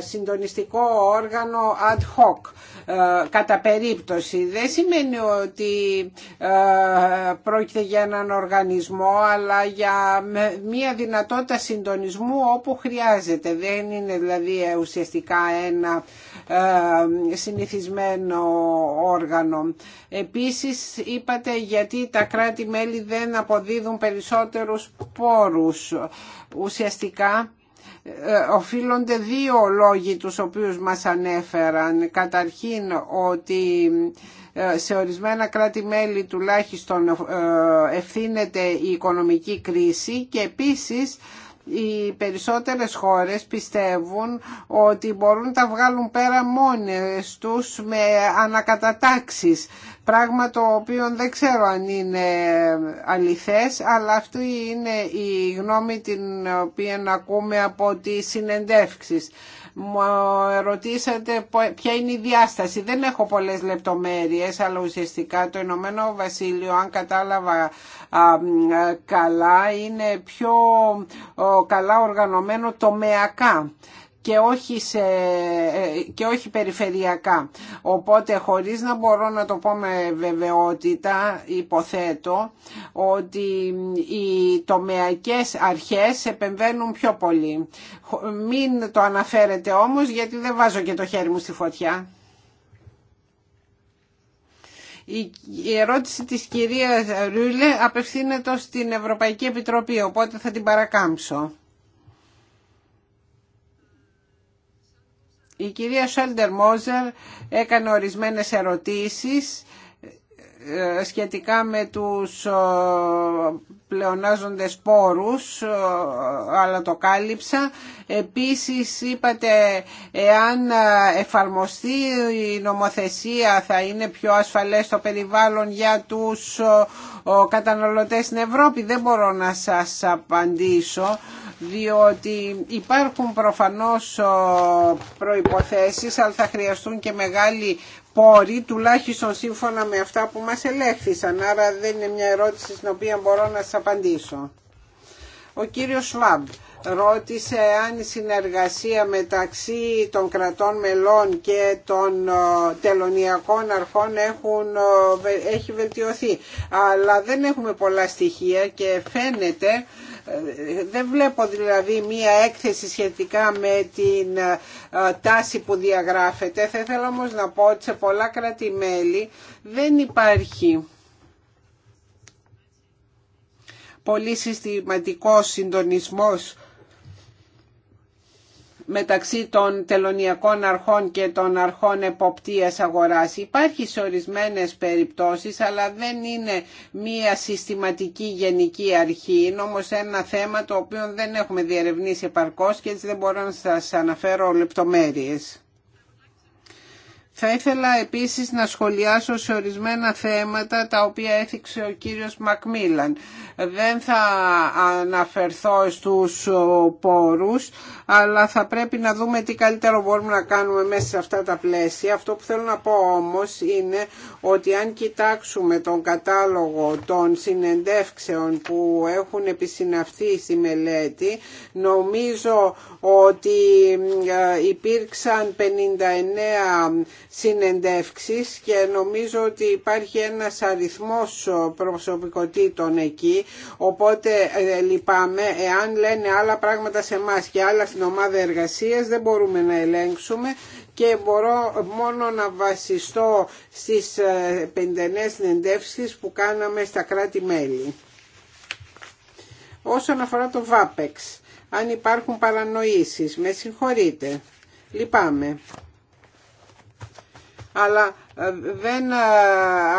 [SPEAKER 2] συντονιστικό όργανο ad hoc ε, κατά περίπτωση. Δεν σημαίνει ότι ε, πρόκειται για έναν οργανισμό αλλά για μια δυνατότητα συντονισμού όπου χρειάζεται. Δεν είναι δηλαδή ουσιαστικά ένα ε, συνηθισμένο όργανο. Επίσης είπατε γιατί τα κράτη-μέλη δεν αποδίδουν περισσότερους πόρους. Ουσιαστικά ε, οφείλονται δύο λόγοι τους οποίους μας ανέφεραν. Καταρχήν ότι ε, σε ορισμένα κράτη-μέλη τουλάχιστον ευθύνεται η οικονομική κρίση και επίσης οι περισσότερες χώρες πιστεύουν ότι μπορούν να τα βγάλουν πέρα μόνες τους με ανακατατάξεις πράγμα το οποίο δεν ξέρω αν είναι αληθές αλλά αυτή είναι η γνώμη την οποία ακούμε από τις συνεντεύξεις. Μου ρωτήσατε ποια είναι η διάσταση. Δεν έχω πολλές λεπτομέρειες, αλλά ουσιαστικά το Ηνωμένο Βασίλειο, αν κατάλαβα καλά, είναι πιο καλά οργανωμένο τομεακά και όχι, σε, ε, και όχι περιφερειακά. Οπότε χωρίς να μπορώ να το πω με βεβαιότητα υποθέτω ότι οι τομεακές αρχές επεμβαίνουν πιο πολύ. Μην το αναφέρετε όμως γιατί δεν βάζω και το χέρι μου στη φωτιά. Η ερώτηση της κυρίας Ρούλε απευθύνεται στην Ευρωπαϊκή Επιτροπή, οπότε θα την παρακάμψω. Η κυρία Σάλντερ Μόζερ έκανε ορισμένες ερωτήσεις ε, σχετικά με τους ε, πλεονάζοντες πόρους, ε, αλλά το κάλυψα. Επίσης είπατε εάν εφαρμοστεί η νομοθεσία θα είναι πιο ασφαλές το περιβάλλον για τους καταναλωτές στην Ευρώπη. Δεν μπορώ να σας απαντήσω διότι υπάρχουν προφανώς προϋποθέσεις αλλά θα χρειαστούν και μεγάλη πόροι, τουλάχιστον σύμφωνα με αυτά που μας ελέγχθησαν. Άρα δεν είναι μια ερώτηση στην οποία μπορώ να σας απαντήσω. Ο κύριος Σβάμπ ρώτησε αν η συνεργασία μεταξύ των κρατών μελών και των ε, τελωνιακών αρχών έχουν, ε, έχει βελτιωθεί. Αλλά δεν έχουμε πολλά στοιχεία και φαίνεται δεν βλέπω δηλαδή μία έκθεση σχετικά με την ε, τάση που διαγράφεται. Θα ήθελα όμως να πω ότι σε πολλά κράτη-μέλη δεν υπάρχει πολύ συστηματικός συντονισμός μεταξύ των τελωνιακών αρχών και των αρχών εποπτείας αγοράς. Υπάρχει σε ορισμένες περιπτώσεις, αλλά δεν είναι μία συστηματική γενική αρχή. Είναι όμως ένα θέμα το οποίο δεν έχουμε διερευνήσει επαρκώς και έτσι δεν μπορώ να σας αναφέρω λεπτομέρειες. Θα ήθελα επίσης να σχολιάσω σε ορισμένα θέματα τα οποία έθιξε ο κύριος Μακμίλαν. Δεν θα αναφερθώ στους πόρους, αλλά θα πρέπει να δούμε τι καλύτερο μπορούμε να κάνουμε μέσα σε αυτά τα πλαίσια. Αυτό που θέλω να πω όμως είναι ότι αν κοιτάξουμε τον κατάλογο των συνεντεύξεων που έχουν επισυναυθεί στη μελέτη, νομίζω ότι ε, υπήρξαν 59 συνεντεύξεις και νομίζω ότι υπάρχει ένας αριθμός προσωπικότητων εκεί, οπότε ε, λυπάμαι εάν λένε άλλα πράγματα σε εμά και άλλα στην ομάδα εργασίας δεν μπορούμε να ελέγξουμε και μπορώ μόνο να βασιστώ στις ε, πεντενές συνεντεύσεις που κάναμε στα κράτη-μέλη. Όσον αφορά το ΒΑΠΕΞ, αν υπάρχουν παρανοήσεις, με συγχωρείτε, λυπάμαι. Αλλά ε, δεν ε,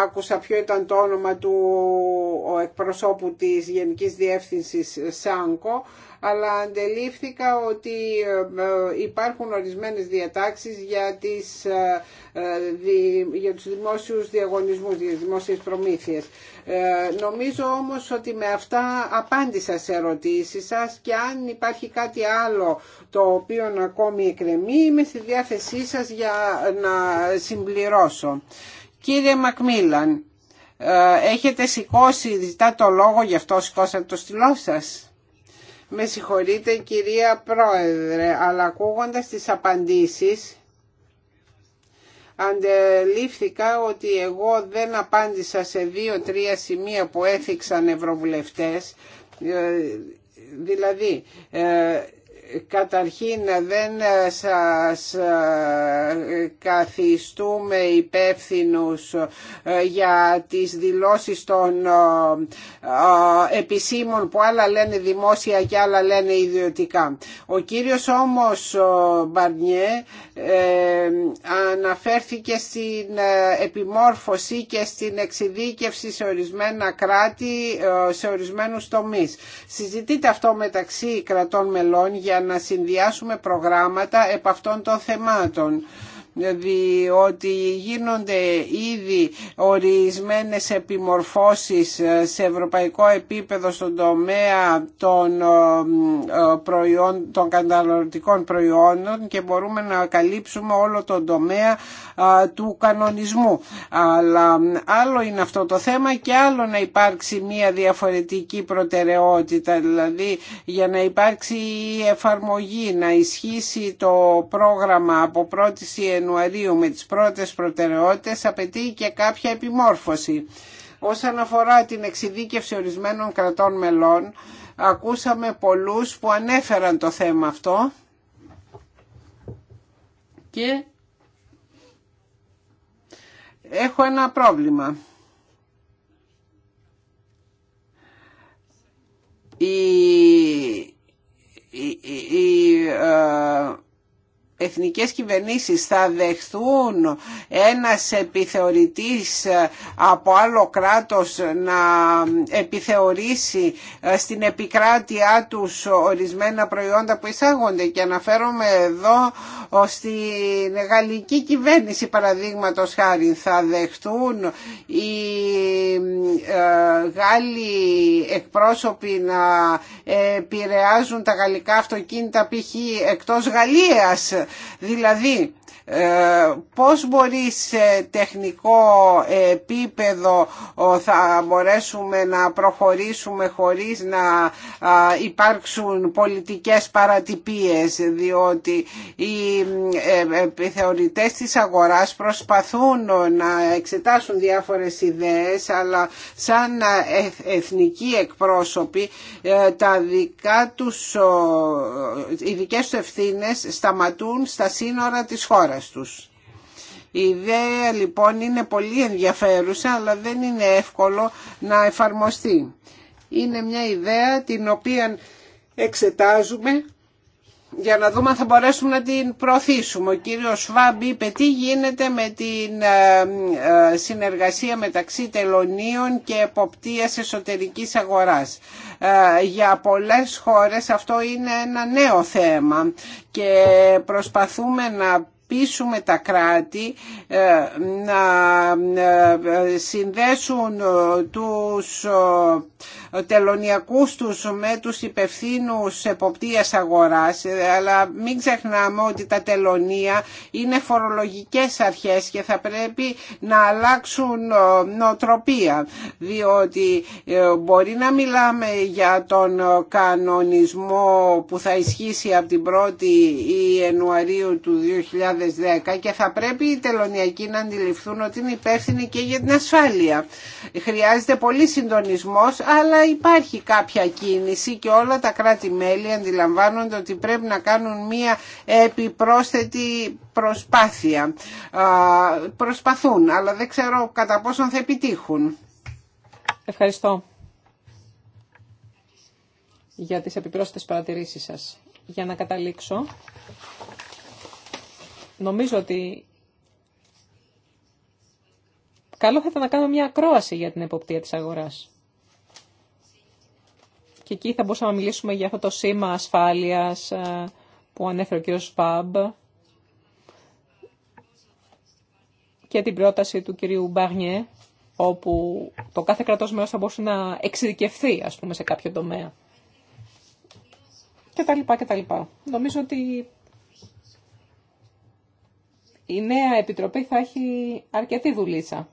[SPEAKER 2] άκουσα ποιο ήταν το όνομα του εκπροσώπου της Γενικής Διεύθυνσης ΣΑΝΚΟ, αλλά αντελήφθηκα ότι ε, ε, υπάρχουν ορισμένες διατάξεις για, τις, ε, για τους δημόσιους διαγωνισμούς, για τις δημόσιες προμήθειες. Νομίζω όμως ότι με αυτά απάντησα σε ερωτήσεις σας και αν υπάρχει κάτι άλλο το οποίο ακόμη εκρεμεί είμαι στη διάθεσή σας για να συμπληρώσω. Κύριε Μακμίλαν, έχετε σηκώσει, ζητά το λόγο, γι' αυτό σηκώσατε το στυλό σας. Με συγχωρείτε κυρία Πρόεδρε, αλλά ακούγοντας τις απαντήσεις αντελήφθηκα ότι εγώ δεν απάντησα σε δύο-τρία σημεία που έθιξαν ευρωβουλευτές, ε, δηλαδή ε, Καταρχήν δεν σας ε, καθιστούμε υπεύθυνους ε, για τις δηλώσεις των ε, επισήμων που άλλα λένε δημόσια και άλλα λένε ιδιωτικά. Ο κύριος όμως Μπαρνιέ αναφέρθηκε στην επιμόρφωση και στην εξειδίκευση σε ορισμένα κράτη, σε ορισμένους τομείς. Συζητείτε αυτό μεταξύ κρατών μελών για να συνδυάσουμε προγράμματα επ' αυτών των θεμάτων διότι γίνονται ήδη ορισμένες επιμορφώσεις σε ευρωπαϊκό επίπεδο στον τομέα των, ε, ε, προϊόν, των καταναλωτικών προϊόντων και μπορούμε να καλύψουμε όλο τον τομέα ε, του κανονισμού. Αλλά άλλο είναι αυτό το θέμα και άλλο να υπάρξει μια διαφορετική προτεραιότητα, δηλαδή για να υπάρξει η εφαρμογή, να ισχύσει το πρόγραμμα από πρώτη Ιανουαρίου με τις πρώτες προτεραιότητες απαιτεί και κάποια επιμόρφωση. Όσον αφορά την εξειδίκευση ορισμένων κρατών μελών, ακούσαμε πολλούς που ανέφεραν το θέμα αυτό και έχω ένα πρόβλημα. Η, η, ε, εθνικές κυβερνήσεις θα δεχθούν ένας επιθεωρητής από άλλο κράτος να επιθεωρήσει ε, στην επικράτειά τους ορισμένα προϊόντα που εισάγονται και αναφέρομαι εδώ στην γαλλική κυβέρνηση παραδείγματος χάρη θα δεχθούν οι ε, Γάλλοι εκπρόσωποι να επηρεάζουν τα γαλλικά αυτοκίνητα π.χ. εκτός Γαλλίας Δηλαδή ε, πώς μπορεί σε τεχνικό επίπεδο θα μπορέσουμε να προχωρήσουμε χωρίς να υπάρξουν πολιτικές παρατυπίες διότι οι επιθεωρητές ε, της αγοράς προσπαθούν να εξετάσουν διάφορες ιδέες αλλά σαν ε, εθνικοί εκπρόσωποι τα δικά τους, οι δικές τους ευθύνες σταματούν στα σύνορα της χώρας η ιδέα λοιπόν είναι πολύ ενδιαφέρουσα αλλά δεν είναι εύκολο να εφαρμοστεί. Είναι μια ιδέα την οποία εξετάζουμε για να δούμε αν θα μπορέσουμε να την προωθήσουμε. Ο κύριος Σβάμπ είπε τι γίνεται με την ε, ε, συνεργασία μεταξύ τελωνίων και εποπτείας εσωτερικής αγοράς. Ε, για πολλές χώρες αυτό είναι ένα νέο θέμα και προσπαθούμε να πείσουμε τα κράτη ε, να ε, συνδέσουν ε, τους τελωνιακούς τους με τους υπευθύνους εποπτείας αγοράς αλλά μην ξεχνάμε ότι τα τελωνία είναι φορολογικές αρχές και θα πρέπει να αλλάξουν νοοτροπία διότι μπορεί να μιλάμε για τον κανονισμό που θα ισχύσει από την 1η Ιανουαρίου του 2000 και θα πρέπει οι τελωνιακοί να αντιληφθούν ότι είναι υπεύθυνοι και για την ασφάλεια. Χρειάζεται πολύ συντονισμός, αλλά υπάρχει κάποια κίνηση και όλα τα κράτη-μέλη αντιλαμβάνονται ότι πρέπει να κάνουν μία επιπρόσθετη προσπάθεια. Προσπαθούν, αλλά δεν ξέρω κατά πόσον θα επιτύχουν. Ευχαριστώ για τις
[SPEAKER 1] επιπρόσθετες παρατηρήσεις σας. Για να καταλήξω, νομίζω ότι καλό θα ήταν να κάνουμε μια ακρόαση για την εποπτεία της αγοράς. Και εκεί θα μπορούσαμε να μιλήσουμε για αυτό το σήμα ασφάλειας ε, που ανέφερε ο κ. Σπαμπ και την πρόταση του κυρίου Μπαγνιέ, όπου το κάθε κρατός μέρος θα μπορούσε να εξειδικευθεί, ας πούμε, σε κάποιο τομέα. Και τα λοιπά και τα λοιπά. Νομίζω ότι η νέα επιτροπή θα έχει αρκετή δουλίτσα.